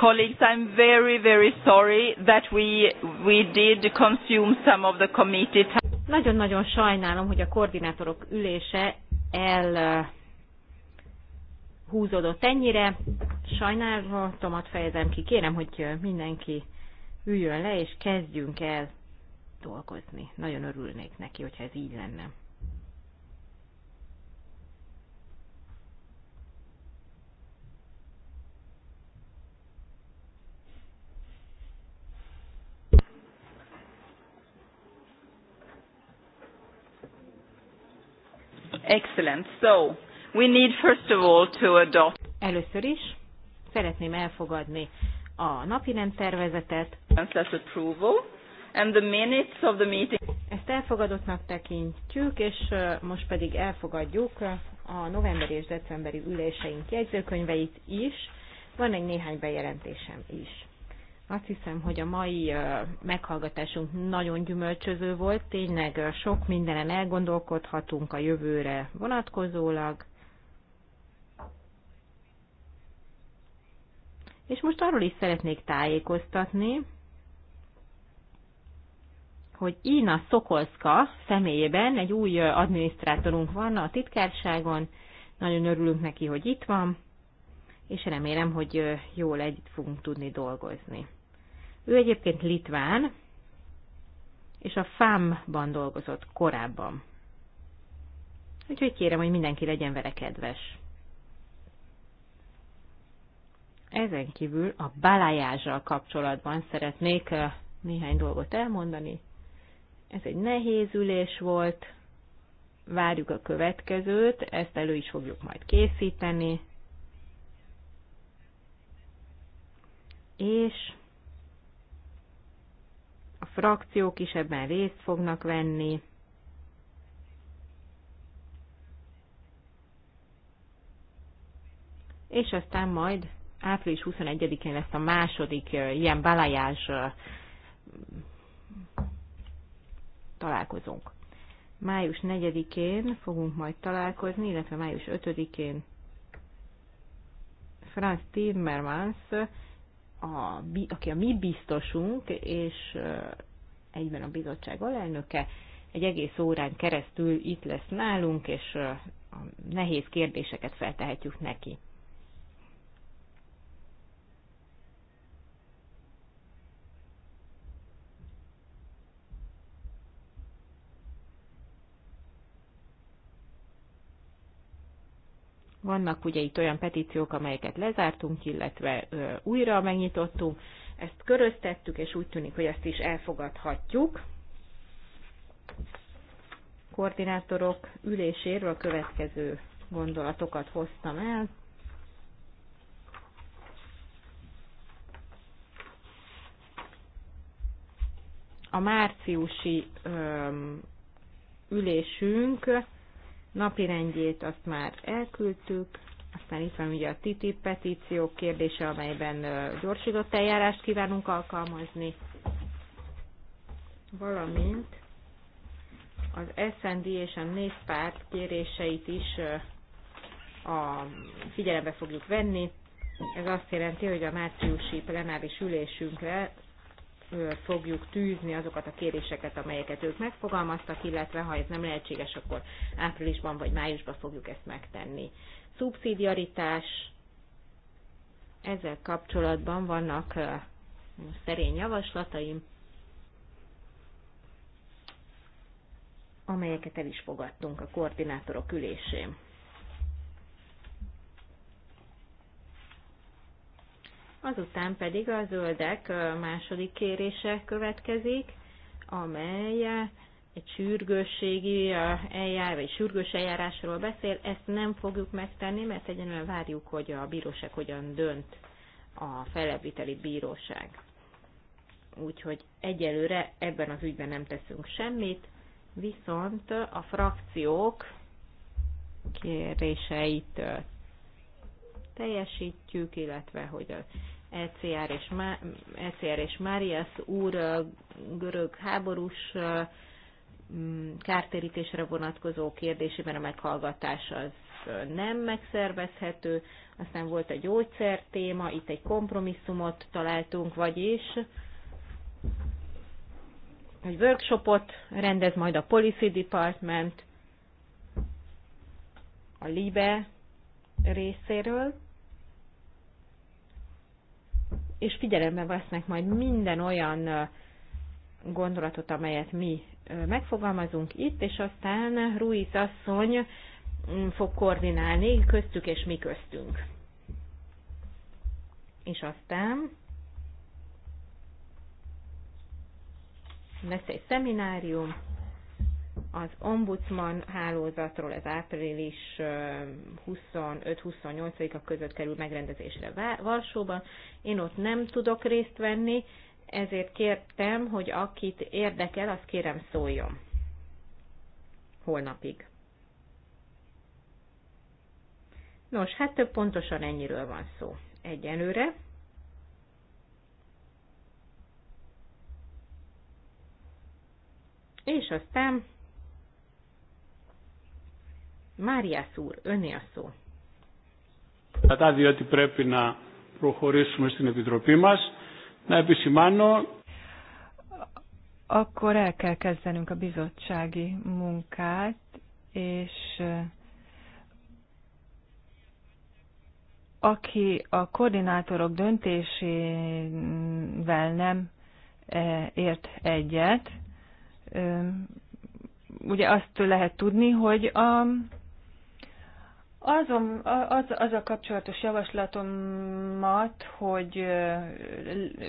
Colleagues, I'm very, very sorry that we, we did consume some of the committee time. Nagyon-nagyon sajnálom, hogy a koordinátorok ülése el húzódott ennyire. Sajnálatomat fejezem ki. Kérem, hogy mindenki üljön le, és kezdjünk el dolgozni. Nagyon örülnék neki, hogyha ez így lenne. Excellent. So, we need first of all to adopt. Először is szeretném elfogadni a napirend tervezetet. As approval and the minutes of the meeting. Ezt elfogadottnak tekintjük, és most pedig elfogadjuk a novemberi és decemberi üléseink jegyzőkönyveit is. Van egy néhány bejelentésem is. Azt hiszem, hogy a mai meghallgatásunk nagyon gyümölcsöző volt, tényleg sok mindenen elgondolkodhatunk a jövőre vonatkozólag. És most arról is szeretnék tájékoztatni, hogy Ina Szokolszka személyében egy új adminisztrátorunk van a titkárságon. Nagyon örülünk neki, hogy itt van, és remélem, hogy jól együtt fogunk tudni dolgozni. Ő egyébként litván, és a FAM-ban dolgozott korábban. Úgyhogy kérem, hogy mindenki legyen vele kedves. Ezen kívül a balájázsal kapcsolatban szeretnék néhány dolgot elmondani. Ez egy nehéz ülés volt, várjuk a következőt, ezt elő is fogjuk majd készíteni. És frakciók is ebben részt fognak venni. És aztán majd április 21-én lesz a második ilyen balajás találkozunk. Május 4-én fogunk majd találkozni, illetve május 5-én Franz Timmermans a, aki a mi biztosunk, és egyben a bizottság alelnöke, egy egész órán keresztül itt lesz nálunk, és a nehéz kérdéseket feltehetjük neki. Vannak ugye itt olyan petíciók, amelyeket lezártunk, illetve újra megnyitottunk, ezt köröztettük, és úgy tűnik, hogy ezt is elfogadhatjuk. Koordinátorok üléséről a következő gondolatokat hoztam el. A márciusi ülésünk napi rendjét azt már elküldtük, aztán itt van ugye a TTIP petíció kérdése, amelyben gyorsított eljárást kívánunk alkalmazni, valamint az SND és a néppárt kéréseit is a figyelembe fogjuk venni. Ez azt jelenti, hogy a márciusi plenáris ülésünkre fogjuk tűzni azokat a kéréseket, amelyeket ők megfogalmaztak, illetve ha ez nem lehetséges, akkor áprilisban vagy májusban fogjuk ezt megtenni. Szubszidiaritás, ezzel kapcsolatban vannak szerény javaslataim, amelyeket el is fogadtunk a koordinátorok ülésén. Azután pedig a zöldek második kérése következik, amely egy sürgősségi eljár, vagy sürgős eljárásról beszél. Ezt nem fogjuk megtenni, mert egyenlően várjuk, hogy a bíróság hogyan dönt a felelviteli bíróság. Úgyhogy egyelőre ebben az ügyben nem teszünk semmit, viszont a frakciók kéréseit teljesítjük, illetve hogy az ECR és, Má- ECR és Márias úr görög háborús mm, kártérítésre vonatkozó kérdésében a meghallgatás az nem megszervezhető. Aztán volt a gyógyszer téma, itt egy kompromisszumot találtunk, vagyis egy workshopot rendez majd a Policy Department a LIBE részéről, és figyelembe vesznek majd minden olyan gondolatot, amelyet mi megfogalmazunk itt, és aztán Ruiz asszony mm, fog koordinálni köztük és mi köztünk. És aztán lesz egy szeminárium, az ombudsman hálózatról ez április 25-28-a között kerül megrendezésre Varsóban. Én ott nem tudok részt venni, ezért kértem, hogy akit érdekel, azt kérem szóljon holnapig. Nos, hát több pontosan ennyiről van szó egyenőre. És aztán Máriász úr, önné a szó. Κατά διότι πρέπει να προχωρήσουμε στην Επιτροπή μας, να επισημάνω akkor el kell kezdenünk a bizottsági munkát, és eh, aki a koordinátorok döntésével nem eh, ért egyet, eh, ugye azt lehet tudni, hogy a azon, az, az a kapcsolatos javaslatomat, hogy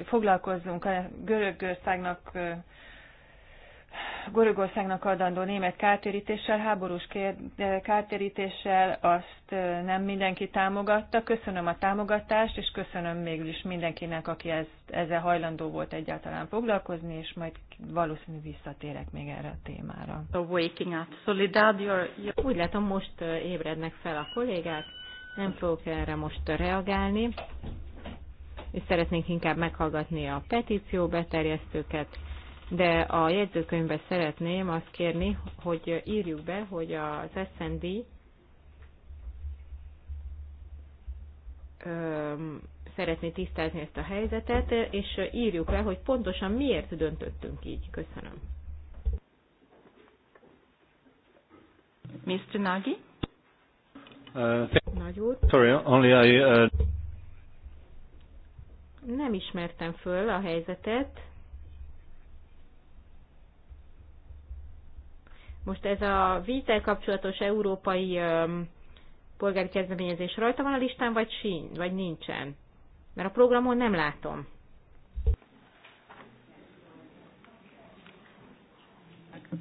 foglalkozzunk a Görögországnak Görögországnak adandó német kártérítéssel, háborús eh, kártérítéssel azt eh, nem mindenki támogatta. Köszönöm a támogatást, és köszönöm mégis mindenkinek, aki ezt, ezzel hajlandó volt egyáltalán foglalkozni, és majd valószínű visszatérek még erre a témára. A waking up. Solidad, you're, you're... Úgy látom, most eh, ébrednek fel a kollégák. Nem fogok erre most reagálni és szeretnénk inkább meghallgatni a petíció beterjesztőket, de a jegyzőkönyvbe szeretném azt kérni, hogy írjuk be, hogy az SND szeretné tisztázni ezt a helyzetet, és írjuk le, hogy pontosan miért döntöttünk így. Köszönöm. Mr. Nagy? Uh, Sorry, only I, uh... Nem ismertem föl a helyzetet. Most ez a vízzel kapcsolatos európai polgári kezdeményezés rajta van a listán, vagy sín, vagy nincsen? Mert a programon nem látom.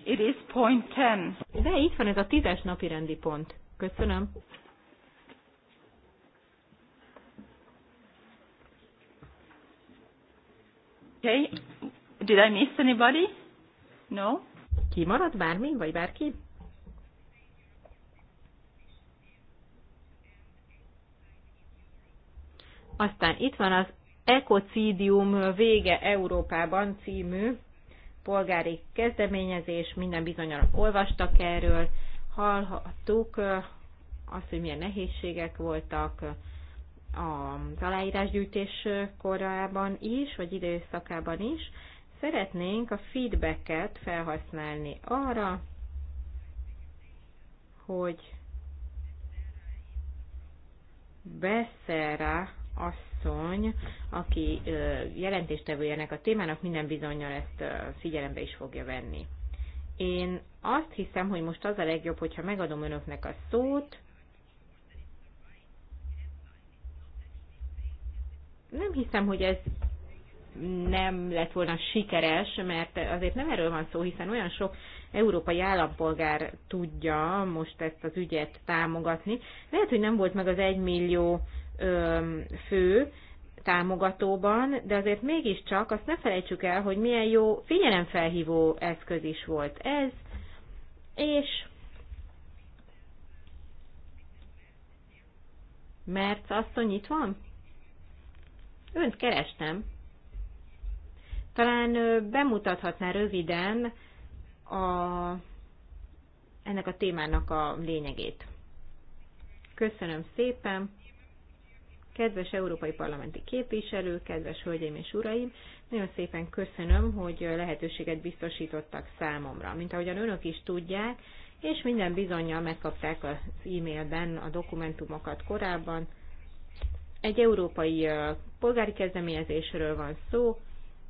It is point ten, De itt van ez a tízes napi rendi pont. Köszönöm. Okay. Did I miss anybody? No? Kimarad bármi, vagy bárki? Aztán itt van az Ekocidium vége Európában című polgári kezdeményezés, minden bizonyal olvastak erről, hallhattuk azt, hogy milyen nehézségek voltak az aláírásgyűjtés korában is, vagy időszakában is. Szeretnénk a feedbacket felhasználni arra, hogy Beszerá asszony, aki jelentéstevőjének a témának minden bizonyal ezt figyelembe is fogja venni. Én azt hiszem, hogy most az a legjobb, hogyha megadom önöknek a szót. Nem hiszem, hogy ez nem lett volna sikeres, mert azért nem erről van szó, hiszen olyan sok európai állampolgár tudja most ezt az ügyet támogatni. Lehet, hogy nem volt meg az egymillió fő támogatóban, de azért mégiscsak azt ne felejtsük el, hogy milyen jó figyelemfelhívó eszköz is volt ez, és Mert asszony itt van? Önt kerestem. Talán bemutathatná röviden a, ennek a témának a lényegét. Köszönöm szépen! Kedves európai parlamenti képviselő, kedves hölgyeim és uraim, nagyon szépen köszönöm, hogy lehetőséget biztosítottak számomra. Mint ahogyan önök is tudják, és minden bizonyal megkapták az e-mailben a dokumentumokat korábban. Egy európai polgári kezdeményezésről van szó,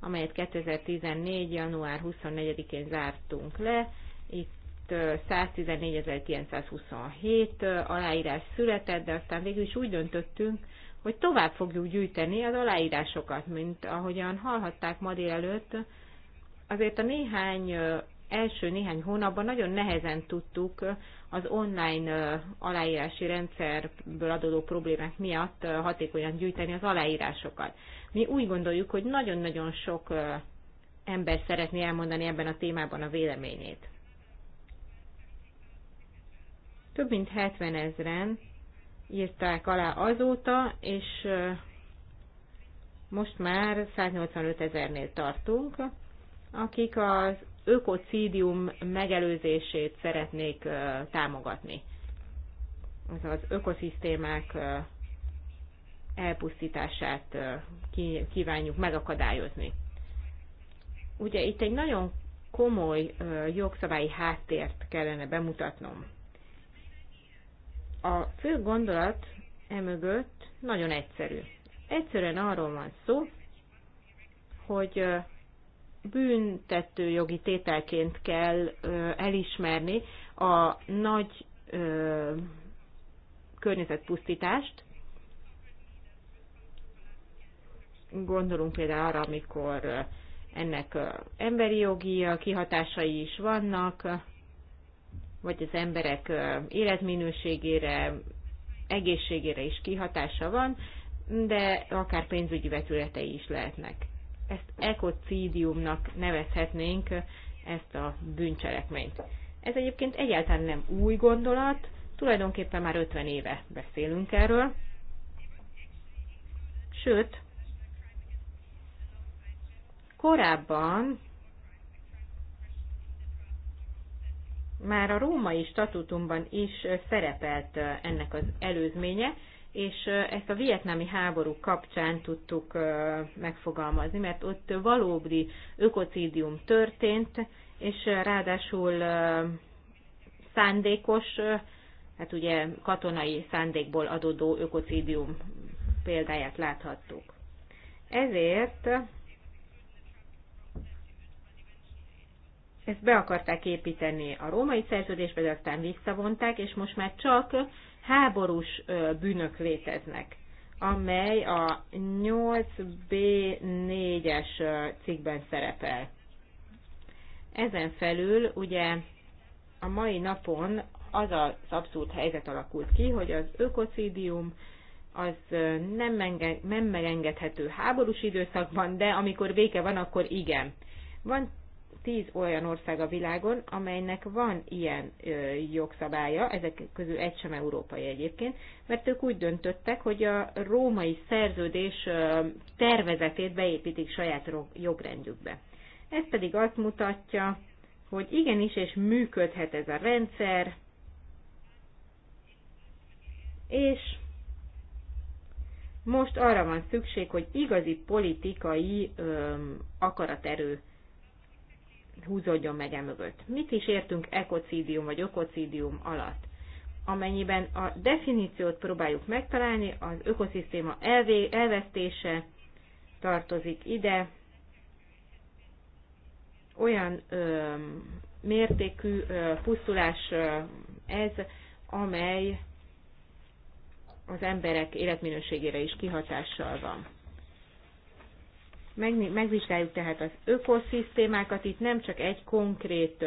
amelyet 2014. január 24-én zártunk le. Itt 114.927 aláírás született, de aztán végül is úgy döntöttünk, hogy tovább fogjuk gyűjteni az aláírásokat, mint ahogyan hallhatták ma délelőtt. Azért a néhány első néhány hónapban nagyon nehezen tudtuk az online aláírási rendszerből adódó problémák miatt hatékonyan gyűjteni az aláírásokat. Mi úgy gondoljuk, hogy nagyon-nagyon sok ember szeretné elmondani ebben a témában a véleményét. Több mint 70 ezeren írták alá azóta, és most már 185 ezernél tartunk, akik az ökocídium megelőzését szeretnék támogatni. Ez az ökoszisztémák elpusztítását kívánjuk megakadályozni. Ugye itt egy nagyon komoly jogszabályi háttért kellene bemutatnom. A fő gondolat emögött nagyon egyszerű. Egyszerűen arról van szó, hogy büntető jogi tételként kell elismerni a nagy környezetpusztítást. Gondolunk például arra, amikor ennek emberi jogi kihatásai is vannak, vagy az emberek életminőségére, egészségére is kihatása van, de akár pénzügyi vetületei is lehetnek ezt ekocídiumnak nevezhetnénk ezt a bűncselekményt. Ez egyébként egyáltalán nem új gondolat, tulajdonképpen már 50 éve beszélünk erről. Sőt, korábban már a római statutumban is szerepelt ennek az előzménye, és ezt a vietnámi háború kapcsán tudtuk megfogalmazni, mert ott valódi ökocídium történt, és ráadásul szándékos, hát ugye katonai szándékból adódó ökocídium példáját láthattuk. Ezért ezt be akarták építeni a római szerződésbe, de aztán visszavonták, és most már csak háborús bűnök léteznek, amely a 8B4-es cikkben szerepel. Ezen felül ugye a mai napon az az abszurd helyzet alakult ki, hogy az ökocidium az nem, menge, nem megengedhető háborús időszakban, de amikor véke van, akkor igen. Van tíz olyan ország a világon, amelynek van ilyen ö, jogszabálya, ezek közül egy sem európai egyébként, mert ők úgy döntöttek, hogy a római szerződés ö, tervezetét beépítik saját jogrendjükbe. Ez pedig azt mutatja, hogy igenis, és működhet ez a rendszer, és most arra van szükség, hogy igazi politikai ö, akaraterő húzódjon meg emögött. Mit is értünk ekocidium vagy ökocidium alatt? Amennyiben a definíciót próbáljuk megtalálni, az ökoszisztéma elvé, elvesztése tartozik ide, olyan ö, mértékű ö, pusztulás ö, ez, amely az emberek életminőségére is kihatással van. Megvizsgáljuk tehát az ökoszisztémákat, itt nem csak egy konkrét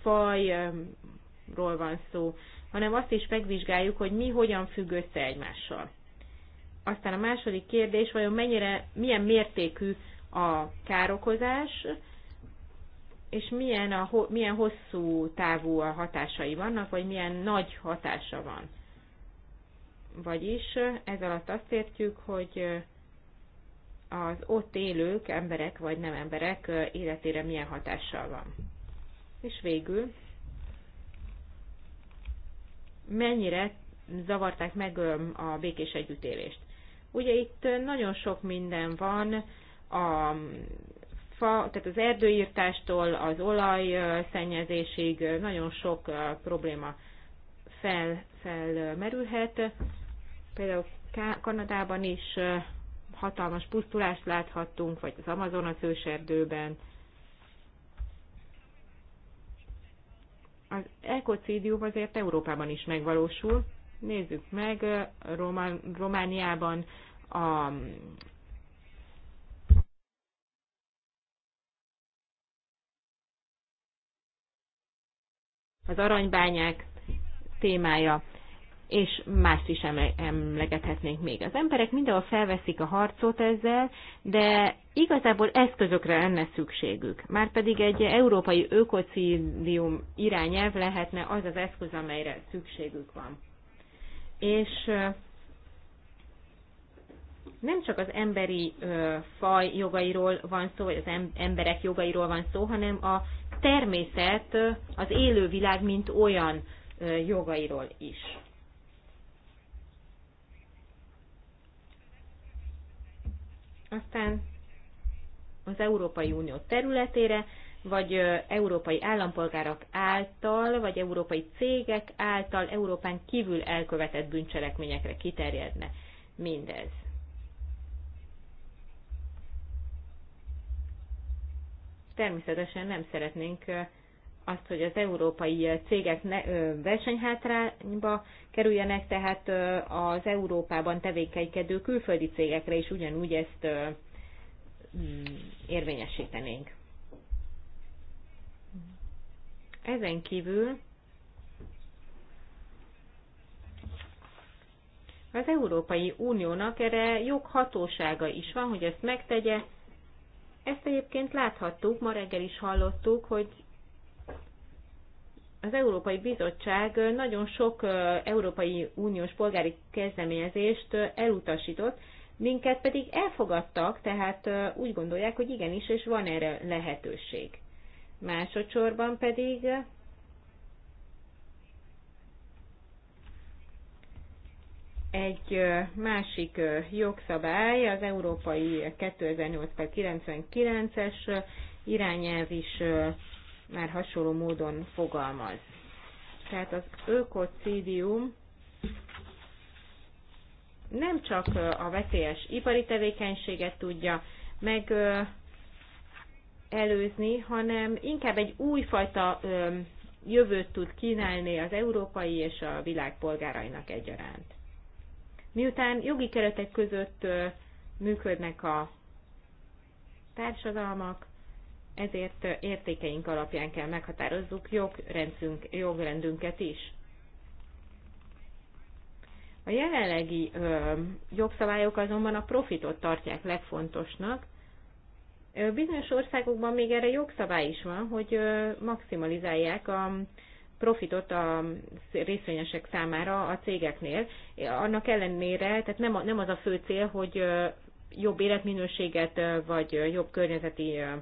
fajról van szó, hanem azt is megvizsgáljuk, hogy mi hogyan függ össze egymással. Aztán a második kérdés, vajon mennyire, milyen mértékű a károkozás, és milyen, a, milyen hosszú távú a hatásai vannak, vagy milyen nagy hatása van. Vagyis ez alatt azt értjük, hogy az ott élők, emberek vagy nem emberek életére milyen hatással van. És végül, mennyire zavarták meg a békés együttélést. Ugye itt nagyon sok minden van, a fa, tehát az erdőírtástól az olajszennyezésig nagyon sok probléma fel, felmerülhet. Például Kanadában is hatalmas pusztulást láthattunk, vagy az Amazonas őserdőben. Az ekocidium azért Európában is megvalósul. Nézzük meg, Román, Romániában a az aranybányák témája és mást is emlegethetnénk még. Az emberek mindenhol felveszik a harcot ezzel, de igazából eszközökre lenne szükségük. Márpedig egy európai ökocidium irányelv lehetne az az eszköz, amelyre szükségük van. És nem csak az emberi ö, faj jogairól van szó, vagy az emberek jogairól van szó, hanem a természet, az élővilág, mint olyan ö, jogairól is. Aztán az Európai Unió területére, vagy európai állampolgárok által, vagy európai cégek által Európán kívül elkövetett bűncselekményekre kiterjedne mindez. Természetesen nem szeretnénk azt, hogy az európai cégek ne, ö, versenyhátrányba kerüljenek, tehát ö, az Európában tevékenykedő külföldi cégekre is ugyanúgy ezt ö, mm, érvényesítenénk. Ezen kívül az Európai Uniónak erre joghatósága is van, hogy ezt megtegye. Ezt egyébként láthattuk, ma reggel is hallottuk, hogy az Európai Bizottság nagyon sok Európai Uniós polgári kezdeményezést elutasított, minket pedig elfogadtak, tehát úgy gondolják, hogy igenis, és van erre lehetőség. Másodszorban pedig egy másik jogszabály, az Európai 2008-99-es irányelv is már hasonló módon fogalmaz. Tehát az ökocidium nem csak a veszélyes ipari tevékenységet tudja meg előzni, hanem inkább egy újfajta jövőt tud kínálni az európai és a világ polgárainak egyaránt. Miután jogi keretek között működnek a társadalmak, ezért értékeink alapján kell meghatározzuk jogrendünk, jogrendünket is. A jelenlegi ö, jogszabályok azonban a profitot tartják legfontosnak. bizonyos országokban még erre jogszabály is van, hogy ö, maximalizálják a profitot a részvényesek számára a cégeknél. Annak ellenére, tehát nem, a, nem az a fő cél, hogy ö, jobb életminőséget ö, vagy jobb környezeti ö,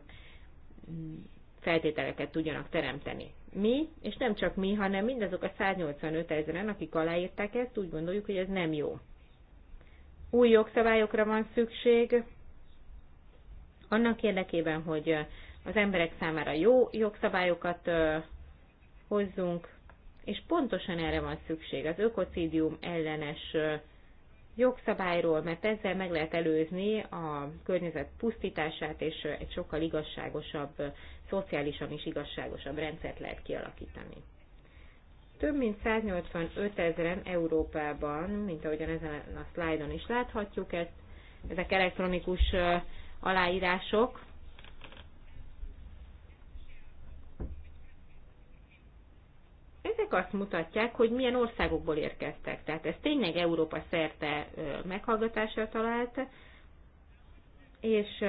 feltételeket tudjanak teremteni. Mi, és nem csak mi, hanem mindazok a 185 ezeren, akik aláírták ezt, úgy gondoljuk, hogy ez nem jó. Új jogszabályokra van szükség, annak érdekében, hogy az emberek számára jó jogszabályokat hozzunk, és pontosan erre van szükség, az ökocidium ellenes jogszabályról, mert ezzel meg lehet előzni a környezet pusztítását, és egy sokkal igazságosabb, szociálisan is igazságosabb rendszert lehet kialakítani. Több mint 185 ezeren Európában, mint ahogyan ezen a szlájdon is láthatjuk, ezt, ezek elektronikus aláírások, ezek azt mutatják, hogy milyen országokból érkeztek. Tehát ez tényleg Európa szerte meghallgatásra talált, és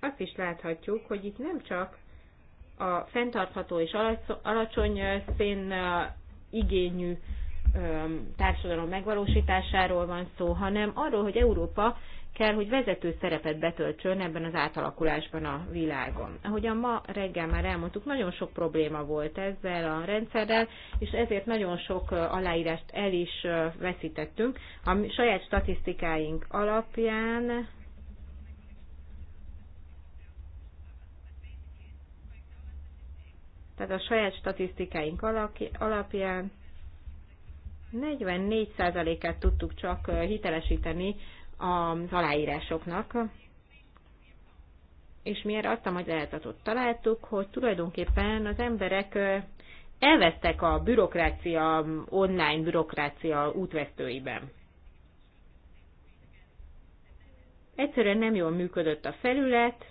azt is láthatjuk, hogy itt nem csak a fenntartható és alacsony szén igényű társadalom megvalósításáról van szó, hanem arról, hogy Európa kell, hogy vezető szerepet betöltsön ebben az átalakulásban a világon. Ahogyan ma reggel már elmondtuk, nagyon sok probléma volt ezzel a rendszerrel, és ezért nagyon sok aláírást el is veszítettünk. A saját statisztikáink alapján tehát a saját statisztikáink alapján 44%-át tudtuk csak hitelesíteni az aláírásoknak, és miért? azt a magyarázatot találtuk, hogy tulajdonképpen az emberek elvesztek a bürokrácia, online bürokrácia útvesztőiben. Egyszerűen nem jól működött a felület,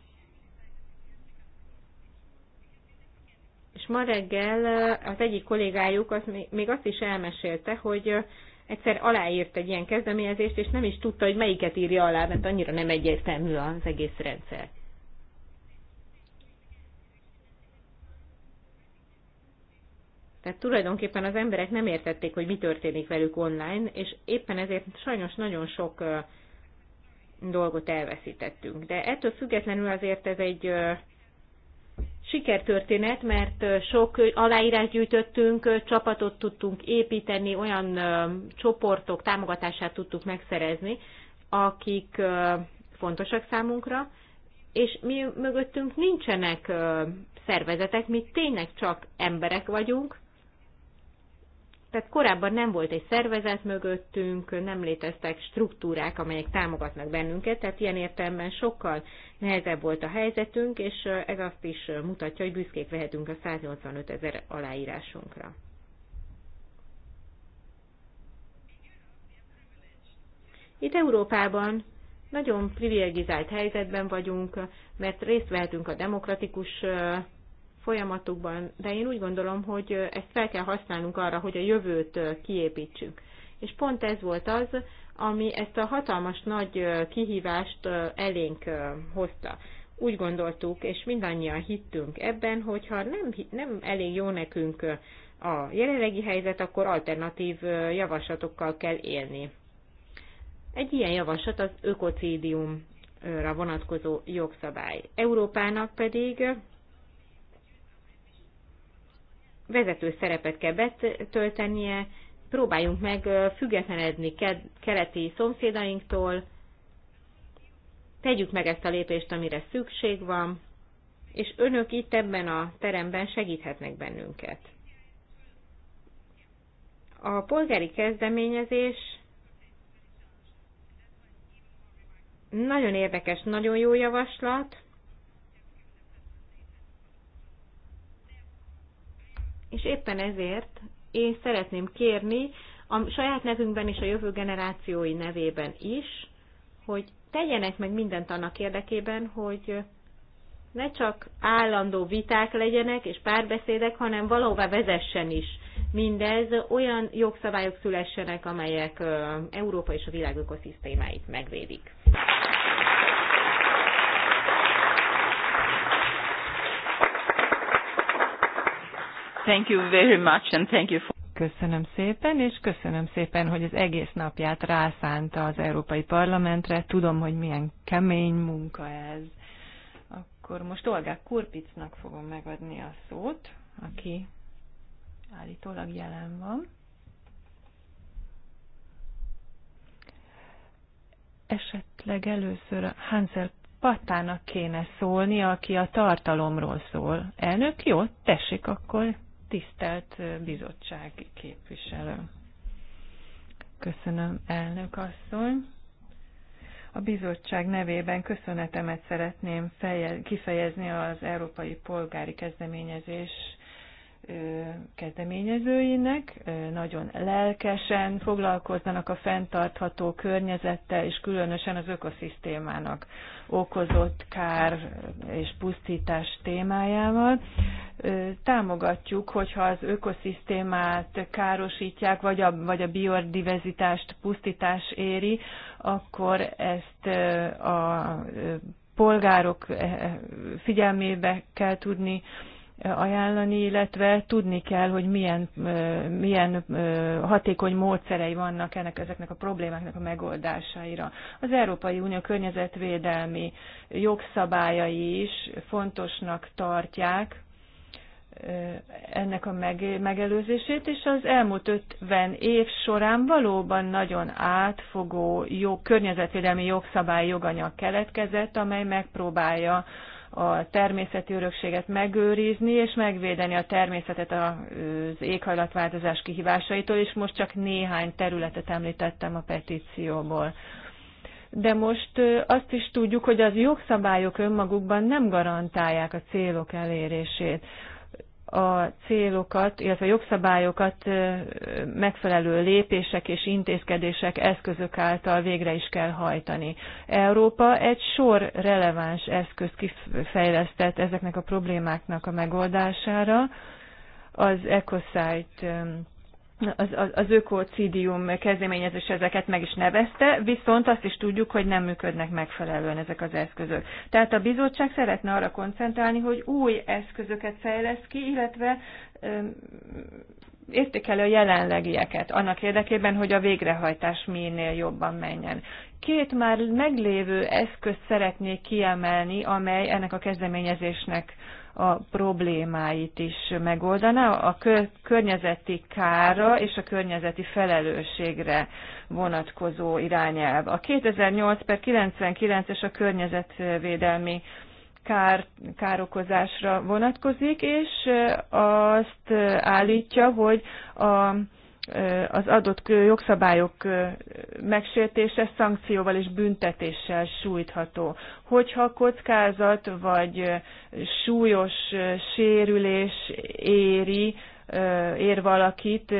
és ma reggel az egyik kollégájuk az még azt is elmesélte, hogy egyszer aláírt egy ilyen kezdeményezést, és nem is tudta, hogy melyiket írja alá, mert annyira nem egyértelmű az egész rendszer. Tehát tulajdonképpen az emberek nem értették, hogy mi történik velük online, és éppen ezért sajnos nagyon sok dolgot elveszítettünk. De ettől függetlenül azért ez egy sikertörténet, mert sok aláírás gyűjtöttünk, csapatot tudtunk építeni, olyan csoportok támogatását tudtuk megszerezni, akik fontosak számunkra, és mi mögöttünk nincsenek szervezetek, mi tényleg csak emberek vagyunk, tehát korábban nem volt egy szervezet mögöttünk, nem léteztek struktúrák, amelyek támogatnak bennünket, tehát ilyen értelemben sokkal nehezebb volt a helyzetünk, és ez azt is mutatja, hogy büszkék lehetünk a 185 ezer aláírásunkra. Itt Európában nagyon privilegizált helyzetben vagyunk, mert részt vehetünk a demokratikus folyamatukban, de én úgy gondolom, hogy ezt fel kell használnunk arra, hogy a jövőt kiépítsünk. És pont ez volt az, ami ezt a hatalmas nagy kihívást elénk hozta. Úgy gondoltuk, és mindannyian hittünk ebben, hogyha nem, nem elég jó nekünk a jelenlegi helyzet, akkor alternatív javaslatokkal kell élni. Egy ilyen javaslat az ökocídiumra vonatkozó jogszabály. Európának pedig vezető szerepet kell betöltenie, próbáljunk meg függetlenedni keleti szomszédainktól, tegyük meg ezt a lépést, amire szükség van, és önök itt ebben a teremben segíthetnek bennünket. A polgári kezdeményezés nagyon érdekes, nagyon jó javaslat, és éppen ezért én szeretném kérni a saját nevünkben és a jövő generációi nevében is, hogy tegyenek meg mindent annak érdekében, hogy ne csak állandó viták legyenek és párbeszédek, hanem valóban vezessen is mindez, olyan jogszabályok szülessenek, amelyek Európa és a világ ökoszisztémáit megvédik. Thank you very much and thank you for Köszönöm szépen, és köszönöm szépen, hogy az egész napját rászánta az Európai Parlamentre. Tudom, hogy milyen kemény munka ez. Akkor most Olgák Kurpicnak fogom megadni a szót, aki állítólag jelen van. Esetleg először Hansel Patának kéne szólni, aki a tartalomról szól. Elnök, jó, tessék akkor Tisztelt bizottság képviselő. Köszönöm, elnök asszony. A bizottság nevében köszönetemet szeretném kifejezni az Európai Polgári Kezdeményezés kezdeményezőinek, nagyon lelkesen foglalkoznak a fenntartható környezettel, és különösen az ökoszisztémának okozott kár és pusztítás témájával. Támogatjuk, hogyha az ökoszisztémát károsítják, vagy a, vagy a biodiverzitást pusztítás éri, akkor ezt a polgárok figyelmébe kell tudni ajánlani, illetve tudni kell, hogy milyen, milyen hatékony módszerei vannak ennek, ezeknek a problémáknak a megoldásaira. Az Európai Unió környezetvédelmi jogszabályai is fontosnak tartják ennek a megelőzését, és az elmúlt 50 év során valóban nagyon átfogó jog, környezetvédelmi jogszabály joganyag keletkezett, amely megpróbálja a természeti örökséget megőrizni és megvédeni a természetet az éghajlatváltozás kihívásaitól, és most csak néhány területet említettem a petícióból. De most azt is tudjuk, hogy az jogszabályok önmagukban nem garantálják a célok elérését a célokat, illetve a jogszabályokat megfelelő lépések és intézkedések, eszközök által végre is kell hajtani. Európa egy sor releváns eszköz kifejlesztett ezeknek a problémáknak a megoldására. Az EcoSite az, az, az ökocidium kezdeményezés ezeket meg is nevezte, viszont azt is tudjuk, hogy nem működnek megfelelően ezek az eszközök. Tehát a bizottság szeretne arra koncentrálni, hogy új eszközöket fejlesz ki, illetve öm, értékelő a jelenlegieket, annak érdekében, hogy a végrehajtás minél jobban menjen. Két már meglévő eszközt szeretnék kiemelni, amely ennek a kezdeményezésnek a problémáit is megoldaná, a környezeti kára és a környezeti felelősségre vonatkozó irányelv. A 2008 per 99 es a környezetvédelmi kár, károkozásra vonatkozik, és azt állítja, hogy a az adott jogszabályok megsértése szankcióval és büntetéssel sújtható. Hogyha kockázat vagy súlyos sérülés éri, ér valakit,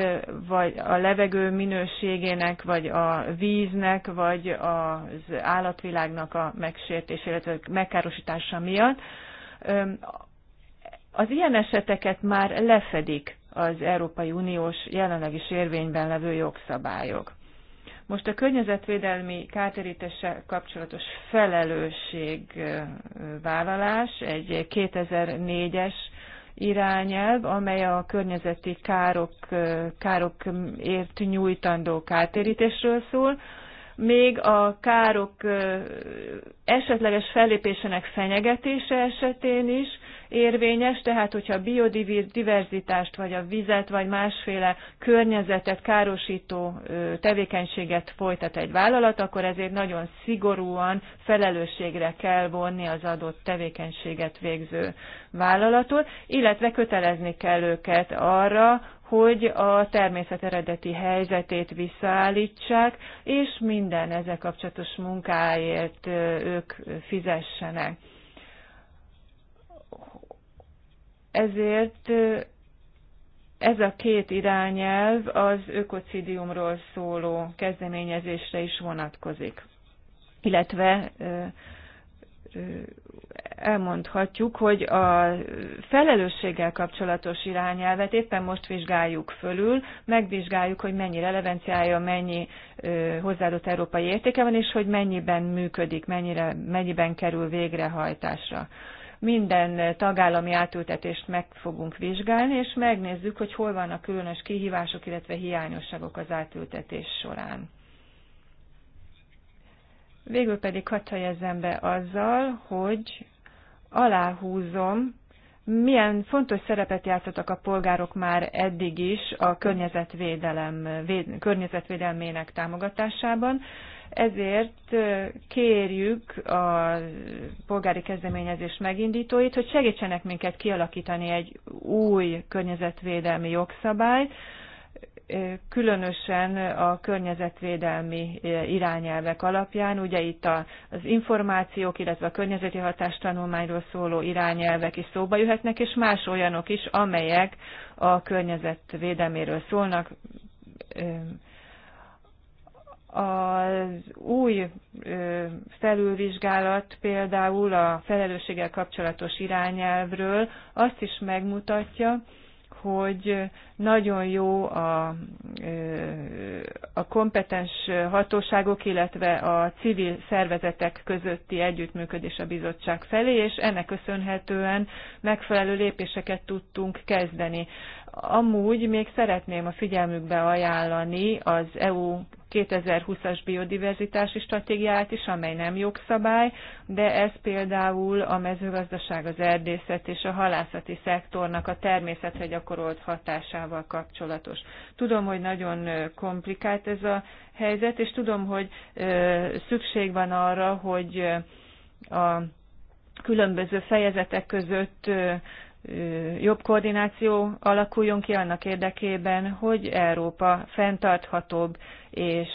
vagy a levegő minőségének, vagy a víznek, vagy az állatvilágnak a megsértése, illetve megkárosítása miatt, az ilyen eseteket már lefedik az Európai Uniós jelenleg is érvényben levő jogszabályok. Most a környezetvédelmi kártérítéssel kapcsolatos felelősségvállalás egy 2004-es irányelv, amely a környezeti károk, károkért nyújtandó kártérítésről szól, még a károk esetleges fellépésének fenyegetése esetén is, érvényes, tehát hogyha a biodiverzitást, vagy a vizet, vagy másféle környezetet károsító tevékenységet folytat egy vállalat, akkor ezért nagyon szigorúan felelősségre kell vonni az adott tevékenységet végző vállalatot, illetve kötelezni kell őket arra, hogy a természet eredeti helyzetét visszaállítsák, és minden ezzel kapcsolatos munkáért ők fizessenek. Ezért ez a két irányelv az ökocidiumról szóló kezdeményezésre is vonatkozik. Illetve elmondhatjuk, hogy a felelősséggel kapcsolatos irányelvet éppen most vizsgáljuk fölül, megvizsgáljuk, hogy mennyi relevanciája, mennyi hozzáadott európai értéke van, és hogy mennyiben működik, mennyire, mennyiben kerül végrehajtásra minden tagállami átültetést meg fogunk vizsgálni, és megnézzük, hogy hol vannak különös kihívások, illetve hiányosságok az átültetés során. Végül pedig hadd helyezzem be azzal, hogy aláhúzom, milyen fontos szerepet játszottak a polgárok már eddig is a környezetvédelem, véd, környezetvédelmének támogatásában ezért kérjük a polgári kezdeményezés megindítóit, hogy segítsenek minket kialakítani egy új környezetvédelmi jogszabályt, különösen a környezetvédelmi irányelvek alapján. Ugye itt az információk, illetve a környezeti hatástanulmányról szóló irányelvek is szóba jöhetnek, és más olyanok is, amelyek a környezetvédelméről szólnak, az új felülvizsgálat például a felelősséggel kapcsolatos irányelvről azt is megmutatja, hogy nagyon jó a, a kompetens hatóságok, illetve a civil szervezetek közötti együttműködés a bizottság felé, és ennek köszönhetően megfelelő lépéseket tudtunk kezdeni. Amúgy még szeretném a figyelmükbe ajánlani az EU 2020-as biodiverzitási stratégiáját is, amely nem jogszabály, de ez például a mezőgazdaság, az erdészet és a halászati szektornak a természetre gyakorolt hatásával kapcsolatos. Tudom, hogy nagyon komplikált ez a helyzet, és tudom, hogy szükség van arra, hogy a különböző fejezetek között jobb koordináció alakuljon ki annak érdekében, hogy Európa fenntarthatóbb és,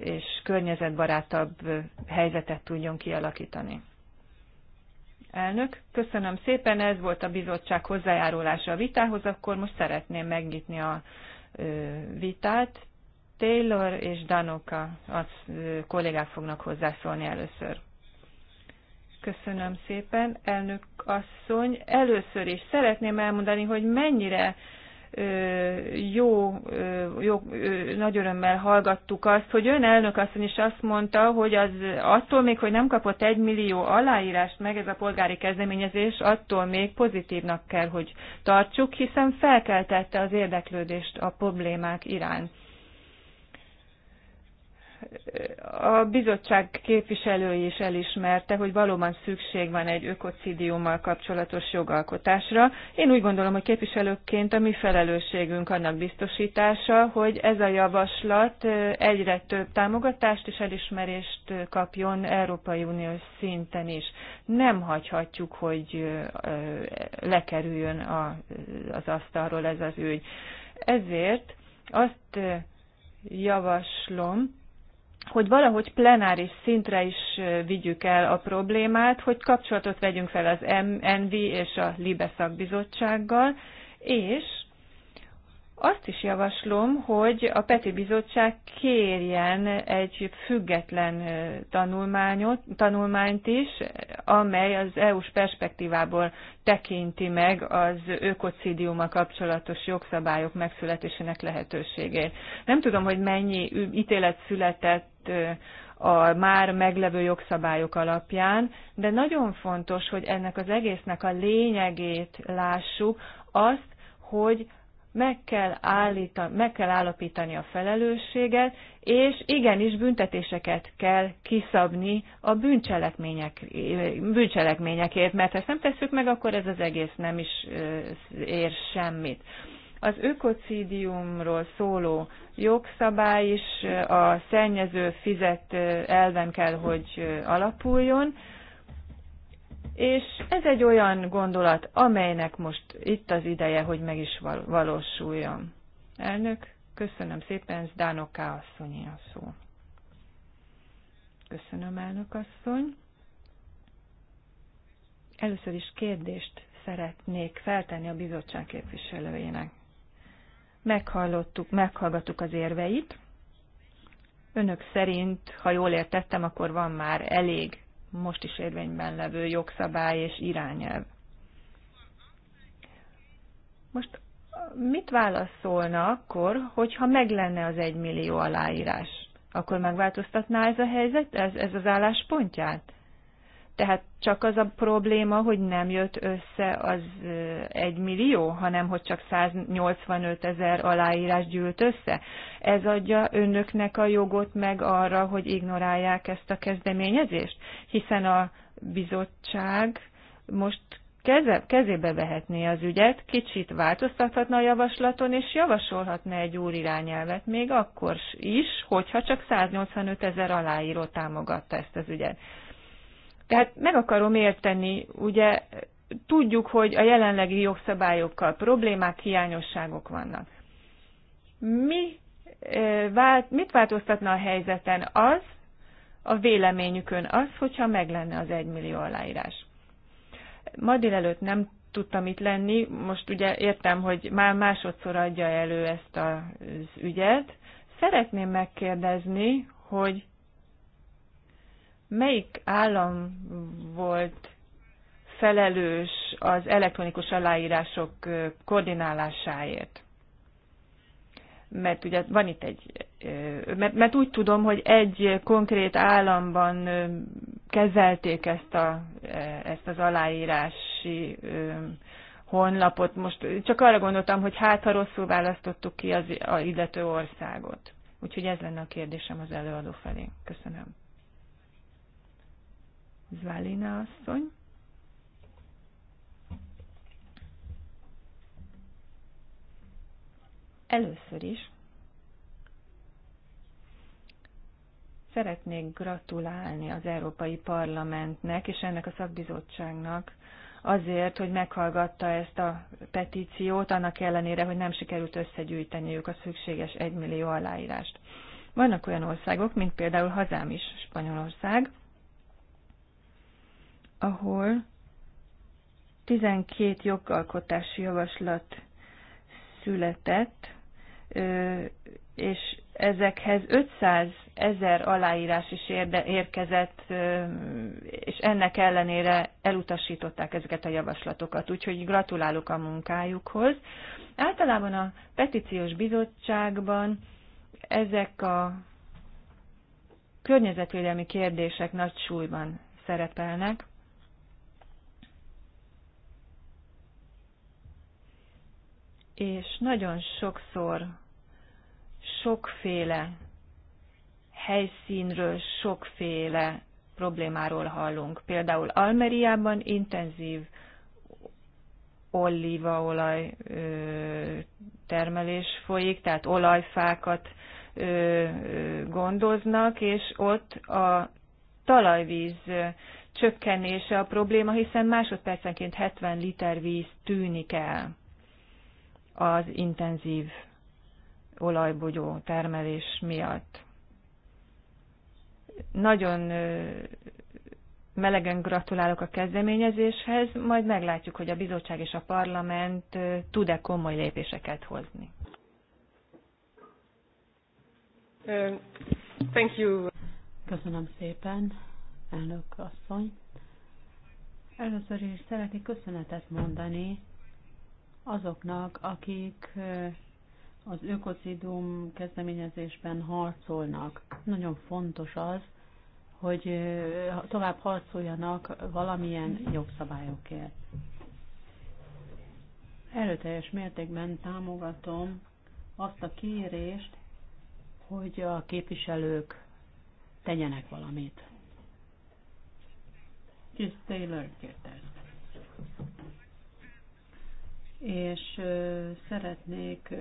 és környezetbarátabb helyzetet tudjon kialakítani. Elnök, köszönöm szépen, ez volt a bizottság hozzájárulása a vitához, akkor most szeretném megnyitni a vitát. Taylor és Danoka az kollégák fognak hozzászólni először. Köszönöm szépen, elnök asszony, először is szeretném elmondani, hogy mennyire jó, jó, nagy örömmel hallgattuk azt, hogy ön elnök asszony is azt mondta, hogy az attól még, hogy nem kapott egy millió aláírást meg ez a polgári kezdeményezés, attól még pozitívnak kell, hogy tartsuk, hiszen felkeltette az érdeklődést a problémák iránt a bizottság képviselői is elismerte, hogy valóban szükség van egy ökocidiummal kapcsolatos jogalkotásra. Én úgy gondolom, hogy képviselőként a mi felelősségünk annak biztosítása, hogy ez a javaslat egyre több támogatást és elismerést kapjon Európai Uniós szinten is. Nem hagyhatjuk, hogy lekerüljön az asztalról ez az ügy. Ezért azt javaslom, hogy valahogy plenáris szintre is vigyük el a problémát, hogy kapcsolatot vegyünk fel az NV és a LIBE szakbizottsággal, és azt is javaslom, hogy a Peti Bizottság kérjen egy független tanulmányot, tanulmányt is, amely az EU-s perspektívából tekinti meg az ökocidiuma kapcsolatos jogszabályok megszületésének lehetőségét. Nem tudom, hogy mennyi ítélet született a már meglevő jogszabályok alapján, de nagyon fontos, hogy ennek az egésznek a lényegét lássuk, azt, hogy meg kell, állítani, meg kell állapítani a felelősséget, és igenis büntetéseket kell kiszabni a bűncselekmények, bűncselekményekért, mert ha ezt nem tesszük meg, akkor ez az egész nem is ér semmit. Az ökocidiumról szóló jogszabály is a szennyező fizet elven kell, hogy alapuljon, és ez egy olyan gondolat, amelynek most itt az ideje, hogy meg is valósuljon. Elnök, köszönöm szépen, Zdánoká asszonyi a szó. Köszönöm, elnök asszony. Először is kérdést szeretnék feltenni a bizottság képviselőjének meghallottuk, meghallgattuk az érveit. Önök szerint, ha jól értettem, akkor van már elég most is érvényben levő jogszabály és irányelv. Most mit válaszolna akkor, hogyha meg lenne az egymillió aláírás? Akkor megváltoztatná ez a helyzet, ez, ez az álláspontját? Tehát csak az a probléma, hogy nem jött össze az egy millió, hanem hogy csak 185 ezer aláírás gyűlt össze. Ez adja önöknek a jogot meg arra, hogy ignorálják ezt a kezdeményezést, hiszen a bizottság most keze, kezébe vehetné az ügyet, kicsit változtathatna a javaslaton, és javasolhatna egy úr irányelvet, még akkor is, hogyha csak 185 ezer aláíró támogatta ezt az ügyet. Tehát meg akarom érteni, ugye tudjuk, hogy a jelenlegi jogszabályokkal problémák, hiányosságok vannak. Mi, eh, vált, mit változtatna a helyzeten az, a véleményükön az, hogyha meg lenne az egymillió aláírás? Ma délelőtt nem tudtam itt lenni, most ugye értem, hogy már másodszor adja elő ezt az ügyet. Szeretném megkérdezni, hogy melyik állam volt felelős az elektronikus aláírások koordinálásáért? Mert ugye van itt egy, mert, mert úgy tudom, hogy egy konkrét államban kezelték ezt, a, e, ezt az aláírási honlapot. Most csak arra gondoltam, hogy hát, ha rosszul választottuk ki az a illető országot. Úgyhogy ez lenne a kérdésem az előadó felé. Köszönöm. Zvalina asszony. Először is szeretnék gratulálni az Európai Parlamentnek és ennek a szakbizottságnak azért, hogy meghallgatta ezt a petíciót, annak ellenére, hogy nem sikerült összegyűjteniük a szükséges egymillió aláírást. Vannak olyan országok, mint például hazám is, Spanyolország, ahol 12 jogalkotási javaslat született, és ezekhez 500 ezer aláírás is érkezett, és ennek ellenére elutasították ezeket a javaslatokat. Úgyhogy gratulálok a munkájukhoz. Általában a petíciós bizottságban ezek a környezetvédelmi kérdések nagy súlyban szerepelnek. és nagyon sokszor sokféle helyszínről, sokféle problémáról hallunk. Például Almeriában intenzív olívaolaj termelés folyik, tehát olajfákat gondoznak, és ott a talajvíz csökkenése a probléma, hiszen másodpercenként 70 liter víz tűnik el az intenzív olajbogyó termelés miatt. Nagyon melegen gratulálok a kezdeményezéshez, majd meglátjuk, hogy a bizottság és a parlament tud-e komoly lépéseket hozni. Thank you. Köszönöm szépen, elnök asszony. Először is szeretnék köszönetet mondani azoknak, akik az ökocidum kezdeményezésben harcolnak. Nagyon fontos az, hogy tovább harcoljanak valamilyen jogszabályokért. Erőteljes mértékben támogatom azt a kérést, hogy a képviselők tegyenek valamit. Kis Taylor kérdezte és szeretnék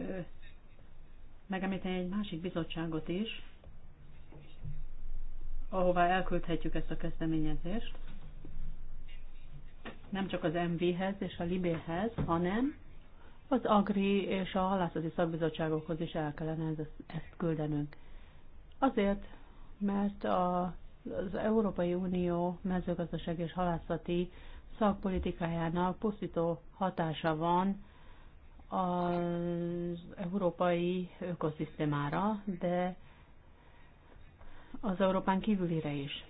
megemlíteni egy másik bizottságot is, ahová elküldhetjük ezt a kezdeményezést. Nem csak az MV-hez és a Libéhez, hanem az Agri és a halászati szakbizottságokhoz is el kellene ezt küldenünk. Azért, mert a, az Európai Unió mezőgazdaság és halászati szakpolitikájának pusztító hatása van az európai ökoszisztémára, de az Európán kívülire is.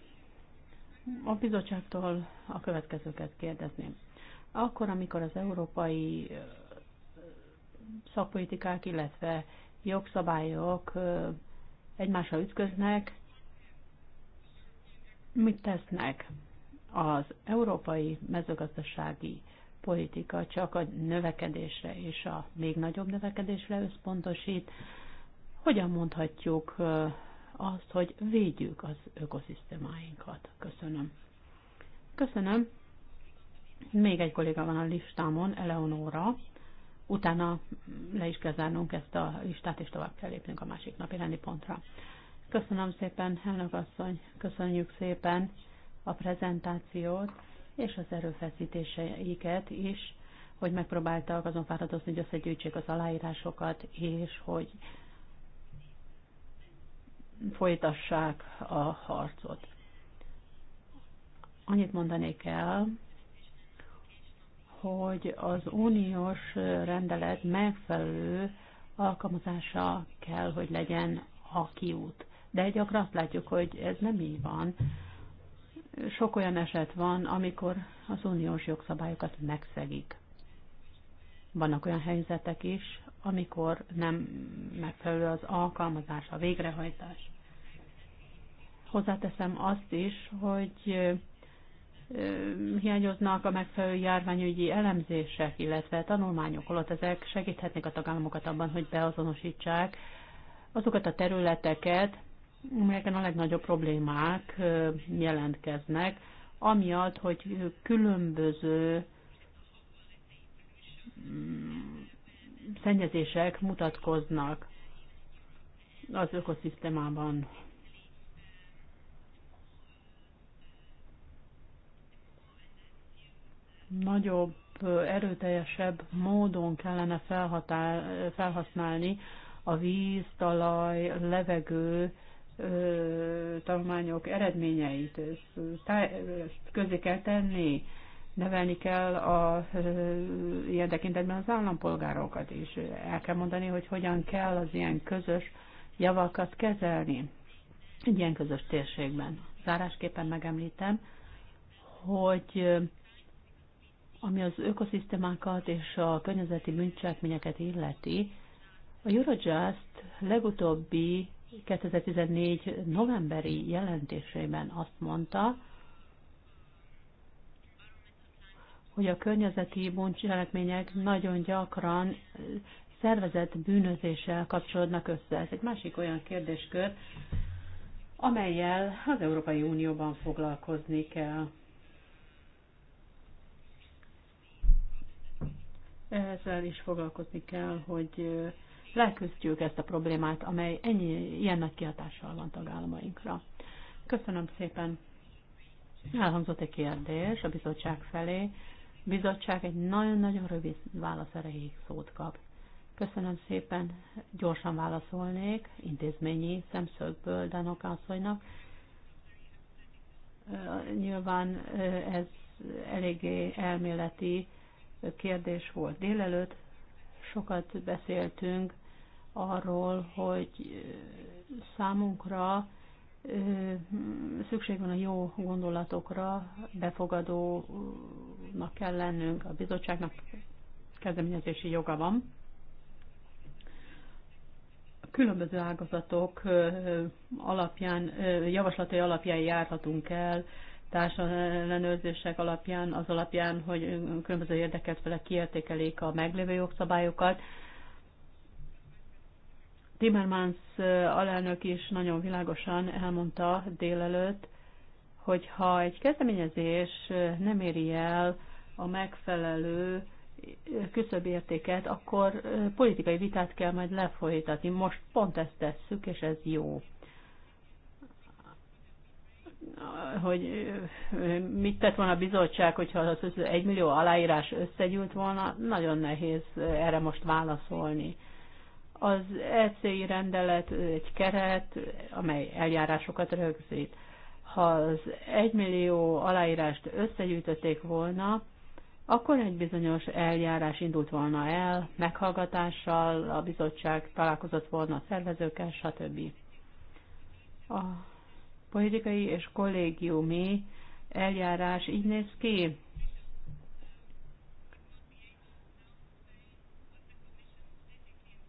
A bizottságtól a következőket kérdezném. Akkor, amikor az európai szakpolitikák, illetve jogszabályok egymásra ütköznek, mit tesznek? Az európai mezőgazdasági politika csak a növekedésre és a még nagyobb növekedésre összpontosít. Hogyan mondhatjuk azt, hogy védjük az ökoszisztémáinkat? Köszönöm. Köszönöm. Még egy kolléga van a listámon, Eleonora. Utána le is kell zárnunk ezt a listát, és tovább kell lépnünk a másik napi rendi pontra. Köszönöm szépen, elnök asszony, köszönjük szépen a prezentációt és az erőfeszítéseiket is, hogy megpróbáltak azon fáradozni, hogy összegyűjtsék az aláírásokat, és hogy folytassák a harcot. Annyit mondanék el, hogy az uniós rendelet megfelelő alkalmazása kell, hogy legyen a kiút. De gyakran azt látjuk, hogy ez nem így van sok olyan eset van, amikor az uniós jogszabályokat megszegik. Vannak olyan helyzetek is, amikor nem megfelelő az alkalmazás, a végrehajtás. Hozzáteszem azt is, hogy hiányoznak a megfelelő járványügyi elemzések, illetve tanulmányok, holott ezek segíthetnék a tagállamokat abban, hogy beazonosítsák azokat a területeket, melyeken a legnagyobb problémák jelentkeznek, amiatt, hogy különböző mm, szennyezések mutatkoznak az ökoszisztémában. Nagyobb, erőteljesebb módon kellene felhasználni a víz, talaj, levegő, tanulmányok eredményeit, közé kell tenni, nevelni kell a, ilyen tekintetben az állampolgárokat is. El kell mondani, hogy hogyan kell az ilyen közös javakat kezelni egy ilyen közös térségben. Zárásképpen megemlítem, hogy ami az ökoszisztémákat és a környezeti bűncselekményeket illeti, a Eurojust legutóbbi 2014 novemberi jelentésében azt mondta, hogy a környezeti bűncselekmények nagyon gyakran szervezett bűnözéssel kapcsolódnak össze. Ez egy másik olyan kérdéskör, amelyel az Európai Unióban foglalkozni kell. Ezzel is foglalkozni kell, hogy leküzdjük ezt a problémát, amely ennyi, ilyen nagy kihatással van tagállamainkra. Köszönöm szépen. Elhangzott egy kérdés a bizottság felé. Bizottság egy nagyon-nagyon rövid válasz erejéig szót kap. Köszönöm szépen, gyorsan válaszolnék intézményi szemszögből Danok asszonynak. Nyilván ez eléggé elméleti kérdés volt délelőtt, sokat beszéltünk arról, hogy számunkra szükség van a jó gondolatokra, befogadónak kell lennünk, a bizottságnak kezdeményezési joga van. A különböző ágazatok alapján, javaslatai alapján járhatunk el, társadalellenőrzések alapján, az alapján, hogy különböző érdeket felek kiértékelik a meglévő jogszabályokat, Timmermans alelnök is nagyon világosan elmondta délelőtt, hogy ha egy kezdeményezés nem éri el a megfelelő küszöbértéket, akkor politikai vitát kell majd lefolytatni. Most pont ezt tesszük, és ez jó. Hogy mit tett volna a bizottság, hogyha az egymillió aláírás összegyűlt volna, nagyon nehéz erre most válaszolni. Az ECI rendelet egy keret, amely eljárásokat rögzít. Ha az egymillió aláírást összegyűjtötték volna, akkor egy bizonyos eljárás indult volna el, meghallgatással, a bizottság találkozott volna a szervezőkkel, stb. A politikai és kollégiumi eljárás így néz ki.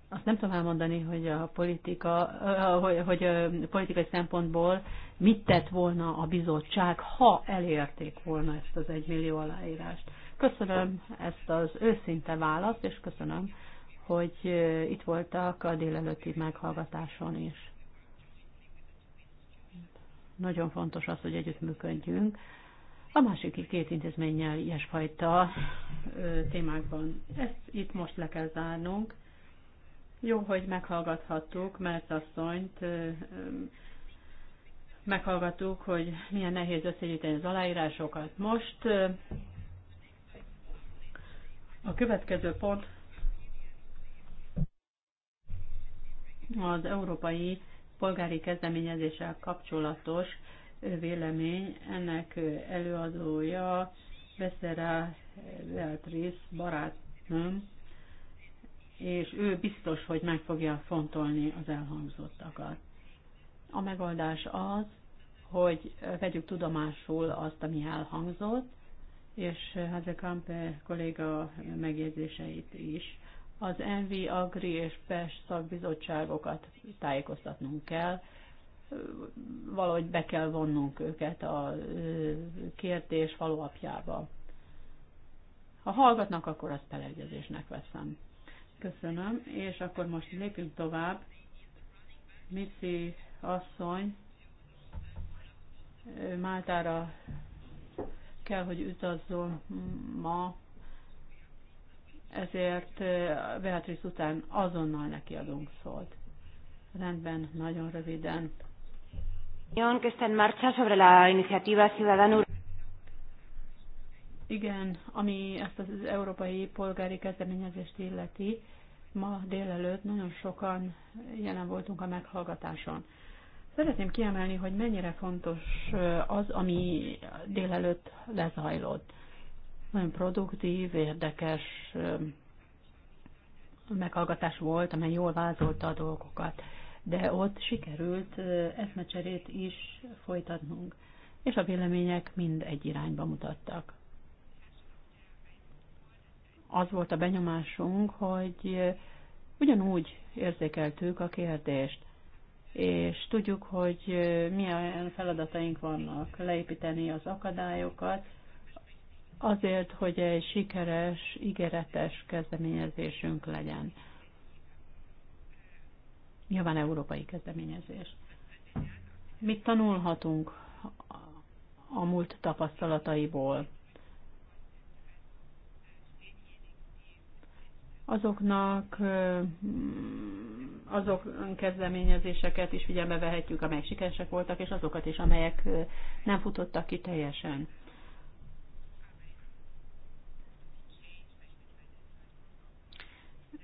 azt nem tudom elmondani, hogy a politika, hogy, hogy a politikai szempontból mit tett volna a bizottság, ha elérték volna ezt az egymillió aláírást. Köszönöm ezt az őszinte választ, és köszönöm, hogy itt voltak a délelőtti meghallgatáson is. Nagyon fontos az, hogy együttműködjünk. A másik két intézménnyel ilyesfajta témákban. Ezt itt most le kell zárnunk. Jó, hogy meghallgathattuk, mert asszonyt meghallgattuk, hogy milyen nehéz összegyűjteni az aláírásokat. Most a következő pont az európai polgári kezdeményezéssel kapcsolatos vélemény. Ennek előadója Beszera Beatrice barátnőm és ő biztos, hogy meg fogja fontolni az elhangzottakat. A megoldás az, hogy vegyük tudomásul azt, ami elhangzott, és Kampe kolléga megjegyzéseit is. Az NV, Agri és PES szakbizottságokat tájékoztatnunk kell, valahogy be kell vonnunk őket a kérdés valóapjába. Ha hallgatnak, akkor azt beleegyezésnek veszem. Köszönöm, és akkor most lépünk tovább. Mici asszony Máltára kell, hogy utazzon ma, ezért Beatrice után azonnal neki adunk szót. Rendben, nagyon röviden. sobre la iniciativa ciudadana igen, ami ezt az európai polgári kezdeményezést illeti, ma délelőtt nagyon sokan jelen voltunk a meghallgatáson. Szeretném kiemelni, hogy mennyire fontos az, ami délelőtt lezajlott. Nagyon produktív, érdekes meghallgatás volt, amely jól vázolta a dolgokat, de ott sikerült eszmecserét is folytatnunk, és a vélemények mind egy irányba mutattak az volt a benyomásunk, hogy ugyanúgy érzékeltük a kérdést, és tudjuk, hogy milyen feladataink vannak leépíteni az akadályokat, azért, hogy egy sikeres, ígéretes kezdeményezésünk legyen. Nyilván európai kezdeményezés. Mit tanulhatunk a múlt tapasztalataiból? azoknak mm, azok kezdeményezéseket is figyelme vehetjük, amelyek sikeresek voltak, és azokat is, amelyek nem futottak ki teljesen.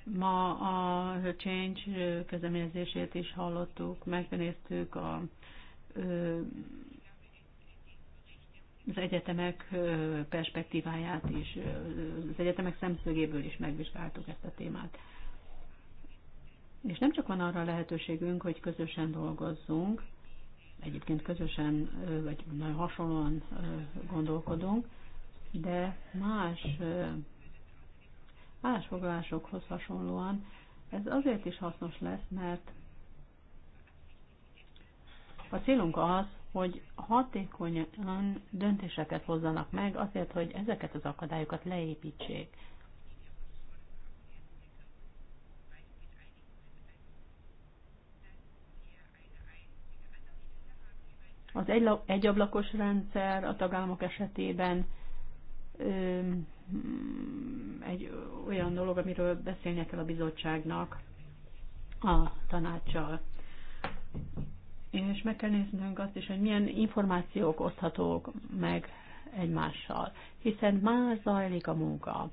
Ma a Change kezdeményezését is hallottuk, megnéztük a az egyetemek perspektíváját is, az egyetemek szemszögéből is megvizsgáltuk ezt a témát. És nem csak van arra lehetőségünk, hogy közösen dolgozzunk, egyébként közösen, vagy nagyon hasonlóan gondolkodunk, de más foglalásokhoz hasonlóan ez azért is hasznos lesz, mert a célunk az, hogy hatékonyan döntéseket hozzanak meg azért, hogy ezeket az akadályokat leépítsék. Az egyablakos rendszer a tagállamok esetében ö, egy olyan dolog, amiről beszélnie kell a bizottságnak a tanácssal és meg kell néznünk azt is, hogy milyen információk oszthatók meg egymással, hiszen már zajlik a munka.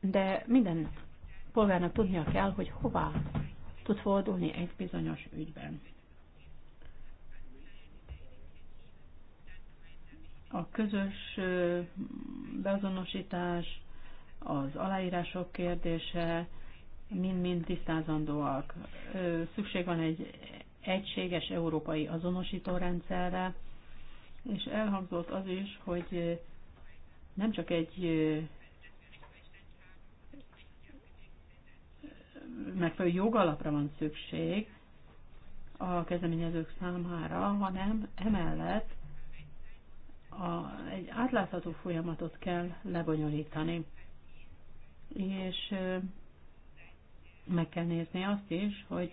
De minden polgárnak tudnia kell, hogy hová tud fordulni egy bizonyos ügyben. A közös beazonosítás, az aláírások kérdése, mind-mind tisztázandóak. Szükség van egy egységes európai azonosító rendszerre és elhangzott az is, hogy nem csak egy megfelelő jogalapra van szükség a kezdeményezők számára, hanem emellett a, egy átlátható folyamatot kell lebonyolítani. És meg kell nézni azt is, hogy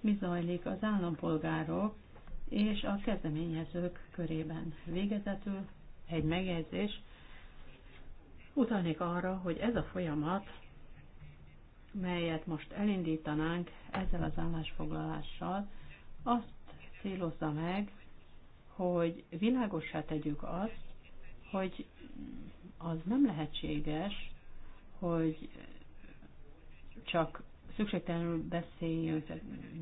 mi zajlik az állampolgárok és a kezdeményezők körében. Végezetül egy megjegyzés. Utalnék arra, hogy ez a folyamat, melyet most elindítanánk ezzel az állásfoglalással, azt célozza meg, hogy világosá tegyük azt, hogy az nem lehetséges, hogy csak szükségtelenül beszéljünk,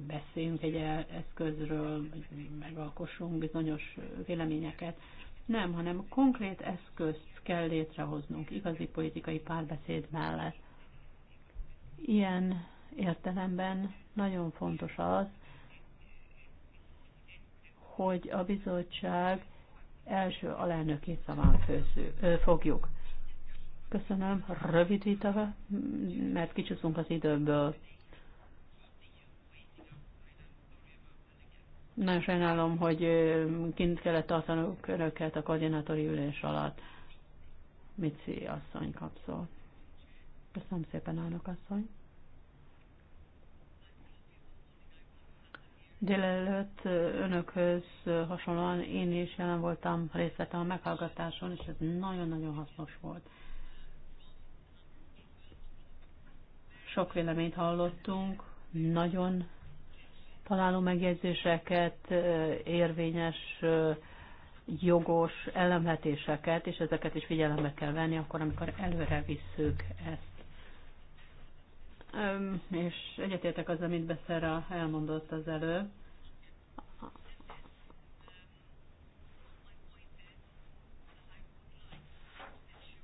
beszéljünk egy eszközről, megalkossunk bizonyos véleményeket. Nem, hanem konkrét eszközt kell létrehoznunk igazi politikai párbeszéd mellett. Ilyen értelemben nagyon fontos az, hogy a bizottság első alelnökét szaván fogjuk. Köszönöm. Rövid vita, mert kicsúszunk az időből. Nagyon sajnálom, hogy kint kellett tartanunk önöket a koordinátori ülés alatt. Mici asszony kapszol. Köszönöm szépen, állok asszony. Délelőtt önökhöz hasonlóan én is jelen voltam részlete a meghallgatáson, és ez nagyon-nagyon hasznos volt. Sok véleményt hallottunk, nagyon találó megjegyzéseket, érvényes, jogos elemletéseket, és ezeket is figyelembe kell venni, akkor amikor előre visszük ezt. És egyetértek az, amit Beszerra elmondott az előbb.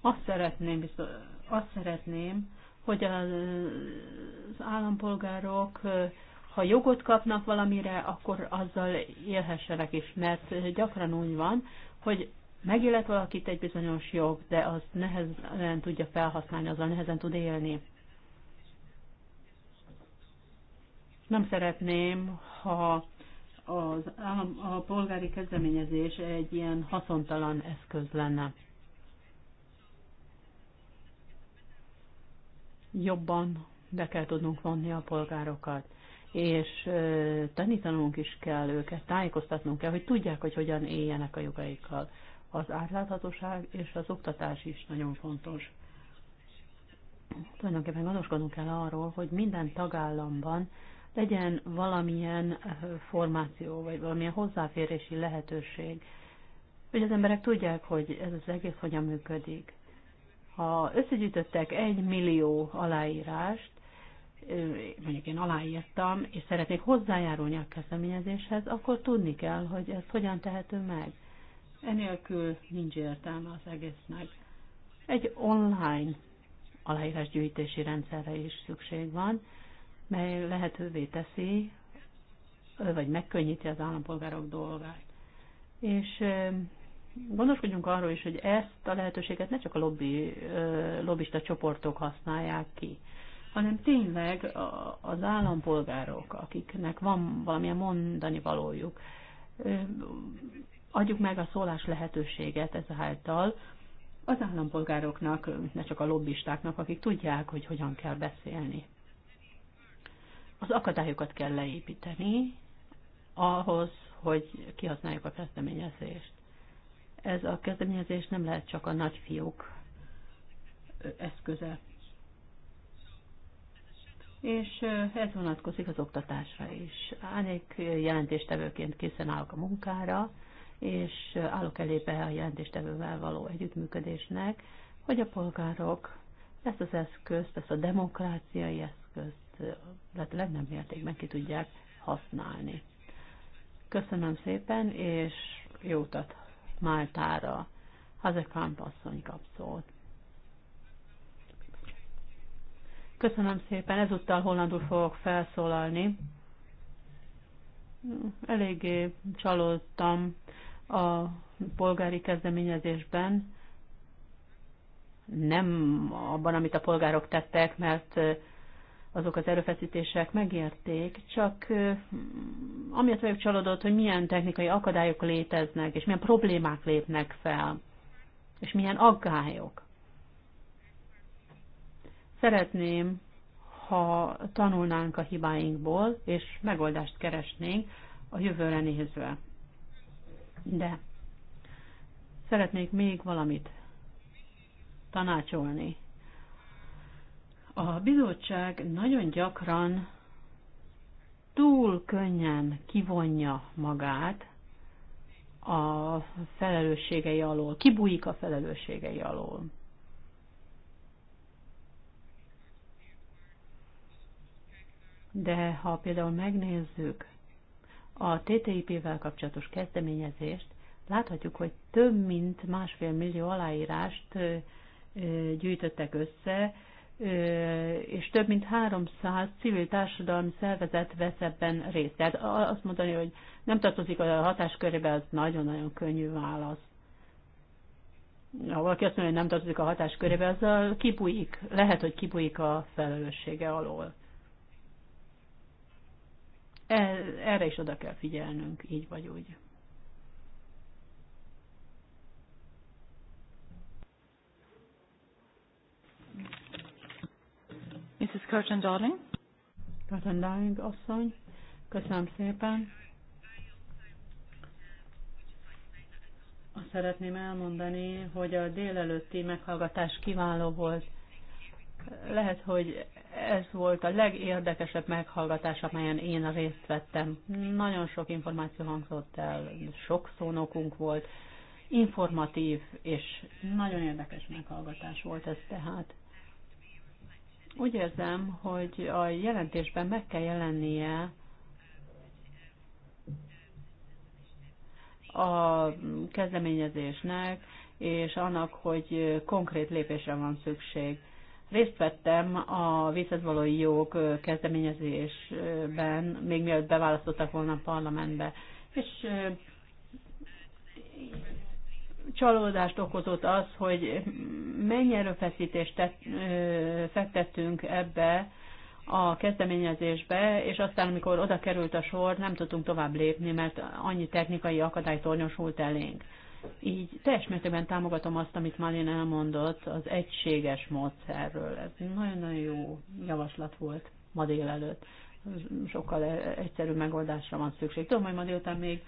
Azt szeretném, biztos, azt szeretném, hogy az állampolgárok, ha jogot kapnak valamire, akkor azzal élhessenek is, mert gyakran úgy van, hogy megélet valakit egy bizonyos jog, de az nehezen tudja felhasználni, azzal nehezen tud élni. Nem szeretném, ha az állam, a polgári kezdeményezés egy ilyen haszontalan eszköz lenne. jobban be kell tudnunk vonni a polgárokat, és tanítanunk is kell őket, tájékoztatnunk kell, hogy tudják, hogy hogyan éljenek a jogaikkal. Az átláthatóság és az oktatás is nagyon fontos. Tulajdonképpen gondoskodnunk kell arról, hogy minden tagállamban legyen valamilyen formáció, vagy valamilyen hozzáférési lehetőség, hogy az emberek tudják, hogy ez az egész hogyan működik. Ha összegyűjtöttek egy millió aláírást, mondjuk én aláírtam, és szeretnék hozzájárulni a kezdeményezéshez, akkor tudni kell, hogy ezt hogyan tehető meg. Enélkül nincs értelme az egésznek. Egy online aláírásgyűjtési rendszerre is szükség van, mely lehetővé teszi, vagy megkönnyíti az állampolgárok dolgát. És gondoskodjunk arról is, hogy ezt a lehetőséget ne csak a lobby, lobbista csoportok használják ki, hanem tényleg az állampolgárok, akiknek van valamilyen mondani valójuk, adjuk meg a szólás lehetőséget ezáltal az állampolgároknak, ne csak a lobbistáknak, akik tudják, hogy hogyan kell beszélni. Az akadályokat kell leépíteni ahhoz, hogy kihasználjuk a kezdeményezést. Ez a kezdeményezés nem lehet csak a nagyfiúk eszköze. És ez vonatkozik az oktatásra is. Ánék jelentéstevőként készen állok a munkára, és állok elébe a jelentéstevővel való együttműködésnek, hogy a polgárok ezt az eszközt, ezt a demokráciai eszközt lehet legnagyobb mértékben ki tudják használni. Köszönöm szépen, és jó utat Máltára. Hazekamp asszony kap szót. Köszönöm szépen, ezúttal hollandul fogok felszólalni. Eléggé csalódtam a polgári kezdeményezésben, nem abban, amit a polgárok tettek, mert azok az erőfeszítések megérték, csak amiatt vagyok csalódott, hogy milyen technikai akadályok léteznek, és milyen problémák lépnek fel, és milyen aggályok. Szeretném, ha tanulnánk a hibáinkból, és megoldást keresnénk a jövőre nézve. De szeretnék még valamit tanácsolni a bizottság nagyon gyakran túl könnyen kivonja magát a felelősségei alól, kibújik a felelősségei alól. De ha például megnézzük a TTIP-vel kapcsolatos kezdeményezést, láthatjuk, hogy több mint másfél millió aláírást gyűjtöttek össze, és több mint 300 civil társadalmi szervezet vesz ebben részt. Tehát azt mondani, hogy nem tartozik a hatáskörébe, az nagyon-nagyon könnyű válasz. Ha valaki azt mondja, hogy nem tartozik a hatáskörébe, azzal kibújik, lehet, hogy kibújik a felelőssége alól. E, erre is oda kell figyelnünk, így vagy úgy. Mrs. Curtin Darling. Curtin Darling asszony, köszönöm szépen. Azt szeretném elmondani, hogy a délelőtti meghallgatás kiváló volt. Lehet, hogy ez volt a legérdekesebb meghallgatás, amelyen én részt vettem. Nagyon sok információ hangzott el, sok szónokunk volt, informatív és nagyon érdekes meghallgatás volt ez tehát. Úgy érzem, hogy a jelentésben meg kell jelennie a kezdeményezésnek, és annak, hogy konkrét lépésre van szükség. Részt vettem a vízhez való jog kezdeményezésben, még mielőtt beválasztottak volna a parlamentbe, és csalódást okozott az, hogy mennyi erőfeszítést fektettünk ebbe a kezdeményezésbe, és aztán, amikor oda került a sor, nem tudtunk tovább lépni, mert annyi technikai akadály tornyosult elénk. Így teljes mértékben támogatom azt, amit Malin elmondott az egységes módszerről. Ez nagyon-nagyon jó javaslat volt ma délelőtt. Sokkal e- egyszerű megoldásra van szükség. Tudom, hogy ma délután még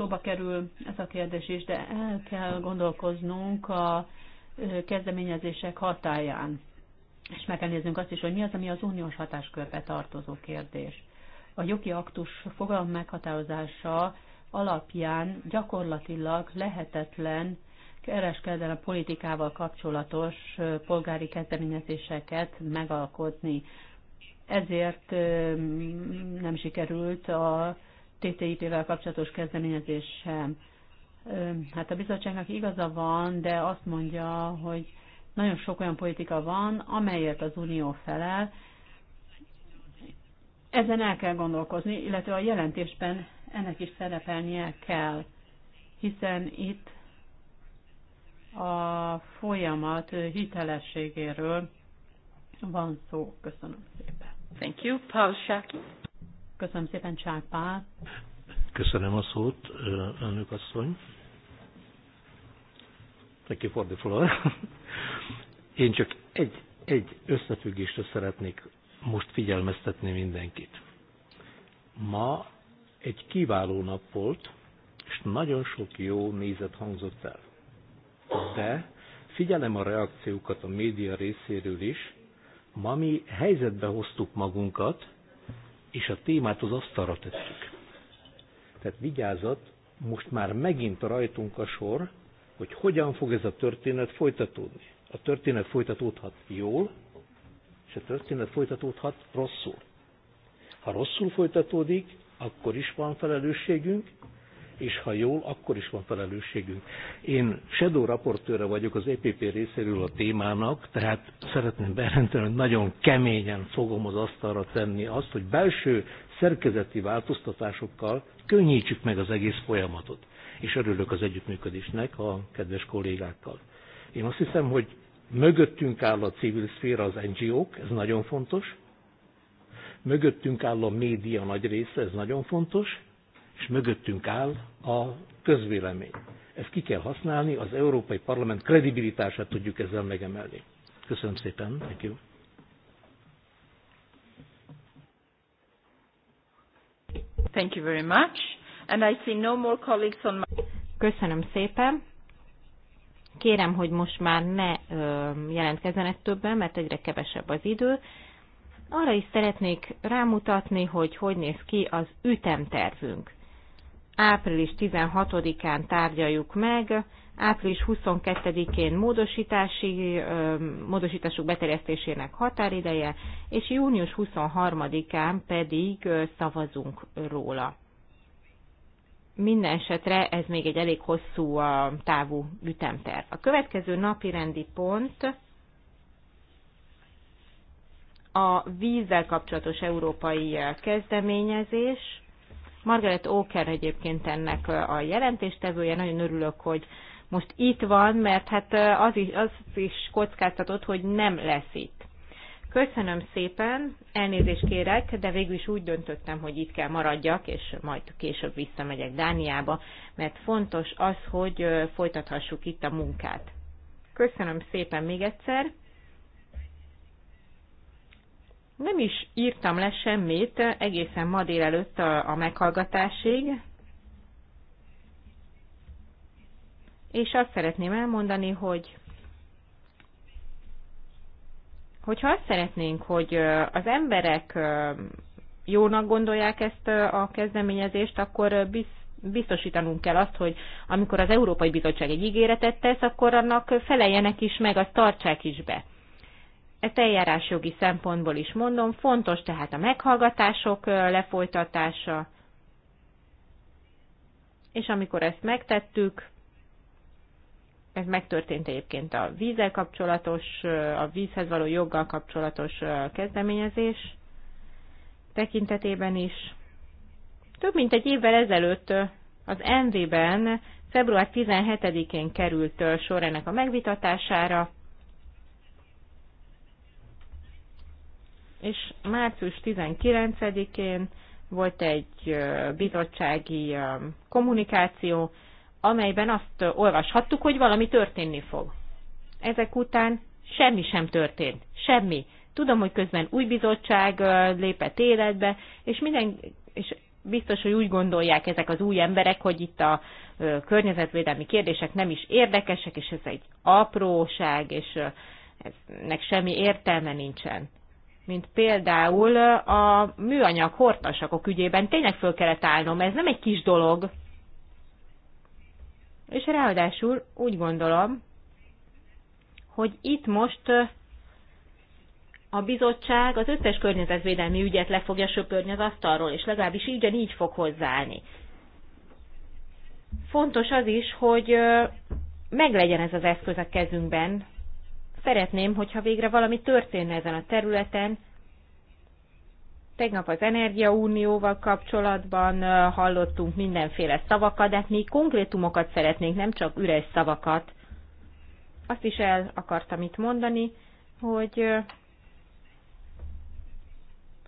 szóba kerül ez a kérdés is, de el kell gondolkoznunk a kezdeményezések hatáján. És meg kell néznünk azt is, hogy mi az, ami az uniós hatáskörbe tartozó kérdés. A jogi aktus fogalom meghatározása alapján gyakorlatilag lehetetlen kereskedelem politikával kapcsolatos polgári kezdeményezéseket megalkotni. Ezért nem sikerült a TTIP-vel kapcsolatos kezdeményezés sem. Hát a bizottságnak igaza van, de azt mondja, hogy nagyon sok olyan politika van, amelyet az Unió felel. Ezen el kell gondolkozni, illetve a jelentésben ennek is szerepelnie kell, hiszen itt a folyamat hitelességéről van szó. Köszönöm szépen. Thank you, Paul Shaki. Köszönöm szépen, Csák Pál. Köszönöm a szót, önök asszony. Neki fordítva. Én csak egy, egy összefüggést szeretnék most figyelmeztetni mindenkit. Ma egy kiváló nap volt, és nagyon sok jó nézet hangzott el. De figyelem a reakciókat a média részéről is, ma mi helyzetbe hoztuk magunkat, és a témát az asztalra tettük. Tehát vigyázat, most már megint rajtunk a sor, hogy hogyan fog ez a történet folytatódni. A történet folytatódhat jól, és a történet folytatódhat rosszul. Ha rosszul folytatódik, akkor is van felelősségünk, és ha jól, akkor is van felelősségünk. Én shadow raportőre vagyok az EPP részéről a témának, tehát szeretném bejelenteni, hogy nagyon keményen fogom az asztalra tenni azt, hogy belső szerkezeti változtatásokkal könnyítsük meg az egész folyamatot. És örülök az együttműködésnek a kedves kollégákkal. Én azt hiszem, hogy mögöttünk áll a civil szféra, az NGO-k, ez nagyon fontos. Mögöttünk áll a média nagy része, ez nagyon fontos és mögöttünk áll a közvélemény. Ezt ki kell használni, az Európai Parlament kredibilitását tudjuk ezzel megemelni. Köszönöm szépen, thank you. Thank you very much. And I see no more colleagues on my... Köszönöm szépen. Kérem, hogy most már ne ö, jelentkezzenek többen, mert egyre kevesebb az idő. Arra is szeretnék rámutatni, hogy hogy néz ki az ütemtervünk április 16-án tárgyaljuk meg, április 22-én módosítási, módosítások beterjesztésének határideje, és június 23-án pedig szavazunk róla. Minden esetre ez még egy elég hosszú távú ütemterv. A következő napi rendi pont a vízzel kapcsolatos európai kezdeményezés, Margaret Oker egyébként ennek a jelentéstevője, nagyon örülök, hogy most itt van, mert hát az is, az is kockáztatott, hogy nem lesz itt. Köszönöm szépen, elnézést kérek, de végül is úgy döntöttem, hogy itt kell maradjak, és majd később visszamegyek Dániába, mert fontos az, hogy folytathassuk itt a munkát. Köszönöm szépen még egyszer. Nem is írtam le semmit egészen ma délelőtt a, a meghallgatásig, és azt szeretném elmondani, hogy hogyha azt szeretnénk, hogy az emberek jónak gondolják ezt a kezdeményezést, akkor biztosítanunk kell azt, hogy amikor az Európai Bizottság egy ígéretet tesz, akkor annak feleljenek is meg, azt tartsák is be. Ezt eljárásjogi szempontból is mondom, fontos tehát a meghallgatások lefolytatása, és amikor ezt megtettük, ez megtörtént egyébként a vízzel kapcsolatos, a vízhez való joggal kapcsolatos kezdeményezés tekintetében is. Több mint egy évvel ezelőtt az MV-ben február 17-én került sor ennek a megvitatására, és március 19-én volt egy bizottsági kommunikáció, amelyben azt olvashattuk, hogy valami történni fog. Ezek után semmi sem történt. Semmi. Tudom, hogy közben új bizottság lépett életbe, és minden, és biztos, hogy úgy gondolják ezek az új emberek, hogy itt a környezetvédelmi kérdések nem is érdekesek, és ez egy apróság, és eznek semmi értelme nincsen mint például a műanyag hortasakok ügyében tényleg föl kellett állnom, ez nem egy kis dolog. És ráadásul úgy gondolom, hogy itt most a bizottság az összes környezetvédelmi ügyet le fogja söpörni az asztalról, és legalábbis így így fog hozzáállni. Fontos az is, hogy meglegyen ez az eszköz a kezünkben, Szeretném, hogyha végre valami történne ezen a területen. Tegnap az Energiaunióval kapcsolatban hallottunk mindenféle szavakat, de hát mi konkrétumokat szeretnénk, nem csak üres szavakat. Azt is el akartam itt mondani, hogy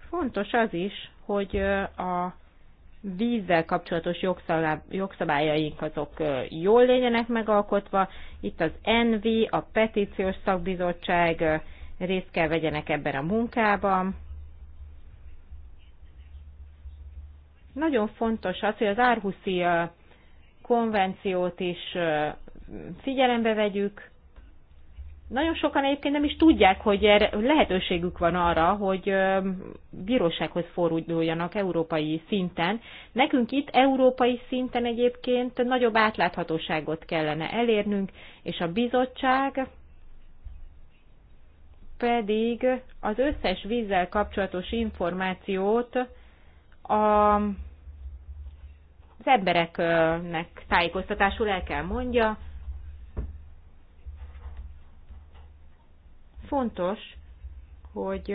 fontos az is, hogy a vízzel kapcsolatos jogszabályaink azok jól legyenek megalkotva. Itt az NV, a petíciós szakbizottság részt kell vegyenek ebben a munkában. Nagyon fontos az, hogy az Árhuszi konvenciót is figyelembe vegyük, nagyon sokan egyébként nem is tudják, hogy erre lehetőségük van arra, hogy bírósághoz forduljanak európai szinten. Nekünk itt európai szinten egyébként nagyobb átláthatóságot kellene elérnünk, és a bizottság pedig az összes vízzel kapcsolatos információt a, az embereknek tájékoztatásul el kell mondja, fontos, hogy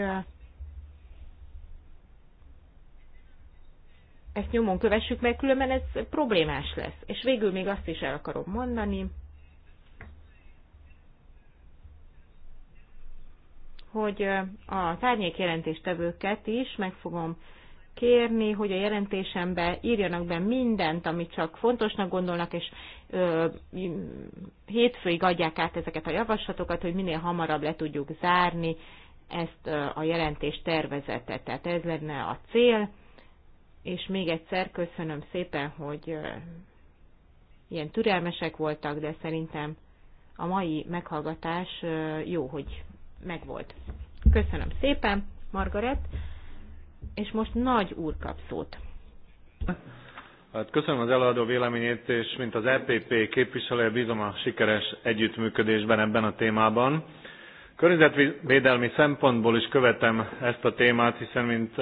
ezt nyomon kövessük meg, különben ez problémás lesz. És végül még azt is el akarom mondani, hogy a tárnyék jelentéstevőket is meg fogom kérni, hogy a jelentésembe írjanak be mindent, amit csak fontosnak gondolnak, és hétfőig adják át ezeket a javaslatokat, hogy minél hamarabb le tudjuk zárni ezt a jelentés tervezetet. Tehát ez lenne a cél, és még egyszer köszönöm szépen, hogy ilyen türelmesek voltak, de szerintem a mai meghallgatás jó, hogy megvolt. Köszönöm szépen, Margaret, és most nagy úr kap Hát köszönöm az előadó véleményét, és mint az EPP képviselője bízom a sikeres együttműködésben ebben a témában. Környezetvédelmi szempontból is követem ezt a témát, hiszen mint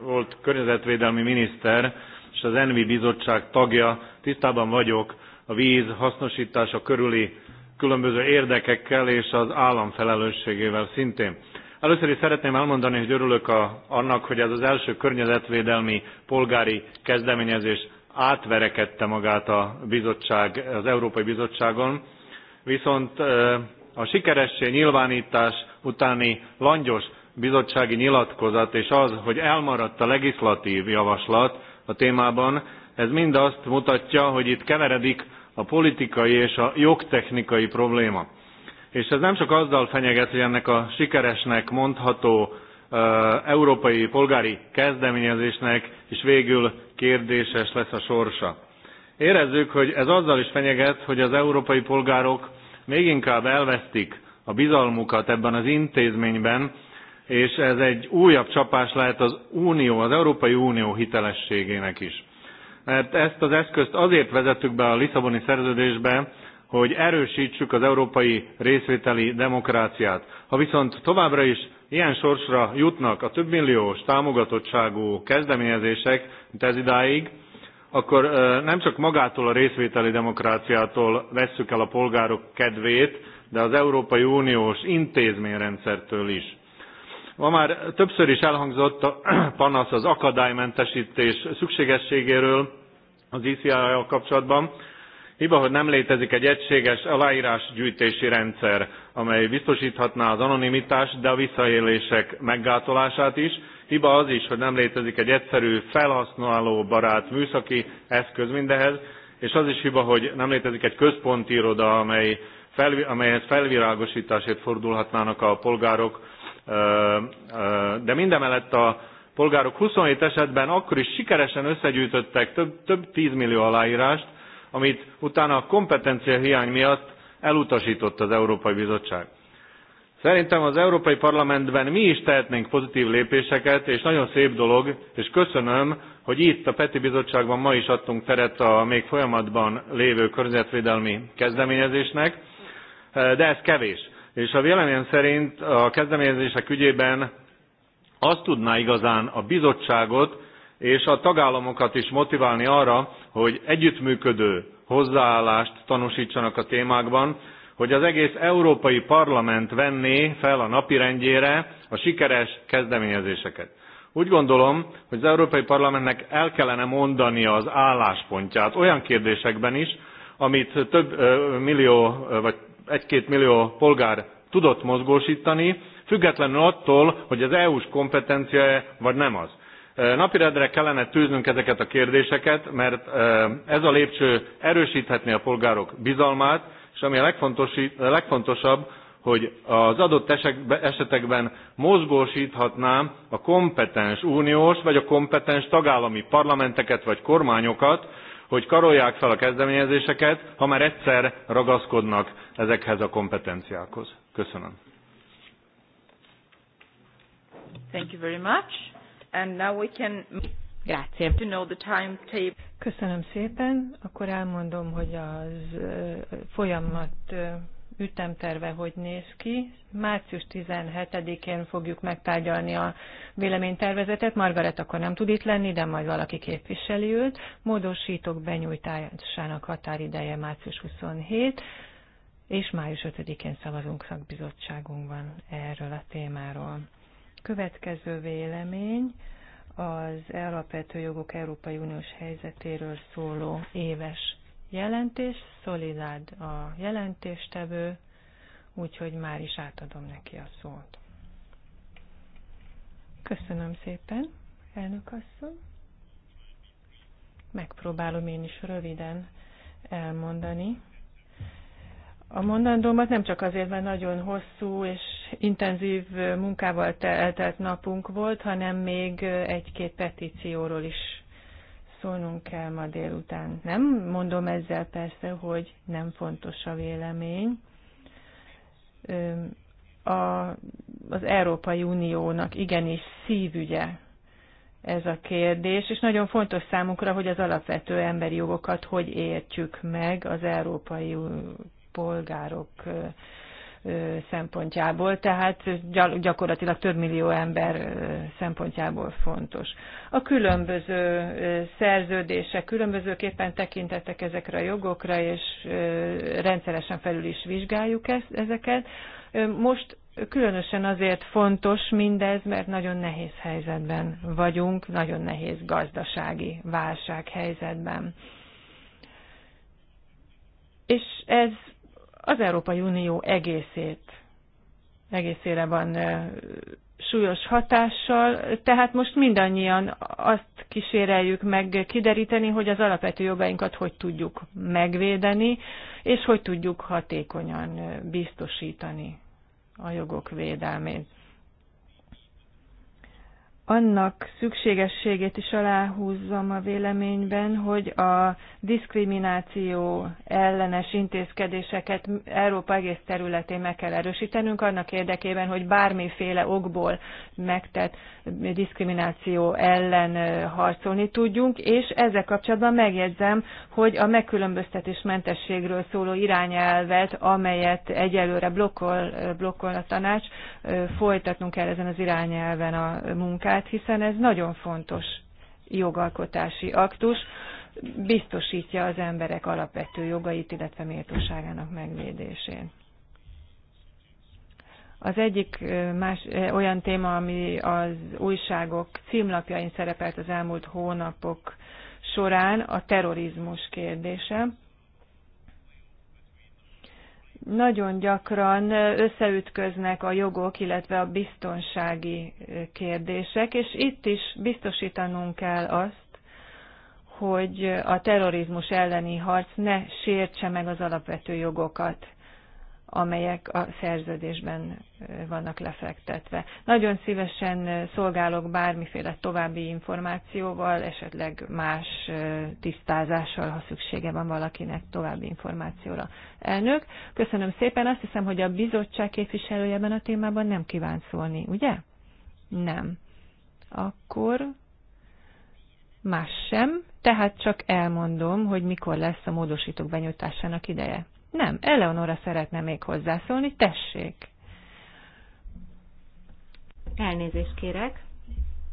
volt környezetvédelmi miniszter és az ENVI bizottság tagja, tisztában vagyok a víz hasznosítása körüli különböző érdekekkel és az állam felelősségével szintén. Először is szeretném elmondani, hogy örülök a, annak, hogy ez az első környezetvédelmi polgári kezdeményezés átverekedte magát a bizottság, az Európai Bizottságon, viszont a sikeressé nyilvánítás utáni langyos bizottsági nyilatkozat és az, hogy elmaradt a legislatív javaslat a témában, ez mind azt mutatja, hogy itt keveredik a politikai és a jogtechnikai probléma. És ez nem csak azzal fenyeget, hogy ennek a sikeresnek mondható európai polgári kezdeményezésnek is végül kérdéses lesz a sorsa. Érezzük, hogy ez azzal is fenyeget, hogy az európai polgárok még inkább elvesztik a bizalmukat ebben az intézményben, és ez egy újabb csapás lehet az Unió, az Európai Unió hitelességének is. Mert ezt az eszközt azért vezettük be a Lisszaboni szerződésbe, hogy erősítsük az európai részvételi demokráciát. Ha viszont továbbra is ilyen sorsra jutnak a milliós támogatottságú kezdeményezések, mint ez idáig, akkor nem csak magától a részvételi demokráciától vesszük el a polgárok kedvét, de az Európai Uniós intézményrendszertől is. Ma már többször is elhangzott a panasz az akadálymentesítés szükségességéről az ICI-jal kapcsolatban, Hiba, hogy nem létezik egy egységes aláírásgyűjtési rendszer, amely biztosíthatná az anonimitást, de a visszaélések meggátolását is. Hiba az is, hogy nem létezik egy egyszerű, felhasználóbarát műszaki eszköz mindehez, és az is hiba, hogy nem létezik egy központi iroda, amely fel, amelyhez felvirágosításért fordulhatnának a polgárok, de mindemellett a polgárok 27 esetben akkor is sikeresen összegyűjtöttek több, több 10 millió aláírást, amit utána a kompetenciahiány miatt elutasított az Európai Bizottság. Szerintem az Európai Parlamentben mi is tehetnénk pozitív lépéseket, és nagyon szép dolog, és köszönöm, hogy itt a Peti Bizottságban ma is adtunk teret a még folyamatban lévő környezetvédelmi kezdeményezésnek, de ez kevés. És a véleményem szerint a kezdeményezések ügyében azt tudná igazán a bizottságot és a tagállamokat is motiválni arra, hogy együttműködő hozzáállást tanúsítsanak a témákban, hogy az egész Európai Parlament venné fel a napirendjére a sikeres kezdeményezéseket. Úgy gondolom, hogy az Európai Parlamentnek el kellene mondania az álláspontját olyan kérdésekben is, amit több millió vagy egy-két millió polgár tudott mozgósítani, függetlenül attól, hogy az EU-s kompetenciája vagy nem az. Napirendre kellene tűznünk ezeket a kérdéseket, mert ez a lépcső erősíthetné a polgárok bizalmát, és ami a legfontosabb, hogy az adott esetekben mozgósíthatná a kompetens uniós vagy a kompetens tagállami parlamenteket vagy kormányokat, hogy karolják fel a kezdeményezéseket, ha már egyszer ragaszkodnak ezekhez a kompetenciákhoz. Köszönöm. Thank you very much. And now we can... Grazie. To know the timetable. Köszönöm szépen. Akkor elmondom, hogy az folyamat ütemterve hogy néz ki. Március 17-én fogjuk megtárgyalni a véleménytervezetet. Margaret akkor nem tud itt lenni, de majd valaki képviseli őt. Módosítók benyújtásának határideje március 27, és május 5-én szavazunk szakbizottságunkban erről a témáról. Következő vélemény az Alapvető Jogok Európai Uniós helyzetéről szóló éves jelentés. Szolidád a jelentéstevő, úgyhogy már is átadom neki a szót. Köszönöm szépen, elnök asszony. Megpróbálom én is röviden elmondani a mondandómat nem csak azért, mert nagyon hosszú és intenzív munkával eltelt napunk volt, hanem még egy-két petícióról is szólnunk kell ma délután. Nem mondom ezzel persze, hogy nem fontos a vélemény. A, az Európai Uniónak igenis szívügye ez a kérdés, és nagyon fontos számunkra, hogy az alapvető emberi jogokat hogy értjük meg az Európai polgárok szempontjából, tehát gyakorlatilag több millió ember szempontjából fontos. A különböző szerződések különbözőképpen tekintettek ezekre a jogokra, és rendszeresen felül is vizsgáljuk ezeket. Most különösen azért fontos mindez, mert nagyon nehéz helyzetben vagyunk, nagyon nehéz gazdasági válság helyzetben, És ez az Európai Unió egészét, egészére van súlyos hatással, tehát most mindannyian azt kíséreljük meg kideríteni, hogy az alapvető jogainkat hogy tudjuk megvédeni, és hogy tudjuk hatékonyan biztosítani a jogok védelmét annak szükségességét is aláhúzzam a véleményben, hogy a diszkrimináció ellenes intézkedéseket Európa egész területén meg kell erősítenünk, annak érdekében, hogy bármiféle okból megtett diszkrimináció ellen harcolni tudjunk, és ezzel kapcsolatban megjegyzem, hogy a megkülönböztetésmentességről szóló irányelvet, amelyet egyelőre blokkol, blokkol a tanács, folytatnunk kell ezen az irányelven a munkát, munkát, hiszen ez nagyon fontos jogalkotási aktus, biztosítja az emberek alapvető jogait, illetve méltóságának megvédését. Az egyik más, olyan téma, ami az újságok címlapjain szerepelt az elmúlt hónapok során, a terrorizmus kérdése nagyon gyakran összeütköznek a jogok, illetve a biztonsági kérdések, és itt is biztosítanunk kell azt, hogy a terrorizmus elleni harc ne sértse meg az alapvető jogokat amelyek a szerződésben vannak lefektetve. Nagyon szívesen szolgálok bármiféle további információval, esetleg más tisztázással, ha szüksége van valakinek további információra. Elnök, köszönöm szépen. Azt hiszem, hogy a bizottság képviselője ebben a témában nem kíván szólni, ugye? Nem. Akkor más sem, tehát csak elmondom, hogy mikor lesz a módosítók benyújtásának ideje. Nem, Eleonora szeretne még hozzászólni, tessék. Elnézést kérek,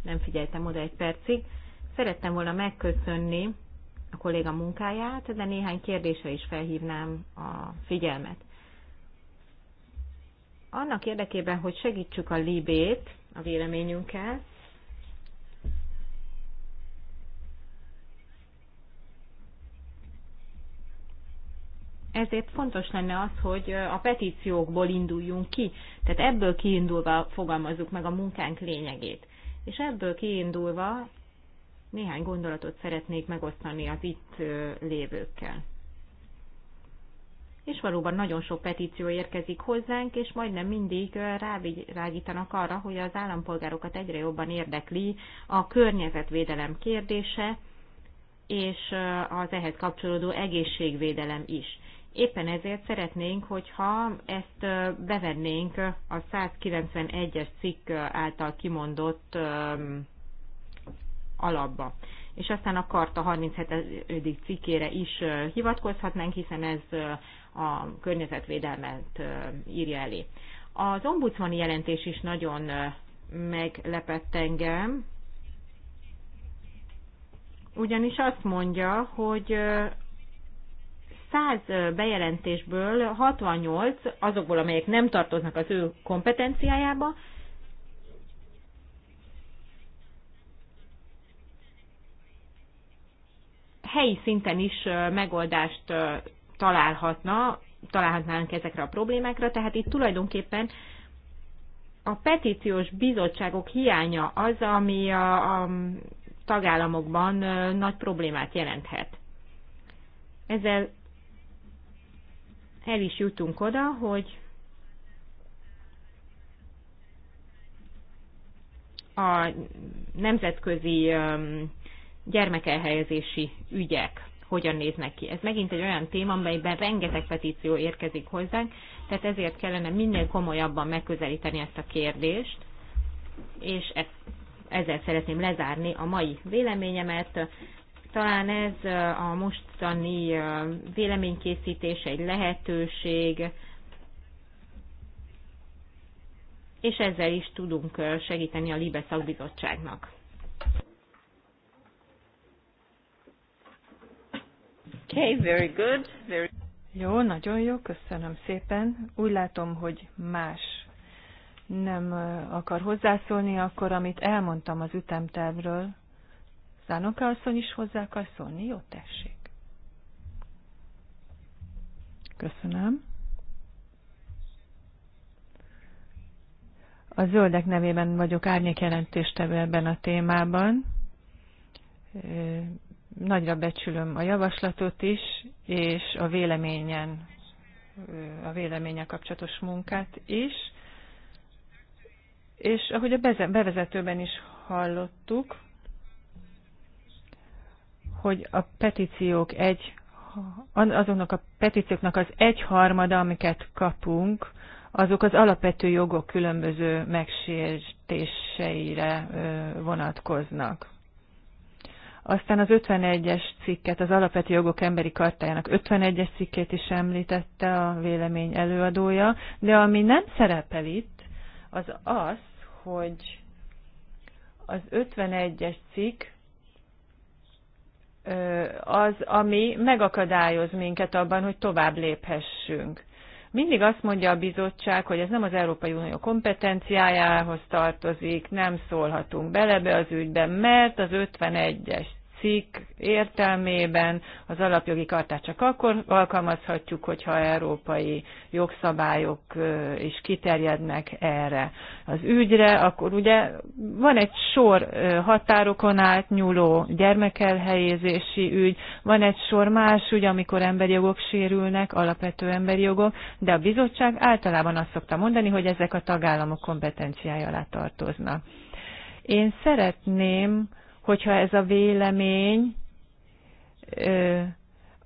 nem figyeltem oda egy percig. Szerettem volna megköszönni a kolléga munkáját, de néhány kérdése is felhívnám a figyelmet. Annak érdekében, hogy segítsük a libét a véleményünkkel, ezért fontos lenne az, hogy a petíciókból induljunk ki, tehát ebből kiindulva fogalmazzuk meg a munkánk lényegét. És ebből kiindulva néhány gondolatot szeretnék megosztani az itt lévőkkel. És valóban nagyon sok petíció érkezik hozzánk, és majdnem mindig rávilágítanak arra, hogy az állampolgárokat egyre jobban érdekli a környezetvédelem kérdése, és az ehhez kapcsolódó egészségvédelem is. Éppen ezért szeretnénk, hogyha ezt bevennénk a 191-es cikk által kimondott alapba. És aztán a Karta 37. cikkére is hivatkozhatnánk, hiszen ez a környezetvédelmet írja elé. Az ombudsmani jelentés is nagyon meglepett engem, ugyanis azt mondja, hogy 100 bejelentésből 68, azokból, amelyek nem tartoznak az ő kompetenciájába, helyi szinten is megoldást találhatna, találhatnánk ezekre a problémákra, tehát itt tulajdonképpen a petíciós bizottságok hiánya az, ami a, a tagállamokban nagy problémát jelenthet. Ezzel el is jutunk oda, hogy a nemzetközi gyermekelhelyezési ügyek hogyan néznek ki. Ez megint egy olyan téma, amelyben rengeteg petíció érkezik hozzánk, tehát ezért kellene minél komolyabban megközelíteni ezt a kérdést, és e- ezzel szeretném lezárni a mai véleményemet. Talán ez a mostani véleménykészítés egy lehetőség, és ezzel is tudunk segíteni a Libe szakbizottságnak. Okay, very good. Very... Jó, nagyon jó, köszönöm szépen. Úgy látom, hogy más nem akar hozzászólni, akkor amit elmondtam az ütemtervről, Zánoka asszony is hozzá akar szólni? Jó, tessék. Köszönöm. A zöldek nevében vagyok árnyékjelentéstevő ebben a témában. Nagyra becsülöm a javaslatot is, és a véleményen, a véleménye kapcsolatos munkát is. És ahogy a bevezetőben is hallottuk, hogy a petíciók egy, azoknak a petícióknak az egyharmada, amiket kapunk, azok az alapvető jogok különböző megsértéseire vonatkoznak. Aztán az 51-es cikket, az Alapvető Jogok Emberi Kartájának 51-es cikkét is említette a vélemény előadója, de ami nem szerepel itt, az az, hogy az 51-es cikk az, ami megakadályoz minket abban, hogy tovább léphessünk. Mindig azt mondja a bizottság, hogy ez nem az Európai Unió kompetenciájához tartozik, nem szólhatunk bele be az ügyben, mert az 51-es cikk értelmében az alapjogi kartát csak akkor alkalmazhatjuk, hogyha európai jogszabályok is kiterjednek erre az ügyre, akkor ugye van egy sor határokon átnyúló gyermekelhelyezési ügy, van egy sor más ügy, amikor emberi jogok sérülnek, alapvető emberi jogok, de a bizottság általában azt szokta mondani, hogy ezek a tagállamok kompetenciája alá tartoznak. Én szeretném, hogyha ez a vélemény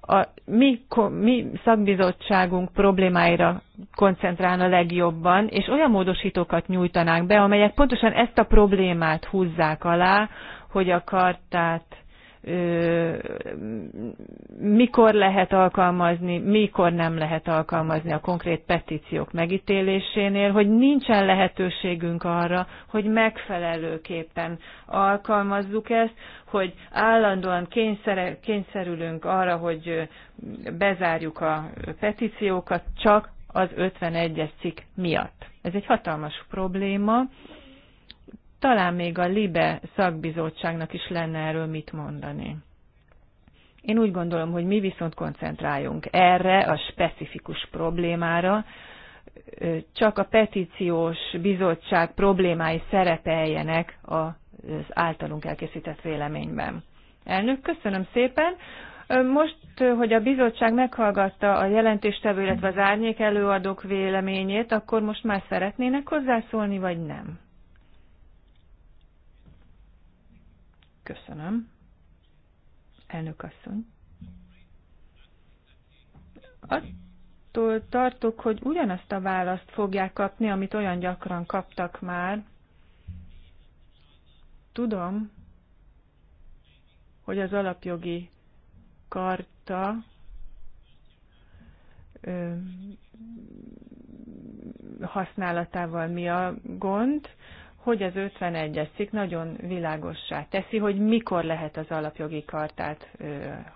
a mi, mi szakbizottságunk problémáira koncentrálna legjobban, és olyan módosítókat nyújtanánk be, amelyek pontosan ezt a problémát húzzák alá, hogy a kartát mikor lehet alkalmazni, mikor nem lehet alkalmazni a konkrét petíciók megítélésénél, hogy nincsen lehetőségünk arra, hogy megfelelőképpen alkalmazzuk ezt, hogy állandóan kényszer, kényszerülünk arra, hogy bezárjuk a petíciókat csak az 51-es cikk miatt. Ez egy hatalmas probléma, talán még a LIBE szakbizottságnak is lenne erről mit mondani. Én úgy gondolom, hogy mi viszont koncentráljunk erre a specifikus problémára, csak a petíciós bizottság problémái szerepeljenek az általunk elkészített véleményben. Elnök, köszönöm szépen. Most, hogy a bizottság meghallgatta a jelentéstevő, illetve az árnyék előadók véleményét, akkor most már szeretnének hozzászólni, vagy nem? Köszönöm. Elnök asszony. Attól tartok, hogy ugyanazt a választ fogják kapni, amit olyan gyakran kaptak már. Tudom, hogy az alapjogi karta ö, használatával mi a gond hogy az 51-es cikk nagyon világossá teszi, hogy mikor lehet az alapjogi kartát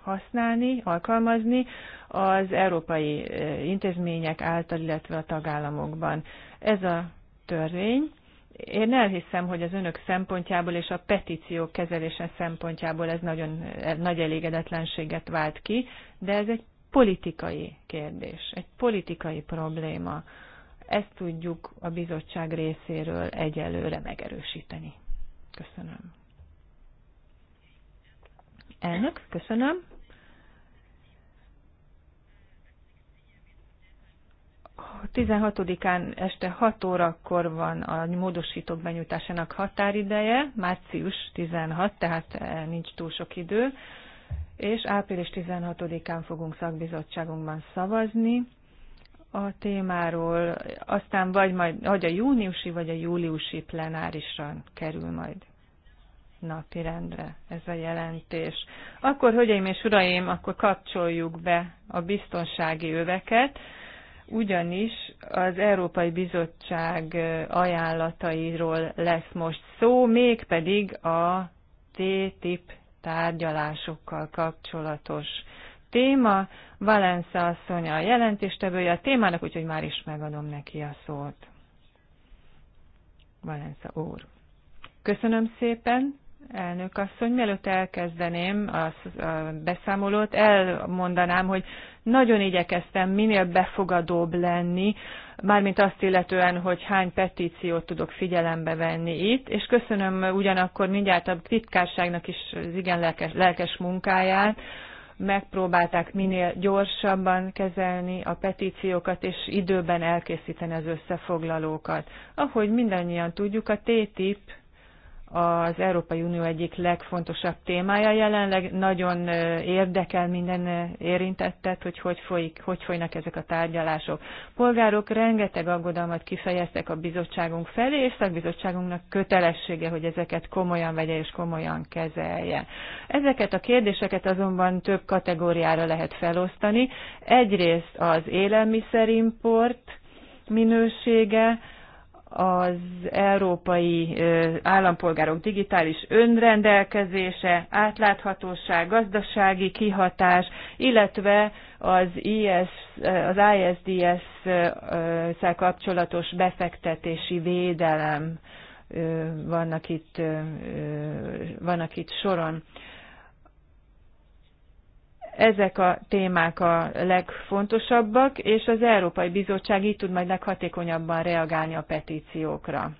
használni, alkalmazni az európai intézmények által, illetve a tagállamokban. Ez a törvény. Én elhiszem, hogy az önök szempontjából és a petíciók kezelése szempontjából ez nagyon nagy elégedetlenséget vált ki, de ez egy politikai kérdés, egy politikai probléma ezt tudjuk a bizottság részéről egyelőre megerősíteni. Köszönöm. Elnök, köszönöm. A 16-án este 6 órakor van a módosítók benyújtásának határideje, március 16, tehát eh, nincs túl sok idő, és április 16-án fogunk szakbizottságunkban szavazni, a témáról, aztán vagy, majd, vagy a júniusi, vagy a júliusi plenárisra kerül majd napirendre ez a jelentés. Akkor, hölgyeim és uraim, akkor kapcsoljuk be a biztonsági öveket, ugyanis az Európai Bizottság ajánlatairól lesz most szó, mégpedig a T-tip tárgyalásokkal kapcsolatos téma. Valensza asszony a jelentéstevője a témának, úgyhogy már is megadom neki a szót. Valensza úr. Köszönöm szépen, elnök asszony. Mielőtt elkezdeném a beszámolót, elmondanám, hogy nagyon igyekeztem minél befogadóbb lenni, mármint azt illetően, hogy hány petíciót tudok figyelembe venni itt, és köszönöm ugyanakkor mindjárt a titkárságnak is az igen lelkes, lelkes munkáját, megpróbálták minél gyorsabban kezelni a petíciókat, és időben elkészíteni az összefoglalókat. Ahogy mindannyian tudjuk, a TTIP az Európai Unió egyik legfontosabb témája jelenleg. Nagyon érdekel minden érintettet, hogy hogy, folyik, hogy folynak ezek a tárgyalások. Polgárok rengeteg aggodalmat kifejeztek a bizottságunk felé, és szakbizottságunknak kötelessége, hogy ezeket komolyan vegye és komolyan kezelje. Ezeket a kérdéseket azonban több kategóriára lehet felosztani. Egyrészt az élelmiszerimport minősége, az európai állampolgárok digitális önrendelkezése, átláthatóság, gazdasági kihatás, illetve az, IS, az ISDS-szel kapcsolatos befektetési védelem vannak itt, vannak itt soron ezek a témák a legfontosabbak, és az Európai Bizottság így tud majd leghatékonyabban reagálni a petíciókra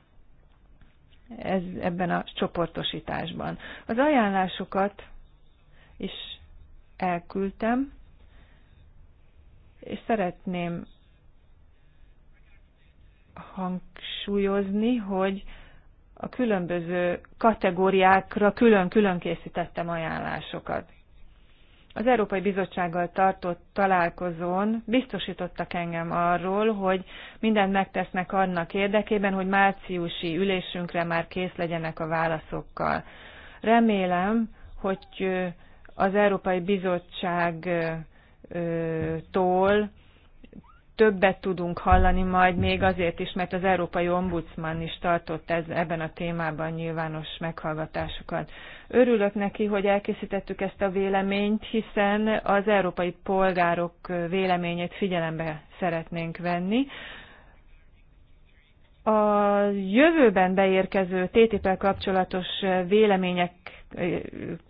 ez, ebben a csoportosításban. Az ajánlásokat is elküldtem, és szeretném hangsúlyozni, hogy a különböző kategóriákra külön-külön készítettem ajánlásokat. Az Európai Bizottsággal tartott találkozón biztosítottak engem arról, hogy mindent megtesznek annak érdekében, hogy márciusi ülésünkre már kész legyenek a válaszokkal. Remélem, hogy az Európai Bizottságtól többet tudunk hallani majd még azért is, mert az Európai Ombudsman is tartott ez, ebben a témában nyilvános meghallgatásokat. Örülök neki, hogy elkészítettük ezt a véleményt, hiszen az európai polgárok véleményét figyelembe szeretnénk venni. A jövőben beérkező ttp kapcsolatos vélemények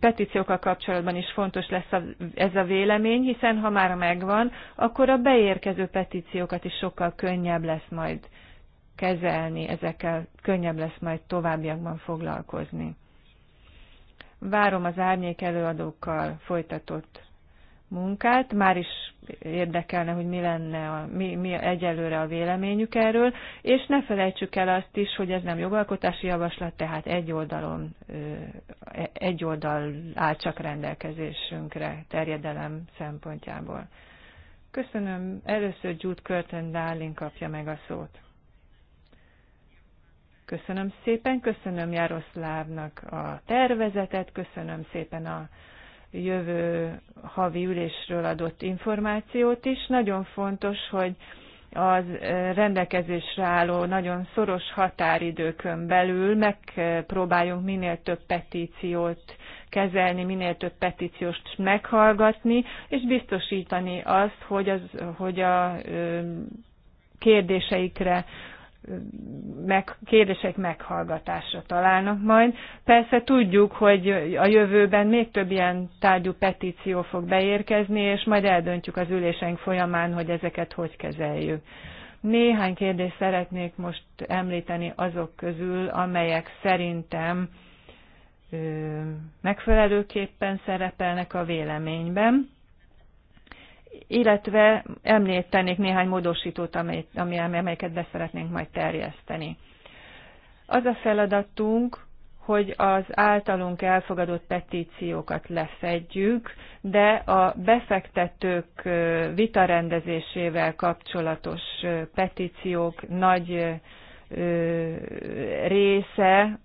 petíciókkal kapcsolatban is fontos lesz a, ez a vélemény, hiszen ha már megvan, akkor a beérkező petíciókat is sokkal könnyebb lesz majd kezelni, ezekkel könnyebb lesz majd továbbiakban foglalkozni. Várom az árnyék előadókkal folytatott munkát, már is érdekelne, hogy mi lenne, a, mi, mi egyelőre a véleményük erről, és ne felejtsük el azt is, hogy ez nem jogalkotási javaslat, tehát egy oldalon, e, egy oldal áll csak rendelkezésünkre terjedelem szempontjából. Köszönöm. Először Jude Curtin Darling kapja meg a szót. Köszönöm szépen, köszönöm Jaroszlávnak a tervezetet, köszönöm szépen a jövő havi ülésről adott információt is. Nagyon fontos, hogy az rendelkezésre álló nagyon szoros határidőkön belül megpróbáljunk minél több petíciót kezelni, minél több petíciót meghallgatni, és biztosítani azt, hogy, az, hogy a kérdéseikre meg, kérdések meghallgatásra találnak majd. Persze tudjuk, hogy a jövőben még több ilyen tárgyú petíció fog beérkezni, és majd eldöntjük az üléseink folyamán, hogy ezeket hogy kezeljük. Néhány kérdést szeretnék most említeni azok közül, amelyek szerintem megfelelőképpen szerepelnek a véleményben illetve említenék néhány módosítót, amely, amely, amelyeket beszeretnénk majd terjeszteni. Az a feladatunk, hogy az általunk elfogadott petíciókat leszedjük, de a befektetők vitarendezésével kapcsolatos petíciók nagy része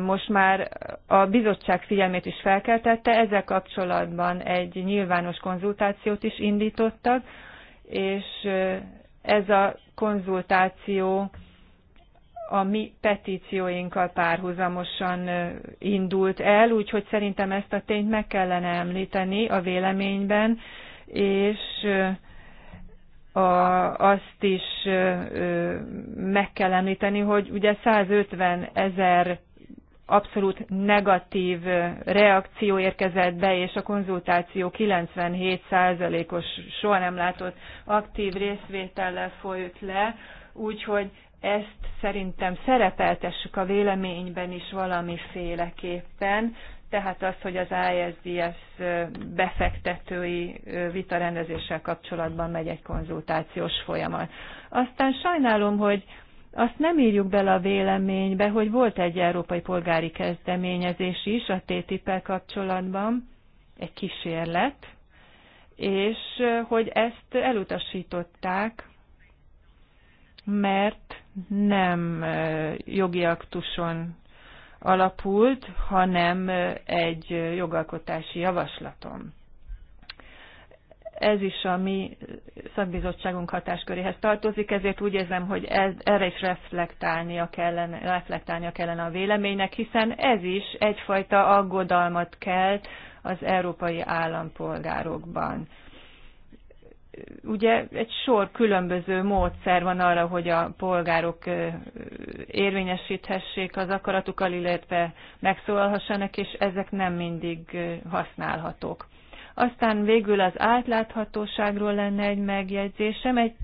most már a bizottság figyelmét is felkeltette, ezzel kapcsolatban egy nyilvános konzultációt is indítottak, és ez a konzultáció a mi petícióinkkal párhuzamosan indult el, úgyhogy szerintem ezt a tényt meg kellene említeni a véleményben, és a, azt is meg kell említeni, hogy ugye 150 ezer abszolút negatív reakció érkezett be, és a konzultáció 97%-os soha nem látott aktív részvétellel folyt le, úgyhogy ezt szerintem szerepeltessük a véleményben is valamiféleképpen, tehát az, hogy az ISDS befektetői vitarendezéssel kapcsolatban megy egy konzultációs folyamat. Aztán sajnálom, hogy azt nem írjuk bele a véleménybe, hogy volt egy európai polgári kezdeményezés is a TTIP-el kapcsolatban, egy kísérlet, és hogy ezt elutasították, mert nem jogi aktuson alapult, hanem egy jogalkotási javaslaton ez is a mi szakbizottságunk hatásköréhez tartozik, ezért úgy érzem, hogy ez, erre is reflektálnia kellene, reflektálnia kellene a véleménynek, hiszen ez is egyfajta aggodalmat kelt az európai állampolgárokban. Ugye egy sor különböző módszer van arra, hogy a polgárok érvényesíthessék az akaratukkal, illetve megszólalhassanak, és ezek nem mindig használhatók aztán végül az átláthatóságról lenne egy megjegyzésem, egy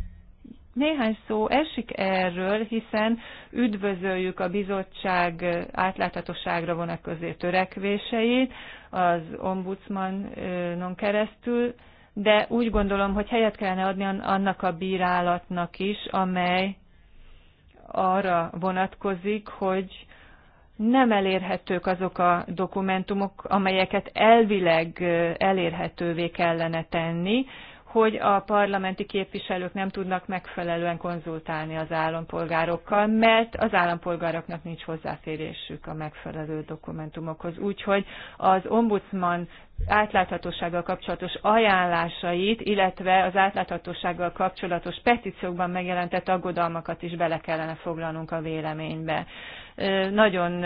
néhány szó esik erről, hiszen üdvözöljük a bizottság átláthatóságra vonatkozó törekvéseit az ombudsmanon keresztül, de úgy gondolom, hogy helyet kellene adni annak a bírálatnak is, amely arra vonatkozik, hogy nem elérhetők azok a dokumentumok, amelyeket elvileg elérhetővé kellene tenni, hogy a parlamenti képviselők nem tudnak megfelelően konzultálni az állampolgárokkal, mert az állampolgároknak nincs hozzáférésük a megfelelő dokumentumokhoz. Úgyhogy az ombudsman átláthatósággal kapcsolatos ajánlásait, illetve az átláthatósággal kapcsolatos petíciókban megjelentett aggodalmakat is bele kellene foglalnunk a véleménybe. Nagyon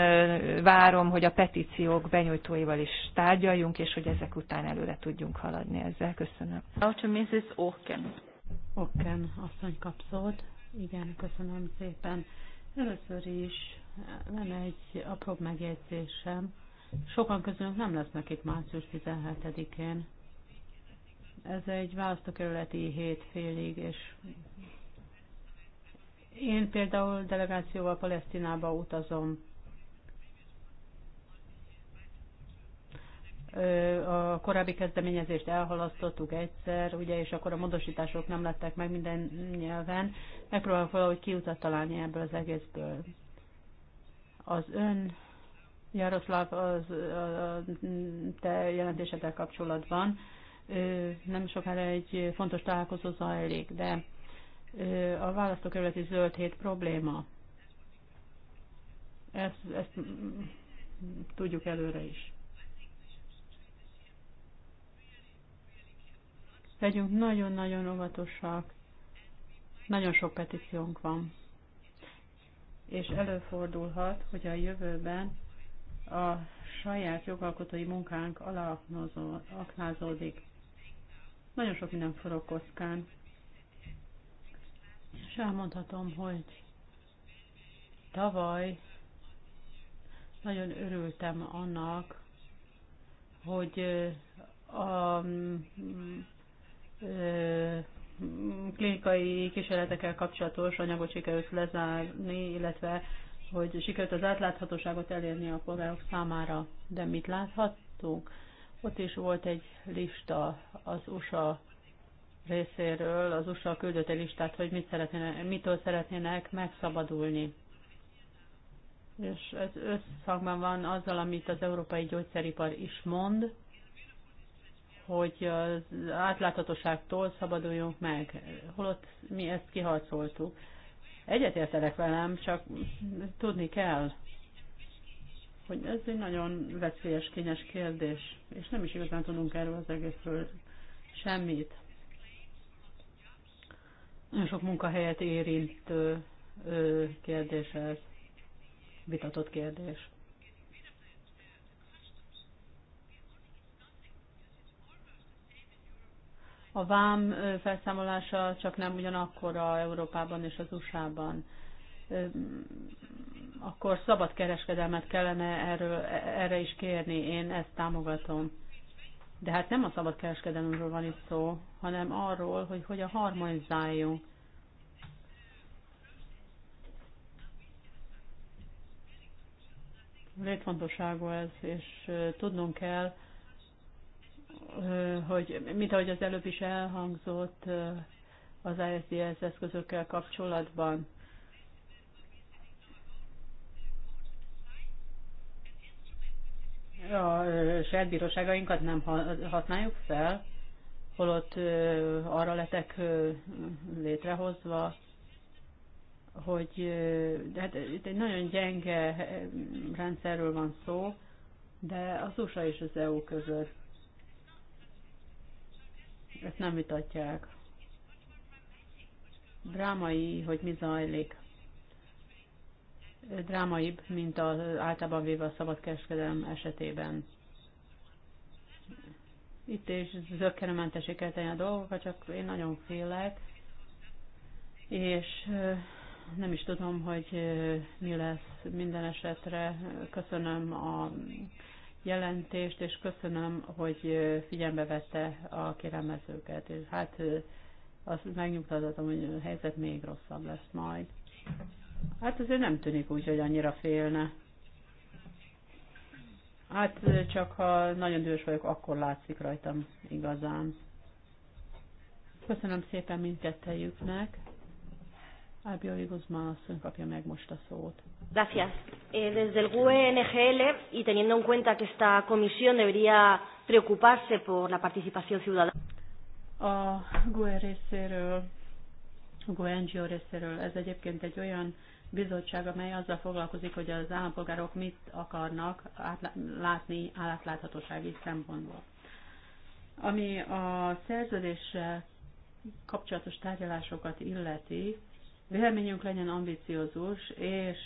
várom, hogy a petíciók benyújtóival is tárgyaljunk, és hogy ezek után előre tudjunk haladni ezzel. Köszönöm. Now to Mrs. Oken. Oken, asszony kapszolt. Igen, köszönöm szépen. Először is lenne egy apróbb megjegyzésem Sokan közülünk nem lesznek itt március 17-én. Ez egy választókerületi hétfélig, és én például delegációval Palesztinába utazom. A korábbi kezdeményezést elhalasztottuk egyszer, ugye, és akkor a módosítások nem lettek meg minden nyelven. Megpróbálok valahogy kiutat találni ebből az egészből. Az ön Jaroszláv, az, a, te jelentésedel kapcsolatban nem sokára egy fontos találkozó zajlik, de a választókerületi zöld hét probléma. Ezt, ezt tudjuk előre is. Legyünk nagyon-nagyon óvatosak. Nagyon sok petíciónk van. És előfordulhat, hogy a jövőben a saját jogalkotói munkánk aknázódik. Nagyon sok minden forog kockán. És elmondhatom, hogy tavaly nagyon örültem annak, hogy a mm, mm, klinikai kísérletekkel kapcsolatos anyagot sikerült lezárni, illetve hogy sikerült az átláthatóságot elérni a polgárok számára. De mit láthattunk? Ott is volt egy lista az USA részéről, az USA küldött egy listát, hogy mit szeretnének, mitől szeretnének megszabadulni. És ez összhangban van azzal, amit az európai gyógyszeripar is mond, hogy az átláthatóságtól szabaduljunk meg. Holott mi ezt kiharcoltuk. Egyetértelek velem, csak tudni kell, hogy ez egy nagyon veszélyes, kényes kérdés, és nem is igazán tudunk erről az egészről semmit. Nagyon sok munkahelyet érint kérdés ez, vitatott kérdés. A vám felszámolása csak nem a Európában és az USA-ban. Akkor szabad kereskedelmet kellene erről, e, erre is kérni, én ezt támogatom. De hát nem a szabad kereskedelemről van itt szó, hanem arról, hogy hogyan harmonizáljunk. Létfontosságú ez, és tudnunk kell, hogy mint ahogy az előbb is elhangzott az ISDS eszközökkel kapcsolatban, a saját bíróságainkat nem használjuk fel, holott arra letek létrehozva, hogy de hát itt egy nagyon gyenge rendszerről van szó, de az USA és az EU között ezt nem vitatják. Drámai, hogy mi zajlik. Drámaibb, mint az általában véve a szabadkereskedelem esetében. Itt is zöggenőmentesé kell tenni a dolgokat, csak én nagyon félek, és nem is tudom, hogy mi lesz minden esetre. Köszönöm a jelentést, és köszönöm, hogy figyelme vette a kérelmezőket. És hát azt megnyugtatom, hogy a helyzet még rosszabb lesz majd. Hát azért nem tűnik úgy, hogy annyira félne. Hát csak ha nagyon dühös vagyok, akkor látszik rajtam igazán. Köszönöm szépen mindkettejüknek. Ábjai Guzmán asszony kapja meg most a szót. Gracias. Eh, desde el UNGL y teniendo en cuenta que esta comisión debería preocuparse por la participación ciudadana. A GUE részéről, a GUE NGO részéről, ez egyébként egy olyan bizottság, amely azzal foglalkozik, hogy az állampolgárok mit akarnak látni átláthatósági szempontból. Ami a szerződéssel kapcsolatos tárgyalásokat illeti, véleményünk legyen ambiciózus, és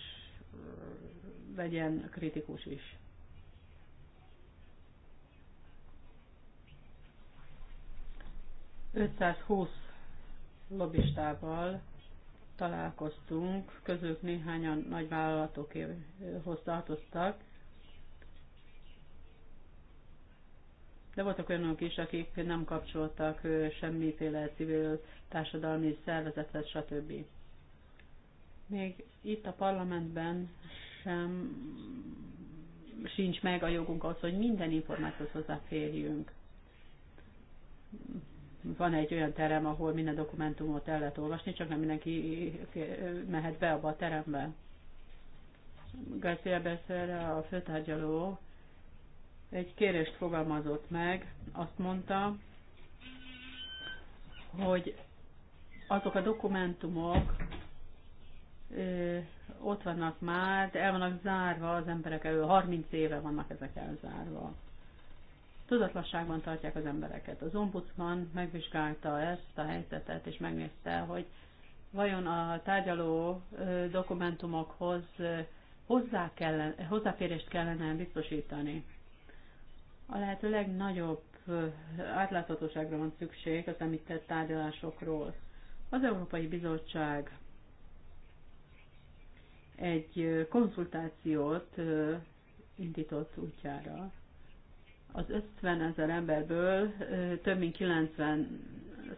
legyen kritikus is. ...520 lobbistával találkoztunk, közülük néhányan nagyvállalatok tartoztak, de voltak olyanok is, akik nem kapcsoltak semmiféle civil társadalmi szervezetet, stb még itt a parlamentben sem sincs meg a jogunk az, hogy minden információhoz hozzáférjünk. Van egy olyan terem, ahol minden dokumentumot el lehet olvasni, csak nem mindenki mehet be abba a terembe. Garcia Becerre, a főtárgyaló, egy kérést fogalmazott meg, azt mondta, hogy azok a dokumentumok, ö, ott vannak már, de el vannak zárva az emberek elő, 30 éve vannak ezek elzárva. Tudatlasságban tartják az embereket. Az ombudsman megvizsgálta ezt a helyzetet, és megnézte, hogy vajon a tárgyaló dokumentumokhoz hozzá kellene, hozzáférést kellene biztosítani. A lehető legnagyobb átláthatóságra van szükség az említett tárgyalásokról. Az Európai Bizottság egy konzultációt indított útjára. Az 50 ezer emberből több mint 90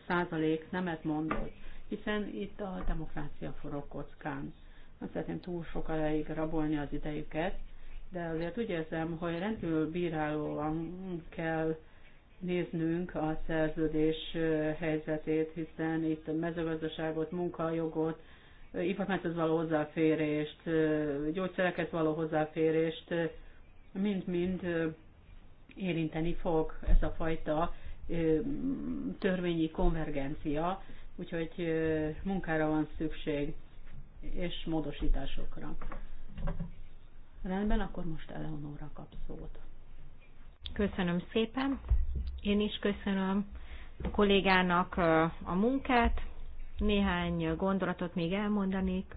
százalék nemet mondott, hiszen itt a demokrácia forog kockán. Nem szeretném túl sokáig rabolni az idejüket, de azért úgy érzem, hogy rendkívül bírálóan kell néznünk a szerződés helyzetét, hiszen itt a mezőgazdaságot, munkajogot, információhoz való hozzáférést, gyógyszereket való hozzáférést, mind-mind érinteni fog ez a fajta törvényi konvergencia, úgyhogy munkára van szükség, és módosításokra. Rendben, akkor most Eleonóra kap szót. Köszönöm szépen. Én is köszönöm a kollégának a munkát. Néhány gondolatot még elmondanék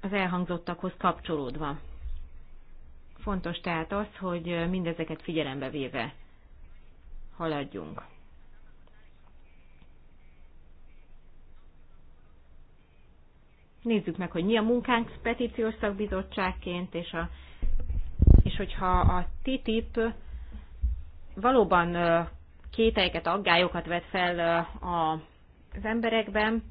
az elhangzottakhoz kapcsolódva. Fontos tehát az, hogy mindezeket figyelembe véve haladjunk. Nézzük meg, hogy mi a munkánk petíciós szakbizottságként, és, a, és hogyha a TTIP valóban kételyeket, aggályokat vet fel az emberekben,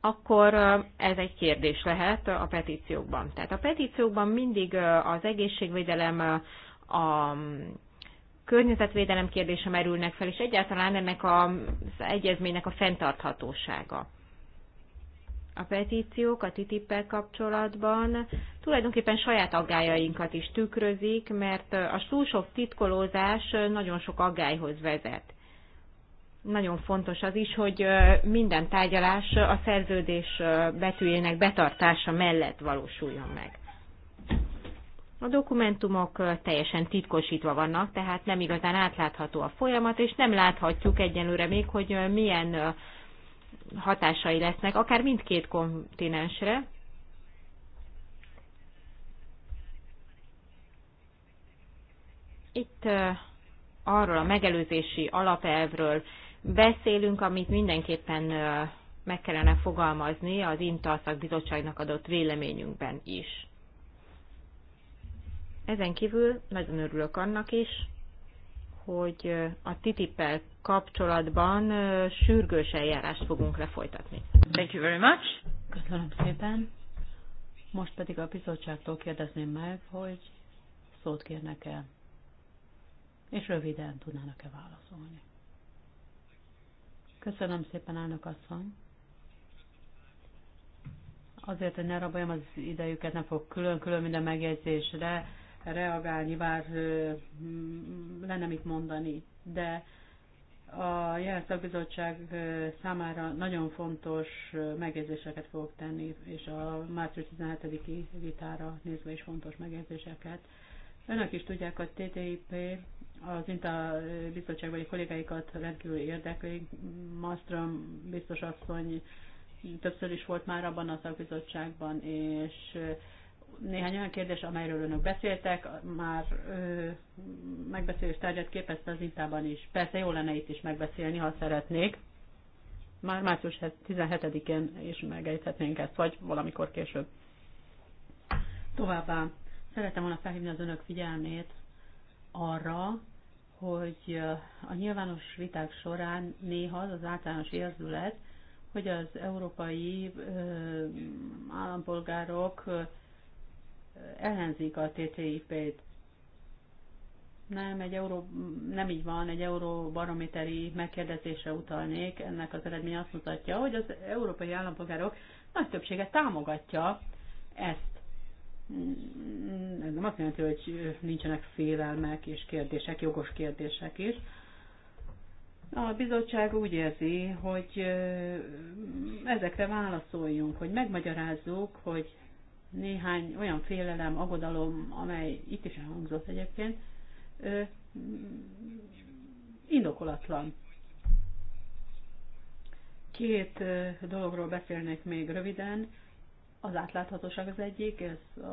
akkor ez egy kérdés lehet a petíciókban. Tehát a petíciókban mindig az egészségvédelem, a mm, környezetvédelem kérdése merülnek fel, és egyáltalán ennek az egyezménynek a fenntarthatósága a petíciók a ttip kapcsolatban tulajdonképpen saját aggájainkat is tükrözik, mert a túl sok titkolózás nagyon sok aggályhoz vezet. Nagyon fontos az is, hogy minden tárgyalás a szerződés betűjének betartása mellett valósuljon meg. A dokumentumok teljesen titkosítva vannak, tehát nem igazán átlátható a folyamat, és nem láthatjuk egyenlőre még, hogy milyen hatásai lesznek, akár mindkét kontinensre. Itt arról a megelőzési alapelvről beszélünk, amit mindenképpen meg kellene fogalmazni az INTA bizottságnak adott véleményünkben is. Ezen kívül nagyon örülök annak is, hogy a TTIP-el kapcsolatban sürgős eljárást fogunk lefolytatni. Thank you very much. Köszönöm szépen. Most pedig a bizottságtól kérdezném meg, hogy szót kérnek-e, és röviden tudnának-e válaszolni. Köszönöm szépen, elnök asszony. Azért, hogy ne raboljam az idejüket, nem fog külön-külön minden megjegyzésre reagálni, vár lenne mit mondani, de a jelszakbizottság számára nagyon fontos megjegyzéseket fogok tenni, és a március 17-i vitára nézve is fontos megjegyzéseket. Önök is tudják, a TTIP az INTA bizottságbeli kollégáikat rendkívül érdekli. Mastrom biztos asszony többször is volt már abban a szakbizottságban, és néhány olyan kérdés, amelyről önök beszéltek, már ö, megbeszélés tárgyat képezte az intában is. Persze jó lenne itt is megbeszélni, ha szeretnék. Már március 17-én is megejthetnénk ezt, vagy valamikor később. Továbbá szeretem volna felhívni az önök figyelmét arra, hogy a nyilvános viták során néha az az általános érzület, hogy az európai állampolgárok ellenzik a TTIP-t. Nem, egy euró, nem így van, egy euróbarométeri megkérdezésre utalnék. Ennek az eredmény azt mutatja, hogy az európai állampolgárok nagy többsége támogatja ezt. Ez nem azt jelenti, hogy nincsenek félelmek és kérdések, jogos kérdések is. A bizottság úgy érzi, hogy ezekre válaszoljunk, hogy megmagyarázzuk, hogy néhány olyan félelem, agodalom, amely itt is elhangzott egyébként, indokolatlan. Két dologról beszélnék még röviden. Az átláthatóság az egyik, ez a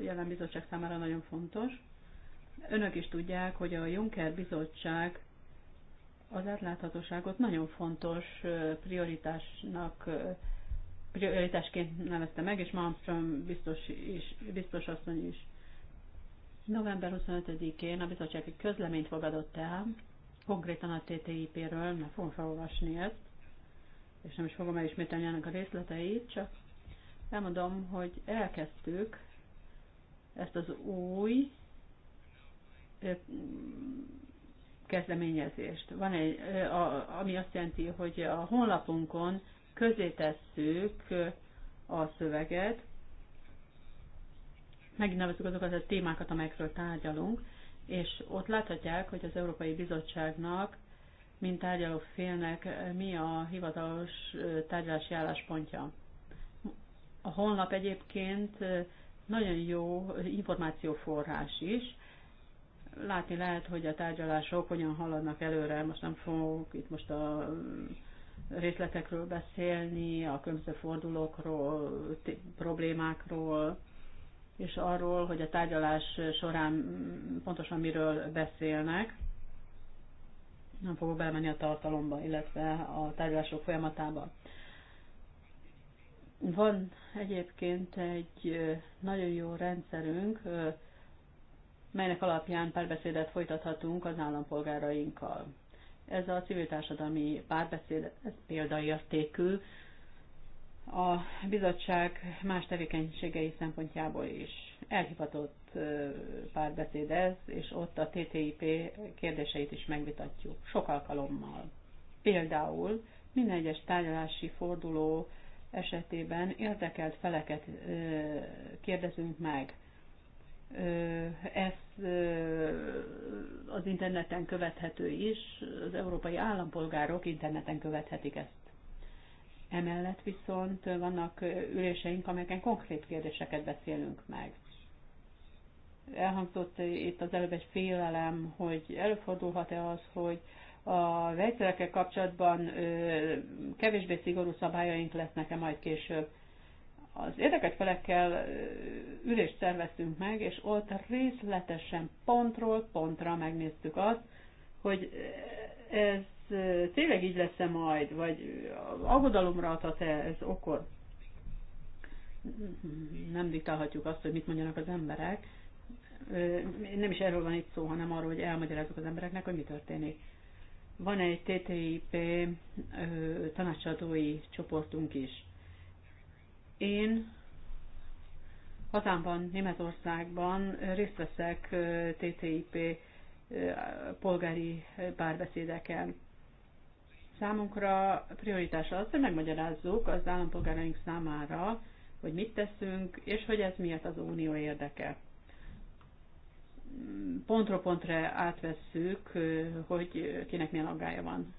jelen bizottság számára nagyon fontos. Önök is tudják, hogy a Juncker bizottság az átláthatóságot nagyon fontos prioritásnak prioritásként nevezte meg, és Malmström biztos, is, biztos asszony is. November 25-én a bizottság egy közleményt fogadott el, konkrétan a TTIP-ről, mert fogom felolvasni ezt, és nem is fogom elismételni ennek a részleteit, csak elmondom, hogy elkezdtük ezt az új kezdeményezést. Van egy, ami azt jelenti, hogy a honlapunkon közé tesszük a szöveget, megnevezzük azokat a témákat, amelyekről tárgyalunk, és ott láthatják, hogy az Európai Bizottságnak, mint tárgyaló félnek, mi a hivatalos tárgyalási álláspontja. A honlap egyébként nagyon jó információforrás is. Látni lehet, hogy a tárgyalások hogyan haladnak előre. Most nem fogok itt most a részletekről beszélni, a különböző fordulókról, problémákról, és arról, hogy a tárgyalás során pontosan miről beszélnek. Nem fogok belemenni a tartalomba, illetve a tárgyalások folyamatába. Van egyébként egy nagyon jó rendszerünk, melynek alapján párbeszédet folytathatunk az állampolgárainkkal. Ez a civil társadalmi párbeszéd ez példaértékű a bizottság más tevékenységei szempontjából is. Elhivatott párbeszéd ez, és ott a TTIP kérdéseit is megvitatjuk, sok alkalommal. Például minden egyes tárgyalási forduló esetében érdekelt feleket kérdezünk meg, ez az interneten követhető is, az európai állampolgárok interneten követhetik ezt. Emellett viszont vannak üléseink, amelyeken konkrét kérdéseket beszélünk meg. Elhangzott itt az előbb egy félelem, hogy előfordulhat-e az, hogy a vegyszerekkel kapcsolatban kevésbé szigorú szabályaink lesznek-e majd később az érdeket felekkel ülést szerveztünk meg, és ott részletesen pontról pontra megnéztük azt, hogy ez tényleg így lesz-e majd, vagy aggodalomra adhat-e ez okor. Nem diktálhatjuk azt, hogy mit mondjanak az emberek. Nem is erről van itt szó, hanem arról, hogy elmagyarázzuk az embereknek, hogy mi történik. Van egy TTIP tanácsadói csoportunk is én hazámban, Németországban részt veszek TTIP polgári párbeszédeken. Számunkra prioritás az, hogy megmagyarázzuk az állampolgáraink számára, hogy mit teszünk, és hogy ez miért az unió érdeke. Pontról pontra átvesszük, hogy kinek milyen aggája van.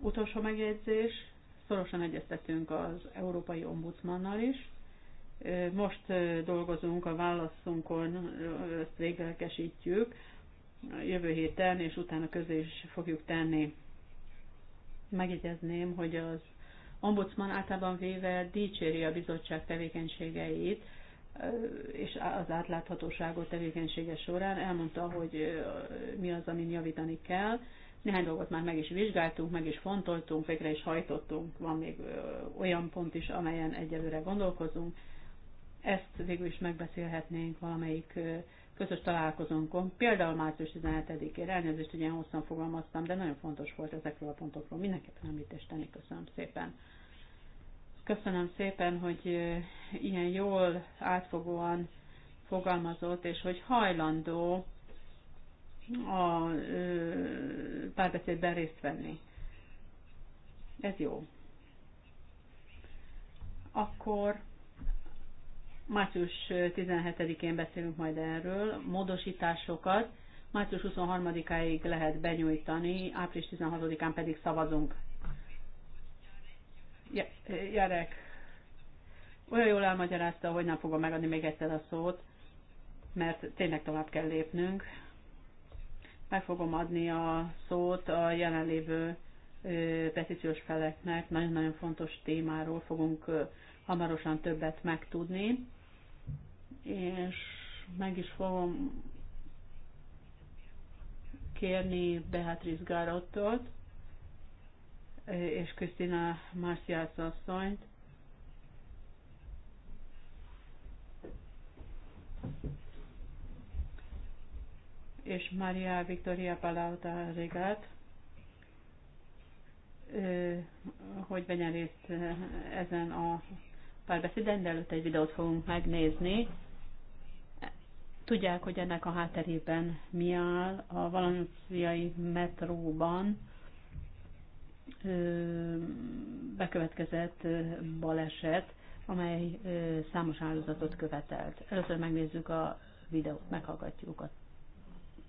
Utolsó megjegyzés, Szorosan egyeztetünk az Európai Ombudsmannal is. Most dolgozunk a válaszunkon, ezt véglegesítjük jövő héten, és utána közé is fogjuk tenni. Megjegyezném, hogy az ombudsman általában véve dicséri a bizottság tevékenységeit, és az átláthatóságot tevékenysége során elmondta, hogy mi az, amin javítani kell, néhány dolgot már meg is vizsgáltunk, meg is fontoltunk, végre is hajtottunk. Van még olyan pont is, amelyen egyelőre gondolkozunk. Ezt végül is megbeszélhetnénk valamelyik közös találkozónkon, például március 17-ére, elnézést, ilyen hosszan fogalmaztam, de nagyon fontos volt ezekről a pontokról mindenképpen említést tenni. Köszönöm szépen. Köszönöm szépen, hogy ilyen jól, átfogóan fogalmazott, és hogy hajlandó a párbeszédben részt venni. Ez jó. Akkor március 17-én beszélünk majd erről, módosításokat március 23-áig lehet benyújtani, április 16-án pedig szavazunk. Jerek, olyan jól elmagyarázta, hogy nem fogom megadni még egyszer a szót, mert tényleg tovább kell lépnünk. Meg fogom adni a szót a jelenlévő petíciós feleknek. Nagyon-nagyon fontos témáról fogunk hamarosan többet megtudni. És meg is fogom kérni Beatrice Garottot és Krisztina Marciász asszonyt, és Maria Victoria Palauta Rigát, hogy vegyen részt ezen a párbeszéden, de előtt egy videót fogunk megnézni. Tudják, hogy ennek a hátterében mi áll a valanciai metróban bekövetkezett baleset, amely számos áldozatot követelt. Először megnézzük a videót, meghallgatjuk a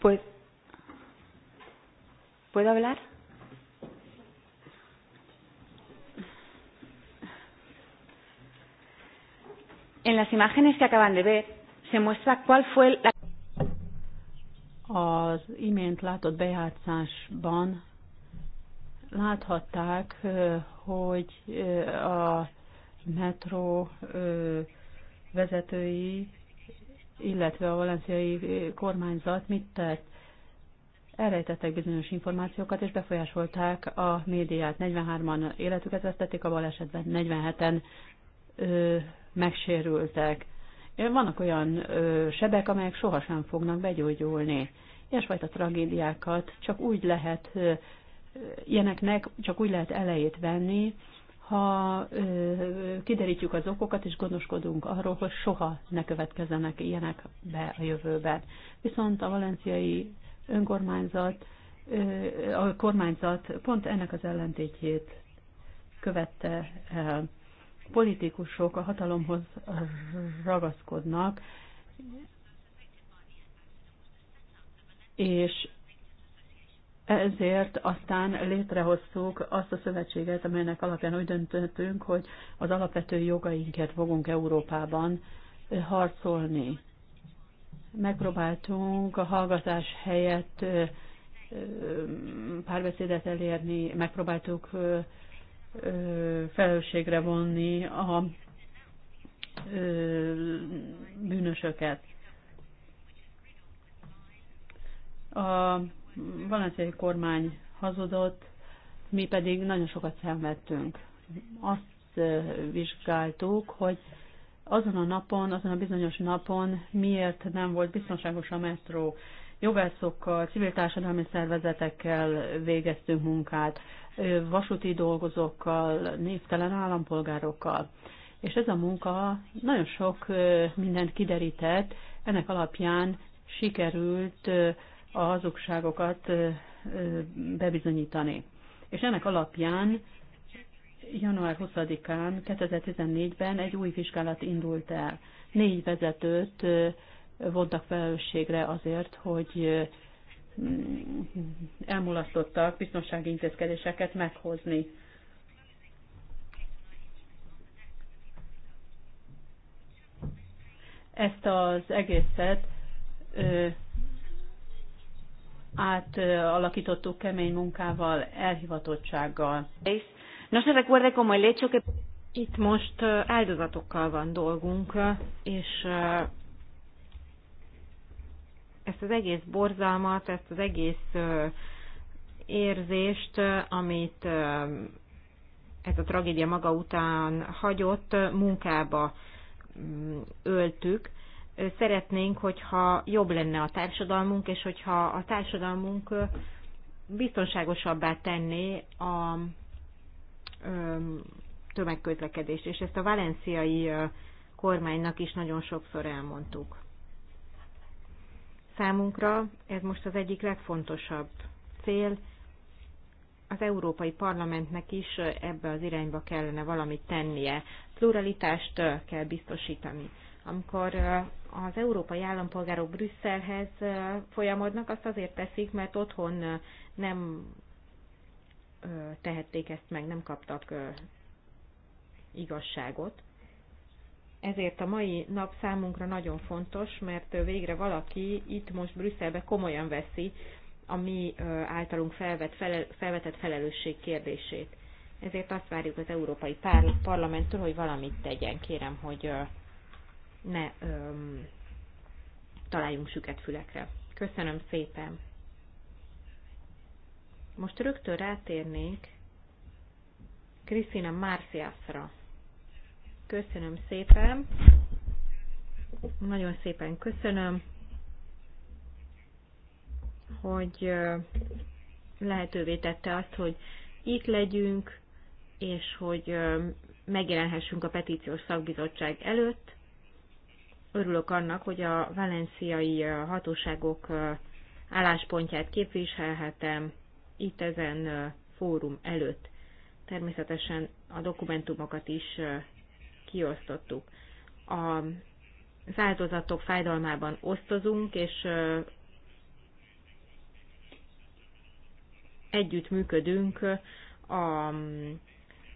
Pues, ¿Puedo hablar? En las imágenes que acaban de ver, se muestra cuál fue la... Az imént látott bejátszásban láthatták, hogy a metró vezetői illetve a valenciai kormányzat mit tett. Elrejtettek bizonyos információkat, és befolyásolták a médiát. 43-an életüket vesztették, a balesetben 47-en ö, megsérültek. Vannak olyan ö, sebek, amelyek sohasem fognak begyógyulni. Ilyesfajta tragédiákat csak úgy lehet, ö, ilyeneknek csak úgy lehet elejét venni, ha kiderítjük az okokat, és gondoskodunk arról, hogy soha ne következzenek ilyenek be a jövőben. Viszont a valenciai önkormányzat, a kormányzat pont ennek az ellentétjét követte el. Politikusok a hatalomhoz ragaszkodnak, és ezért aztán létrehoztuk azt a szövetséget, amelynek alapján úgy döntöttünk, hogy az alapvető jogainkért fogunk Európában harcolni. Megpróbáltunk a hallgatás helyett párbeszédet elérni, megpróbáltuk felelősségre vonni a bűnösöket. A valenciai kormány hazudott, mi pedig nagyon sokat szenvedtünk. Azt vizsgáltuk, hogy azon a napon, azon a bizonyos napon miért nem volt biztonságos a metró. Jogászokkal, civil társadalmi szervezetekkel végeztünk munkát, vasúti dolgozókkal, névtelen állampolgárokkal. És ez a munka nagyon sok mindent kiderített, ennek alapján sikerült a hazugságokat bebizonyítani. És ennek alapján január 20-án 2014-ben egy új vizsgálat indult el. Négy vezetőt vontak felelősségre azért, hogy mm, elmulasztottak biztonsági intézkedéseket meghozni. Ezt az egészet átalakítottuk kemény munkával, elhivatottsággal. No se recuerde como el hecho que... Itt most áldozatokkal van dolgunk, és ezt az egész borzalmat, ezt az egész érzést, amit ez a tragédia maga után hagyott, munkába mm, öltük, szeretnénk, hogyha jobb lenne a társadalmunk, és hogyha a társadalmunk biztonságosabbá tenné a tömegközlekedést, és ezt a valenciai kormánynak is nagyon sokszor elmondtuk. Számunkra ez most az egyik legfontosabb cél, az Európai Parlamentnek is ebbe az irányba kellene valamit tennie. Pluralitást kell biztosítani. Amikor az európai állampolgárok Brüsszelhez folyamodnak, azt azért teszik, mert otthon nem tehették ezt meg, nem kaptak igazságot. Ezért a mai nap számunkra nagyon fontos, mert végre valaki itt most Brüsszelbe komolyan veszi a mi általunk felvet, felvetett felelősség kérdését. Ezért azt várjuk az Európai Parlamenttől, hogy valamit tegyen. Kérem, hogy ne öm, találjunk süket fülekre. Köszönöm szépen! Most rögtön rátérnék Krisztina Márciászra. Köszönöm szépen! Nagyon szépen köszönöm, hogy lehetővé tette azt, hogy itt legyünk, és hogy megjelenhessünk a petíciós szakbizottság előtt örülök annak, hogy a valenciai hatóságok álláspontját képviselhetem itt ezen fórum előtt. Természetesen a dokumentumokat is kiosztottuk. A áldozatok fájdalmában osztozunk, és együtt működünk a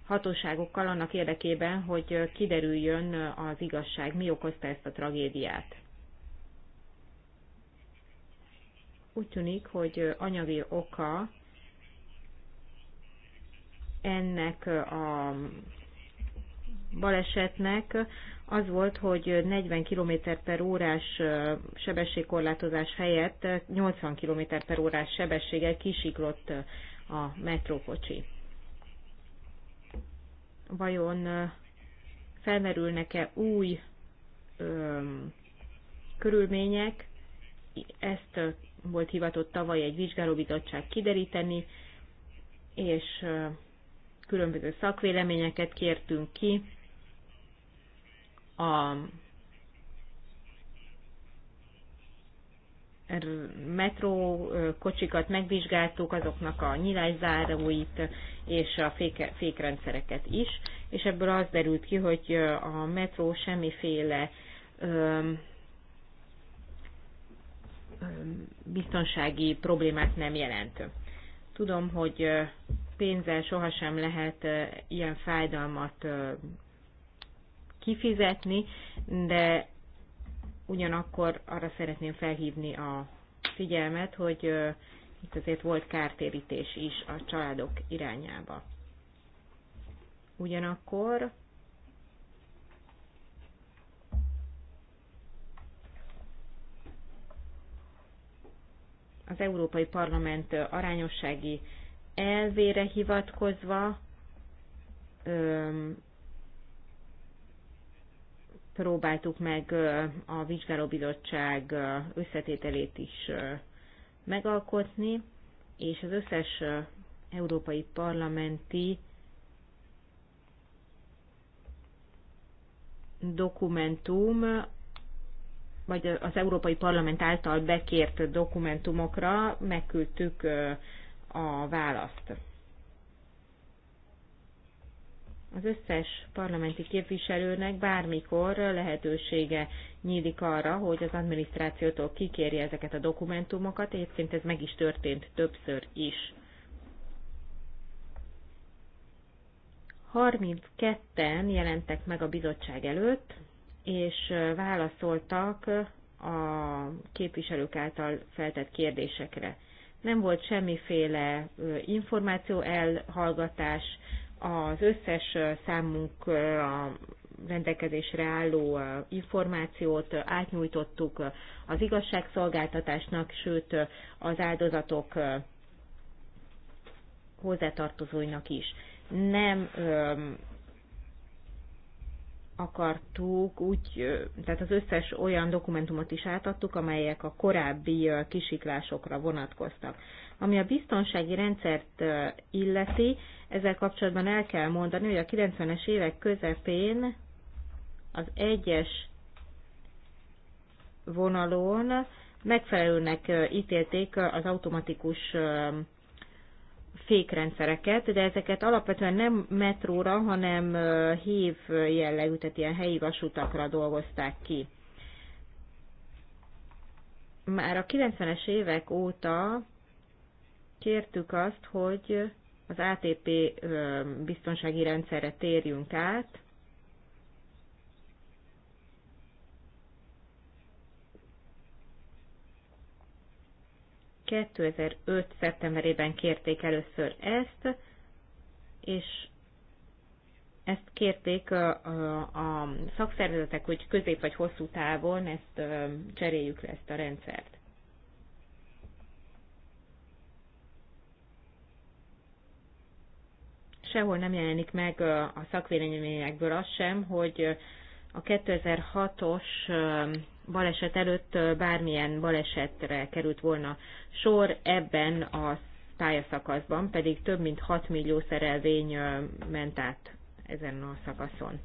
hatóságokkal annak érdekében, hogy kiderüljön az igazság, mi okozta ezt a tragédiát. Úgy tűnik, hogy anyagi oka ennek a balesetnek az volt, hogy 40 km per órás sebességkorlátozás helyett 80 km per órás sebességgel kisiklott a metrókocsi vajon felmerülnek-e új öm, körülmények, ezt volt hivatott tavaly egy vizsgálóbizottság kideríteni, és különböző szakvéleményeket kértünk ki a metró kocsikat megvizsgáltuk, azoknak a nyilászáróit és a féke, fékrendszereket is, és ebből az derült ki, hogy a metró semmiféle öm, öm, biztonsági problémát nem jelent. Tudom, hogy pénzzel sohasem lehet ilyen fájdalmat kifizetni, de ugyanakkor arra szeretném felhívni a figyelmet, hogy itt azért volt kártérítés is a családok irányába. Ugyanakkor az Európai Parlament arányossági elvére hivatkozva próbáltuk meg a vizsgálóbizottság összetételét is megalkotni, és az összes európai parlamenti dokumentum, vagy az Európai Parlament által bekért dokumentumokra megküldtük a választ az összes parlamenti képviselőnek bármikor lehetősége nyílik arra, hogy az adminisztrációtól kikérje ezeket a dokumentumokat. Egyébként ez meg is történt többször is. 32-en jelentek meg a bizottság előtt, és válaszoltak a képviselők által feltett kérdésekre. Nem volt semmiféle információ elhallgatás, az összes számunk rendelkezésre álló információt átnyújtottuk az igazságszolgáltatásnak, sőt az áldozatok hozzátartozóinak is. Nem akartuk, úgy, tehát az összes olyan dokumentumot is átadtuk, amelyek a korábbi kisiklásokra vonatkoztak. Ami a biztonsági rendszert illeti, ezzel kapcsolatban el kell mondani, hogy a 90-es évek közepén az egyes vonalon megfelelőnek ítélték az automatikus fékrendszereket, de ezeket alapvetően nem metróra, hanem hív jellegű, tehát ilyen helyi vasutakra dolgozták ki. Már a 90-es évek óta kértük azt, hogy az ATP biztonsági rendszerre térjünk át, ...2005. szeptemberében kérték először ezt, és ezt kérték a, a, a szakszervezetek, hogy közép vagy hosszú távon ezt cseréljük le ezt a rendszert. sehol nem jelenik meg a szakvéleményekből az sem, hogy a 2006-os baleset előtt bármilyen balesetre került volna sor ebben a pályaszakaszban, pedig több mint 6 millió szerelvény ment át ezen a szakaszon.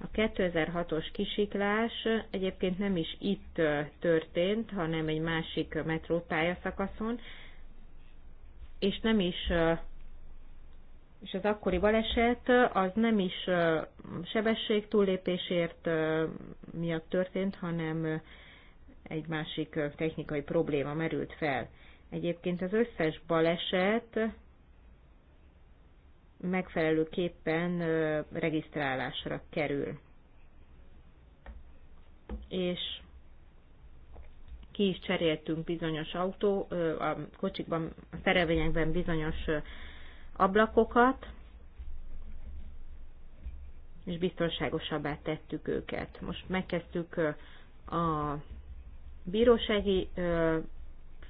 A 2006-os kisiklás egyébként nem is itt történt, hanem egy másik metrópályaszakaszon, és nem is és az akkori baleset az nem is sebesség túllépésért miatt történt, hanem egy másik technikai probléma merült fel. Egyébként az összes baleset megfelelőképpen regisztrálásra kerül. És ki is cseréltünk bizonyos autó, a kocsikban, a szerelvényekben bizonyos ablakokat, és biztonságosabbá tettük őket. Most megkezdtük a bírósági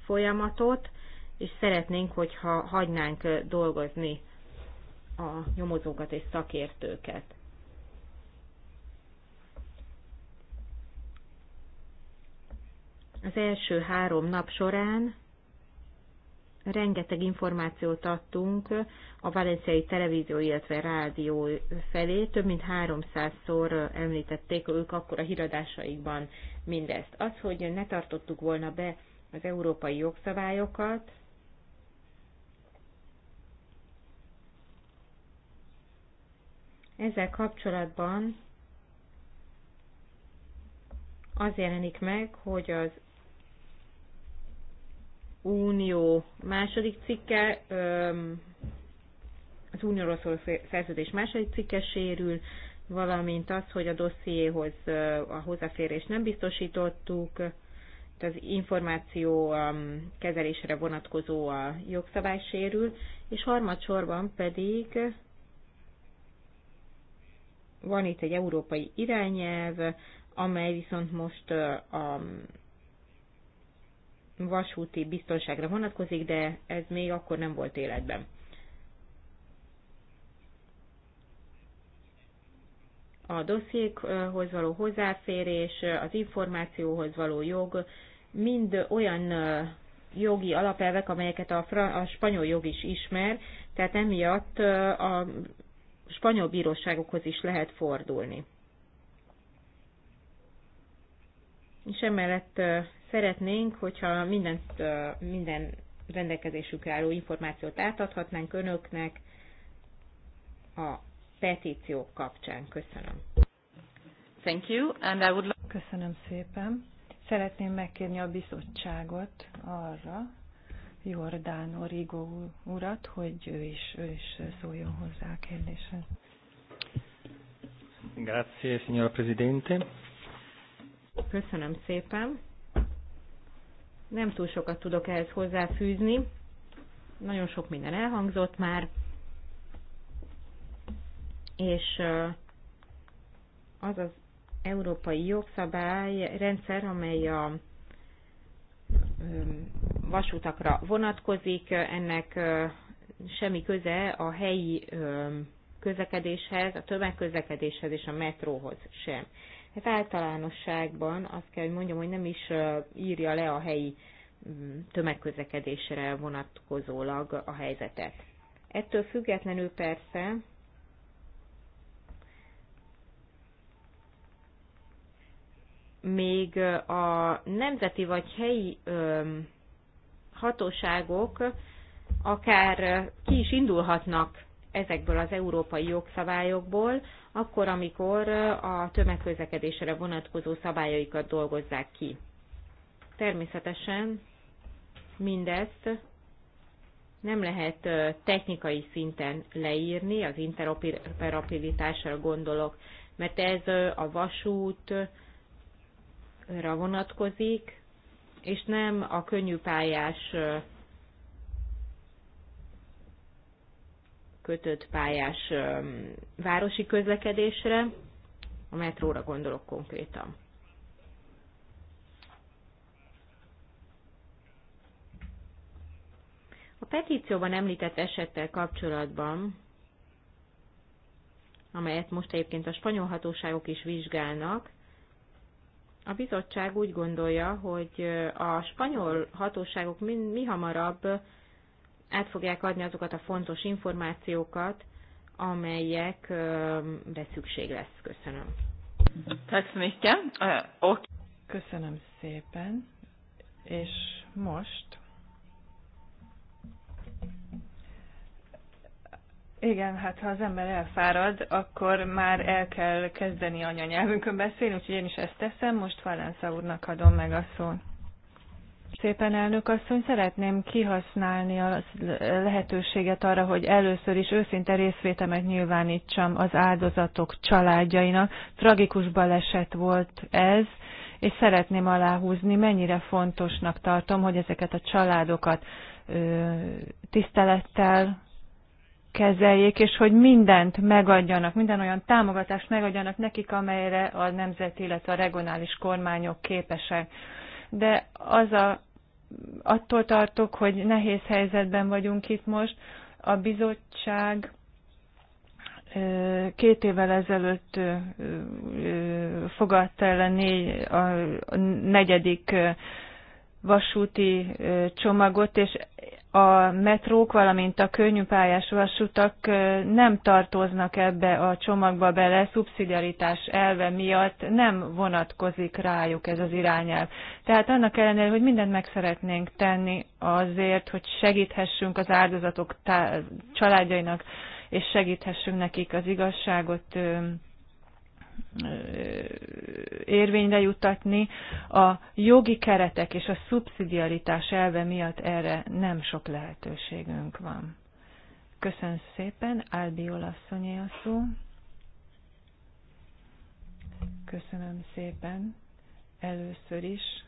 folyamatot, és szeretnénk, hogyha hagynánk dolgozni a nyomozókat és szakértőket. Az első három nap során rengeteg információt adtunk a valenciai televízió, illetve rádió felé. Több mint 300-szor említették ők akkor a híradásaikban mindezt. Az, hogy ne tartottuk volna be az európai jogszabályokat, Ezzel kapcsolatban az jelenik meg, hogy az Unió második cikke, az Unióról szóló szerződés második cikke sérül, valamint az, hogy a dossziéhoz a hozzáférést nem biztosítottuk, az információ kezelésre vonatkozó a jogszabály sérül, és harmadsorban pedig van itt egy európai irányelv, amely viszont most a vasúti biztonságra vonatkozik, de ez még akkor nem volt életben. A dossziékhoz való hozzáférés, az információhoz való jog, mind olyan jogi alapelvek, amelyeket a, fra- a spanyol jog is ismer, tehát emiatt a spanyol bíróságokhoz is lehet fordulni. És emellett Szeretnénk, hogyha mindent, minden rendelkezésükre álló információt átadhatnánk önöknek a petíciók kapcsán. Köszönöm. Thank you, and I would... like. Köszönöm szépen. Szeretném megkérni a bizottságot arra, Jordán Origo urat, hogy ő is, ő is szóljon hozzá a kérdéshez. Grazie, signora Presidente. Köszönöm szépen. Nem túl sokat tudok ehhez hozzáfűzni. Nagyon sok minden elhangzott már. És az az európai jogszabály rendszer, amely a vasútakra vonatkozik, ennek semmi köze a helyi közlekedéshez, a tömegközlekedéshez és a metróhoz sem hát általánosságban azt kell, hogy mondjam, hogy nem is írja le a helyi mm, tömegközlekedésre vonatkozólag a helyzetet. Ettől függetlenül persze még a nemzeti vagy helyi hatóságok akár ki is indulhatnak ezekből az európai jogszabályokból, akkor, amikor a tömegközlekedésre vonatkozó szabályaikat dolgozzák ki. Természetesen mindezt nem lehet technikai szinten leírni, az interoperabilitásra gondolok, mert ez a vasútra vonatkozik, és nem a könnyű pályás kötött pályás városi közlekedésre, a metróra gondolok konkrétan. A petícióban említett esettel kapcsolatban, amelyet most egyébként a spanyol hatóságok is vizsgálnak, a bizottság úgy gondolja, hogy a spanyol hatóságok mi, mi hamarabb át fogják adni azokat a fontos információkat, amelyekre szükség lesz. Köszönöm. Uh, Köszönöm szépen. És most Igen, hát ha az ember elfárad, akkor már el kell kezdeni anyanyelvünkön beszélni, úgyhogy én is ezt teszem. Most Valensza úrnak adom meg a szót. Szépen elnök asszony, szeretném kihasználni a lehetőséget arra, hogy először is őszinte részvétemet nyilvánítsam az áldozatok családjainak. Tragikus baleset volt ez, és szeretném aláhúzni, mennyire fontosnak tartom, hogy ezeket a családokat ö, tisztelettel kezeljék, és hogy mindent megadjanak, minden olyan támogatást megadjanak nekik, amelyre a nemzeti, illetve a regionális kormányok képesek. De az a attól tartok, hogy nehéz helyzetben vagyunk itt most. A bizottság két évvel ezelőtt fogadta el a, négy, a negyedik vasúti csomagot, és a metrók, valamint a könnyű pályás vasutak nem tartoznak ebbe a csomagba bele, szubszidiaritás elve miatt nem vonatkozik rájuk ez az irányelv. Tehát annak ellenére, hogy mindent meg szeretnénk tenni azért, hogy segíthessünk az áldozatok családjainak, és segíthessünk nekik az igazságot érvényre juttatni. A jogi keretek és a szubszidiaritás elve miatt erre nem sok lehetőségünk van. Köszönöm szépen, Álbi Olaszonyi a szó. Köszönöm szépen először is.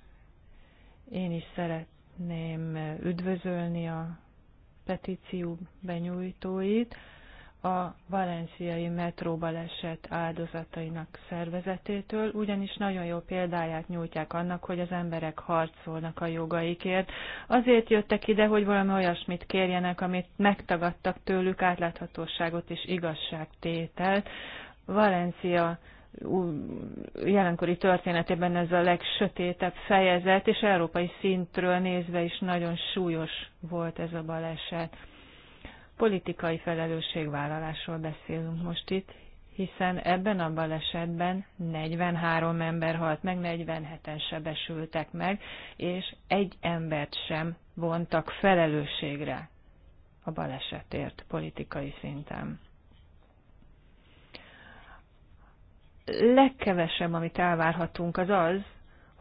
Én is szeretném üdvözölni a petíció benyújtóit a valenciai metró baleset áldozatainak szervezetétől, ugyanis nagyon jó példáját nyújtják annak, hogy az emberek harcolnak a jogaikért. Azért jöttek ide, hogy valami olyasmit kérjenek, amit megtagadtak tőlük, átláthatóságot és igazságtételt. Valencia jelenkori történetében ez a legsötétebb fejezet, és európai szintről nézve is nagyon súlyos volt ez a baleset politikai felelősségvállalásról beszélünk most itt, hiszen ebben a balesetben 43 ember halt meg, 47-en sebesültek meg, és egy embert sem vontak felelősségre a balesetért politikai szinten. Legkevesebb, amit elvárhatunk, az az,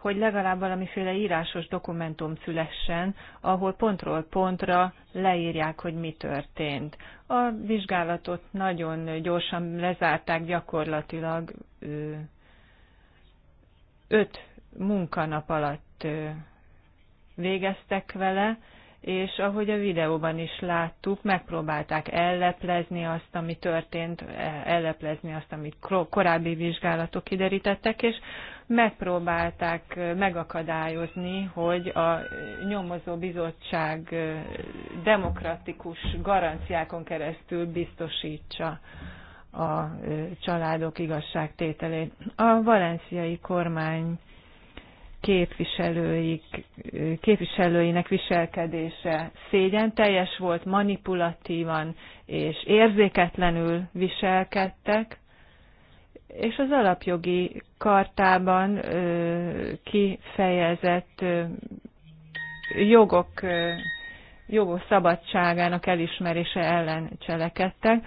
hogy legalább valamiféle írásos dokumentum szülessen, ahol pontról pontra leírják, hogy mi történt. A vizsgálatot nagyon gyorsan lezárták gyakorlatilag öt munkanap alatt végeztek vele, és ahogy a videóban is láttuk, megpróbálták elleplezni azt, ami történt, e, elleplezni azt, amit korábbi vizsgálatok kiderítettek, és megpróbálták megakadályozni, hogy a nyomozó bizottság demokratikus garanciákon keresztül biztosítsa a családok igazságtételét. A valenciai kormány képviselőik, képviselőinek viselkedése szégyen teljes volt, manipulatívan és érzéketlenül viselkedtek, és az alapjogi kartában kifejezett jogok, jogos szabadságának elismerése ellen cselekedtek.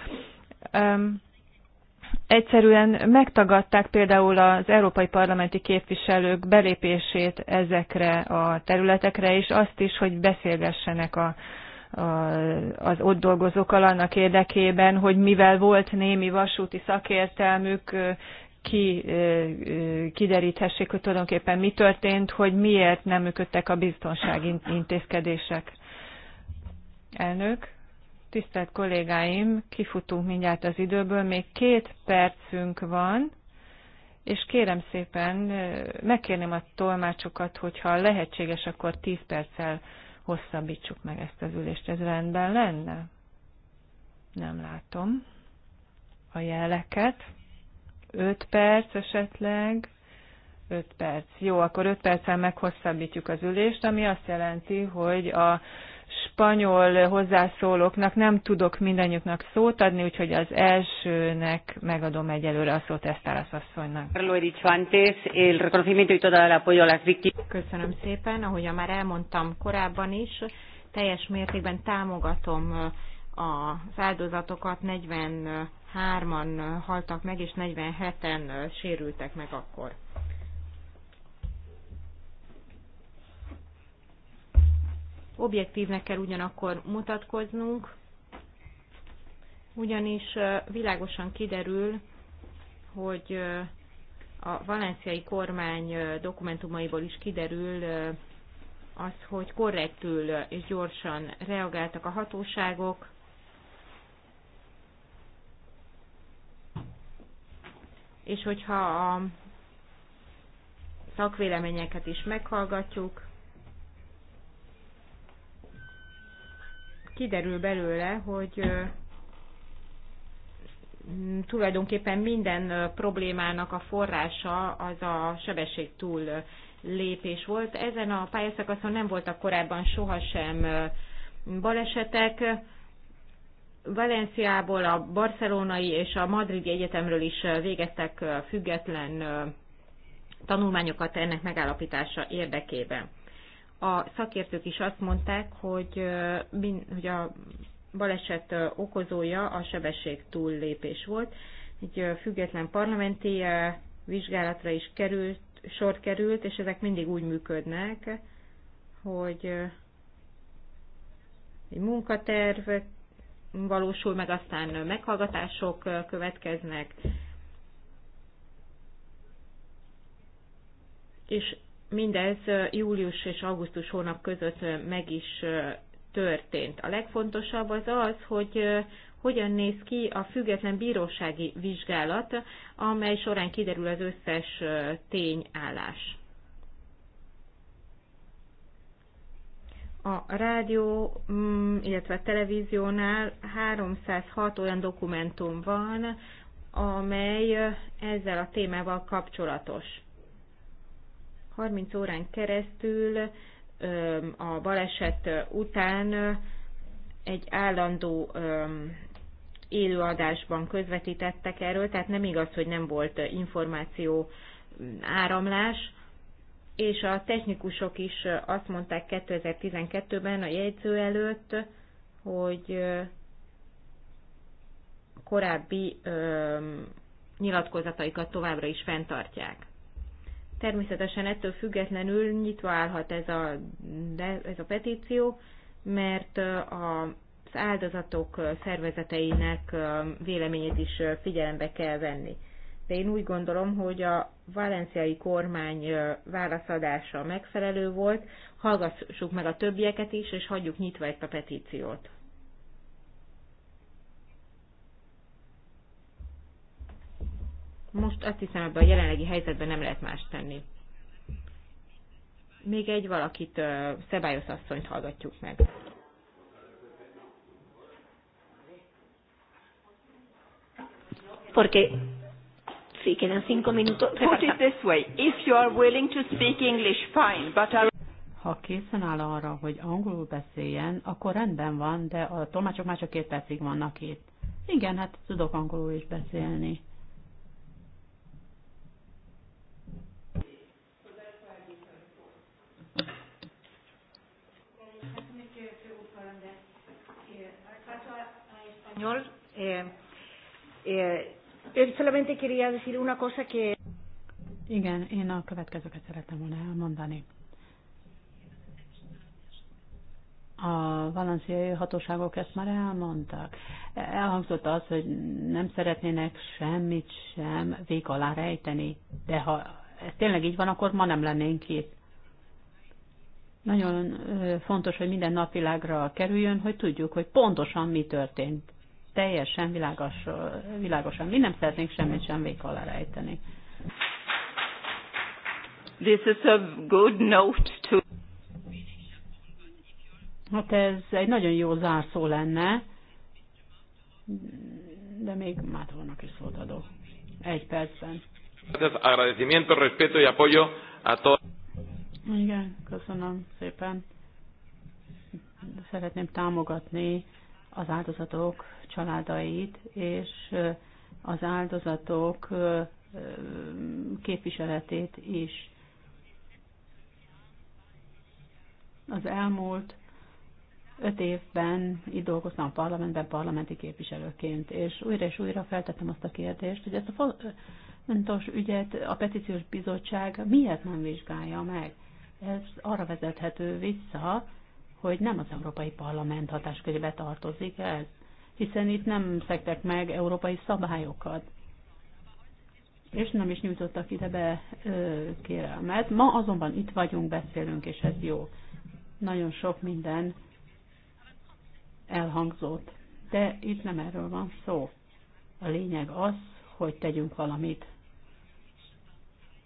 Egyszerűen megtagadták például az európai parlamenti képviselők belépését ezekre a területekre, és azt is, hogy beszélgessenek a az ott dolgozókkal annak érdekében, hogy mivel volt némi vasúti szakértelmük, ki, kideríthessék, hogy tulajdonképpen mi történt, hogy miért nem működtek a biztonsági intézkedések. Elnök, tisztelt kollégáim, kifutunk mindjárt az időből, még két percünk van, és kérem szépen, megkérném a tolmácsokat, hogyha lehetséges, akkor tíz perccel hosszabbítsuk meg ezt az ülést. Ez rendben lenne? Nem látom a jeleket. 5 perc esetleg. 5 perc. Jó, akkor 5 perccel meghosszabbítjuk az ülést, ami azt jelenti, hogy a spanyol hozzászólóknak nem tudok mindannyiuknak szót adni, úgyhogy az elsőnek megadom egyelőre a szót Esztálasz asszonynak. Köszönöm szépen, ahogyan már elmondtam korábban is, teljes mértékben támogatom az áldozatokat, 43-an haltak meg, és 47-en sérültek meg akkor. Objektívnek kell ugyanakkor mutatkoznunk, ugyanis világosan kiderül, hogy a valenciai kormány dokumentumaiból is kiderül az, hogy korrektül és gyorsan reagáltak a hatóságok, és hogyha a szakvéleményeket is meghallgatjuk, kiderül belőle, hogy tulajdonképpen minden problémának a forrása az a sebesség túl lépés volt. Ezen a pályaszakaszon nem voltak korábban sohasem balesetek. Valenciából a barcelonai és a madridi egyetemről is végeztek független tanulmányokat ennek megállapítása érdekében a szakértők is azt mondták, hogy, hogy a baleset okozója a sebesség túllépés volt. Egy független parlamenti vizsgálatra is került, sor került, és ezek mindig úgy működnek, hogy egy munkaterv valósul meg, aztán meghallgatások következnek, és mindez július és augusztus hónap között meg is történt. A legfontosabb az az, hogy hogyan néz ki a független bírósági vizsgálat, amely során kiderül az összes tényállás. A rádió, mm, illetve a televíziónál 306 olyan dokumentum van, amely ezzel a témával kapcsolatos. 30 órán keresztül a baleset után egy állandó élőadásban közvetítettek erről, tehát nem igaz, hogy nem volt információ áramlás, és a technikusok is azt mondták 2012-ben a jegyző előtt, hogy korábbi nyilatkozataikat továbbra is fenntartják. Természetesen ettől függetlenül nyitva állhat ez a, de, ez a petíció, mert a az áldozatok szervezeteinek véleményét is figyelembe kell venni. De én úgy gondolom, hogy a valenciai kormány válaszadása megfelelő volt, hallgassuk meg a többieket is, és hagyjuk nyitva ezt a petíciót. most azt hiszem, ebben a jelenlegi helyzetben nem lehet más tenni. Még egy valakit, Szebályos asszonyt hallgatjuk meg. Porque Sí, quedan cinco minutos. Put it this way. If you are willing to speak English, fine, but I... Ha készen áll arra, hogy angolul beszéljen, akkor rendben van, de a tolmácsok már csak két percig vannak itt. Igen, hát tudok angolul is beszélni. español. Eh, eh, solamente quería decir una cosa que... Igen, én a következőket szeretem volna elmondani. A valenciai hatóságok ezt már elmondtak. Elhangzott az, hogy nem szeretnének semmit sem vég alá rejteni, de ha ez tényleg így van, akkor ma nem lennénk itt. Nagyon fontos, hogy minden napvilágra kerüljön, hogy tudjuk, hogy pontosan mi történt teljesen világos, világosan. Mi nem szeretnénk semmit sem vék alá rejteni. This is a good note to... Hát ez egy nagyon jó zárszó lenne, de még már vannak is szót adó. Egy percben. Agradecimiento, respeto y apoyo a todos. Igen, köszönöm szépen. Szeretném támogatni az áldozatok családait, és az áldozatok képviseletét is. Az elmúlt öt évben itt dolgoztam a parlamentben parlamenti képviselőként, és újra és újra feltettem azt a kérdést, hogy ezt a fontos ügyet a petíciós bizottság miért nem vizsgálja meg. Ez arra vezethető vissza, hogy nem az Európai Parlament hatáskörébe tartozik ez hiszen itt nem szektek meg európai szabályokat, és nem is nyújtottak ide be ö, kérelmet. Ma azonban itt vagyunk, beszélünk, és ez jó. Nagyon sok minden elhangzott, de itt nem erről van szó. A lényeg az, hogy tegyünk valamit.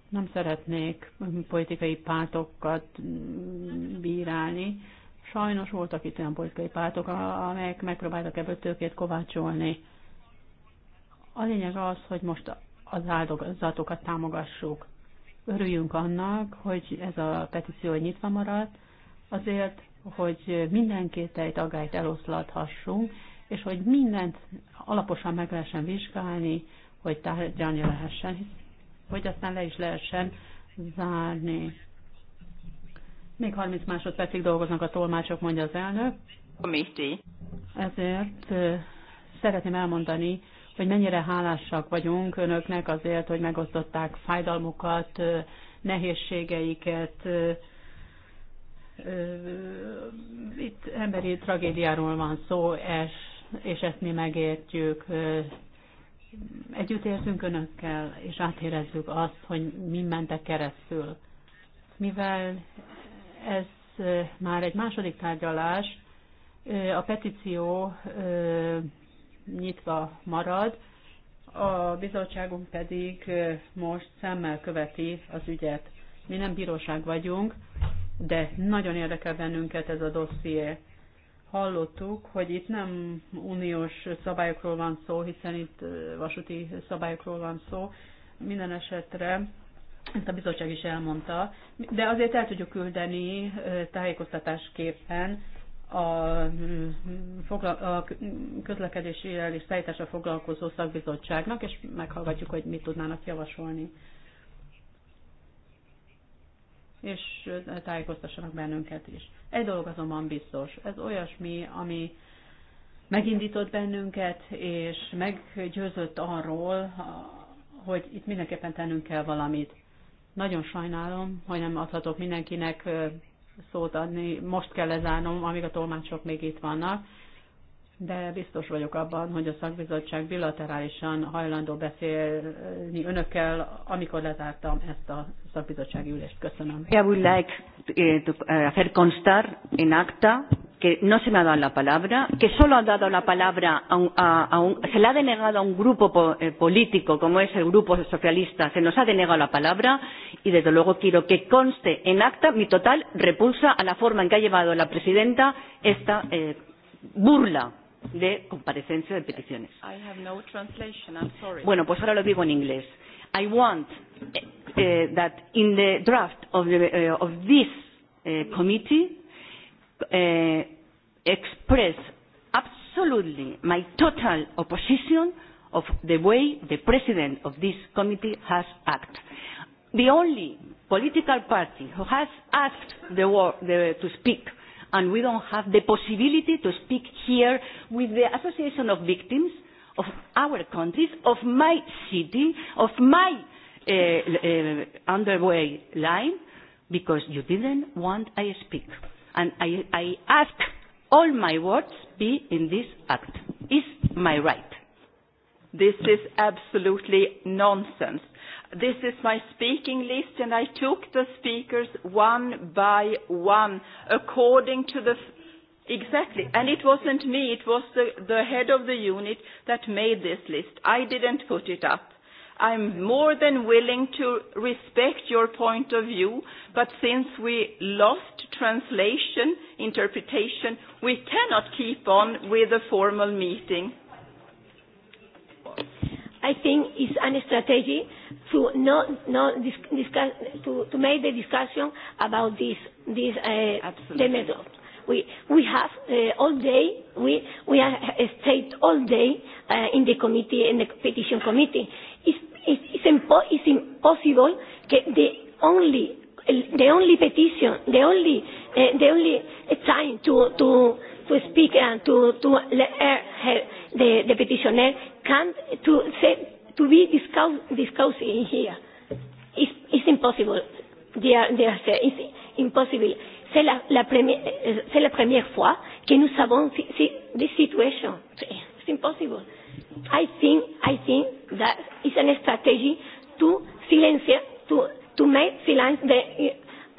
Nem szeretnék politikai pártokat mm, bírálni, Sajnos voltak itt olyan politikai pártok, amelyek megpróbáltak ebből tőkét kovácsolni. A lényeg az, hogy most az áldozatokat támogassuk. Örüljünk annak, hogy ez a petíció nyitva maradt, azért, hogy minden kételyt, agályt eloszlathassunk, és hogy mindent alaposan meg lehessen vizsgálni, hogy tárgyalni lehessen, hogy aztán le is lehessen zárni. Még 30 másodpercig dolgoznak a tolmácsok, mondja az elnök. Komité. Ezért szeretném elmondani, hogy mennyire hálásak vagyunk önöknek azért, hogy megosztották fájdalmukat, nehézségeiket. Itt emberi tragédiáról van szó, és ezt mi megértjük. Együtt érzünk önökkel, és átérezzük azt, hogy mi mentek keresztül mivel ez már egy második tárgyalás. A petíció nyitva marad, a bizottságunk pedig most szemmel követi az ügyet. Mi nem bíróság vagyunk, de nagyon érdekel bennünket ez a dosszié. Hallottuk, hogy itt nem uniós szabályokról van szó, hiszen itt vasúti szabályokról van szó. Minden esetre ezt a bizottság is elmondta, de azért el tudjuk küldeni tájékoztatásképpen a, mm, a közlekedésével és szállításra foglalkozó szakbizottságnak, és meghallgatjuk, hogy mit tudnának javasolni. És tájékoztassanak bennünket is. Egy dolog azonban biztos, ez olyasmi, ami megindított bennünket, és meggyőzött arról, hogy itt mindenképpen tennünk kell valamit. Nagyon sajnálom, hogy nem adhatok mindenkinek szót adni. Most kell lezárnom, amíg a tolmácsok még itt vannak, de biztos vagyok abban, hogy a szakbizottság bilaterálisan hajlandó beszélni önökkel, amikor lezártam ezt a szakbizottsági ülést. Köszönöm. I would like eh, to eh, hacer constar in acta que no se me ha dado la palabra, que solo ha dado la palabra a, un, a, a un, se la ha denegado a un grupo po, eh, político como es el grupo socialista, se nos ha denegado la palabra y desde luego quiero que conste en acta mi total repulsa a la forma en que ha llevado la presidenta esta eh, burla de comparecencia de peticiones. I have no translation, I'm sorry. Bueno, pues ahora lo digo en inglés. I want uh, eh, that in the draft of, the, uh, of this uh, committee uh, express absolutely my total opposition of the way the president of this committee has acted. The only political party who has asked the war, the, to speak, and we don't have the possibility to speak here with the Association of Victims of our countries, of my city, of my uh, uh, underway line, because you didn't want I speak. And I, I ask all my words be in this act. Is my right. This is absolutely nonsense. This is my speaking list, and I took the speakers one by one according to the. Exactly. And it wasn't me, it was the, the head of the unit that made this list. I didn't put it up. I'm more than willing to respect your point of view, but since we lost translation, interpretation, we cannot keep on with a formal meeting. I think it's a strategy to not, not discuss, to, to make the discussion about this, this uh, the method. We, we have uh, all day, we, we have stayed all day uh, in the committee, in the petition committee it's, it's, impo it's impossible that the only the only petition, the only uh, the only time to to to speak and to to let her, eh, her, the the petitioner can to say to be discuss, discussing here. It's, it's impossible. They are, they are, it's impossible. C'est la, la, première, eh, c'est la première fois que nous savons si, si, this situation. It's impossible. I think I think that is a strategy to silence to to make silence the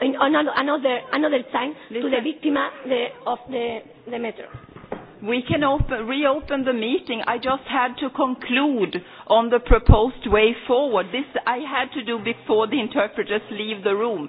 in another another, another time Listen. to the victim the, of the the metro. We can open, reopen the meeting. I just had to conclude on the proposed way forward. This I had to do before the interpreters leave the room.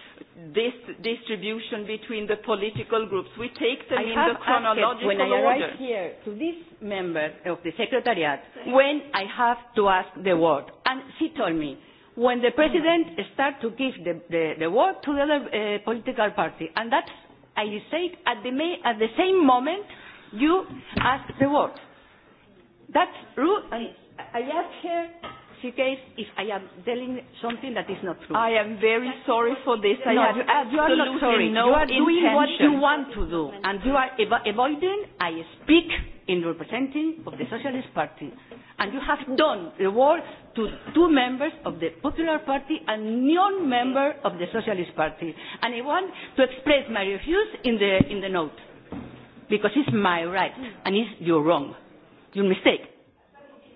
this distribution between the political groups. We take them I in the chronological when order. When I arrive here to this member of the secretariat, when I have to ask the word, and she told me, when the president mm-hmm. starts to give the, the, the word to the other uh, political party, and that's, I said, at the, may, at the same moment, you ask the word. That's rule. I ask her she gave if I am telling something that is not true. I am very sorry for this. No, I have you, absolutely you are not sorry. no You are intention. doing what you want to do, and you are av- avoiding. I speak in representing of the Socialist Party, and you have done the work to two members of the Popular Party and non-member of the Socialist Party. And I want to express my refuse in the in the note, because it's my right and it's your wrong, your mistake.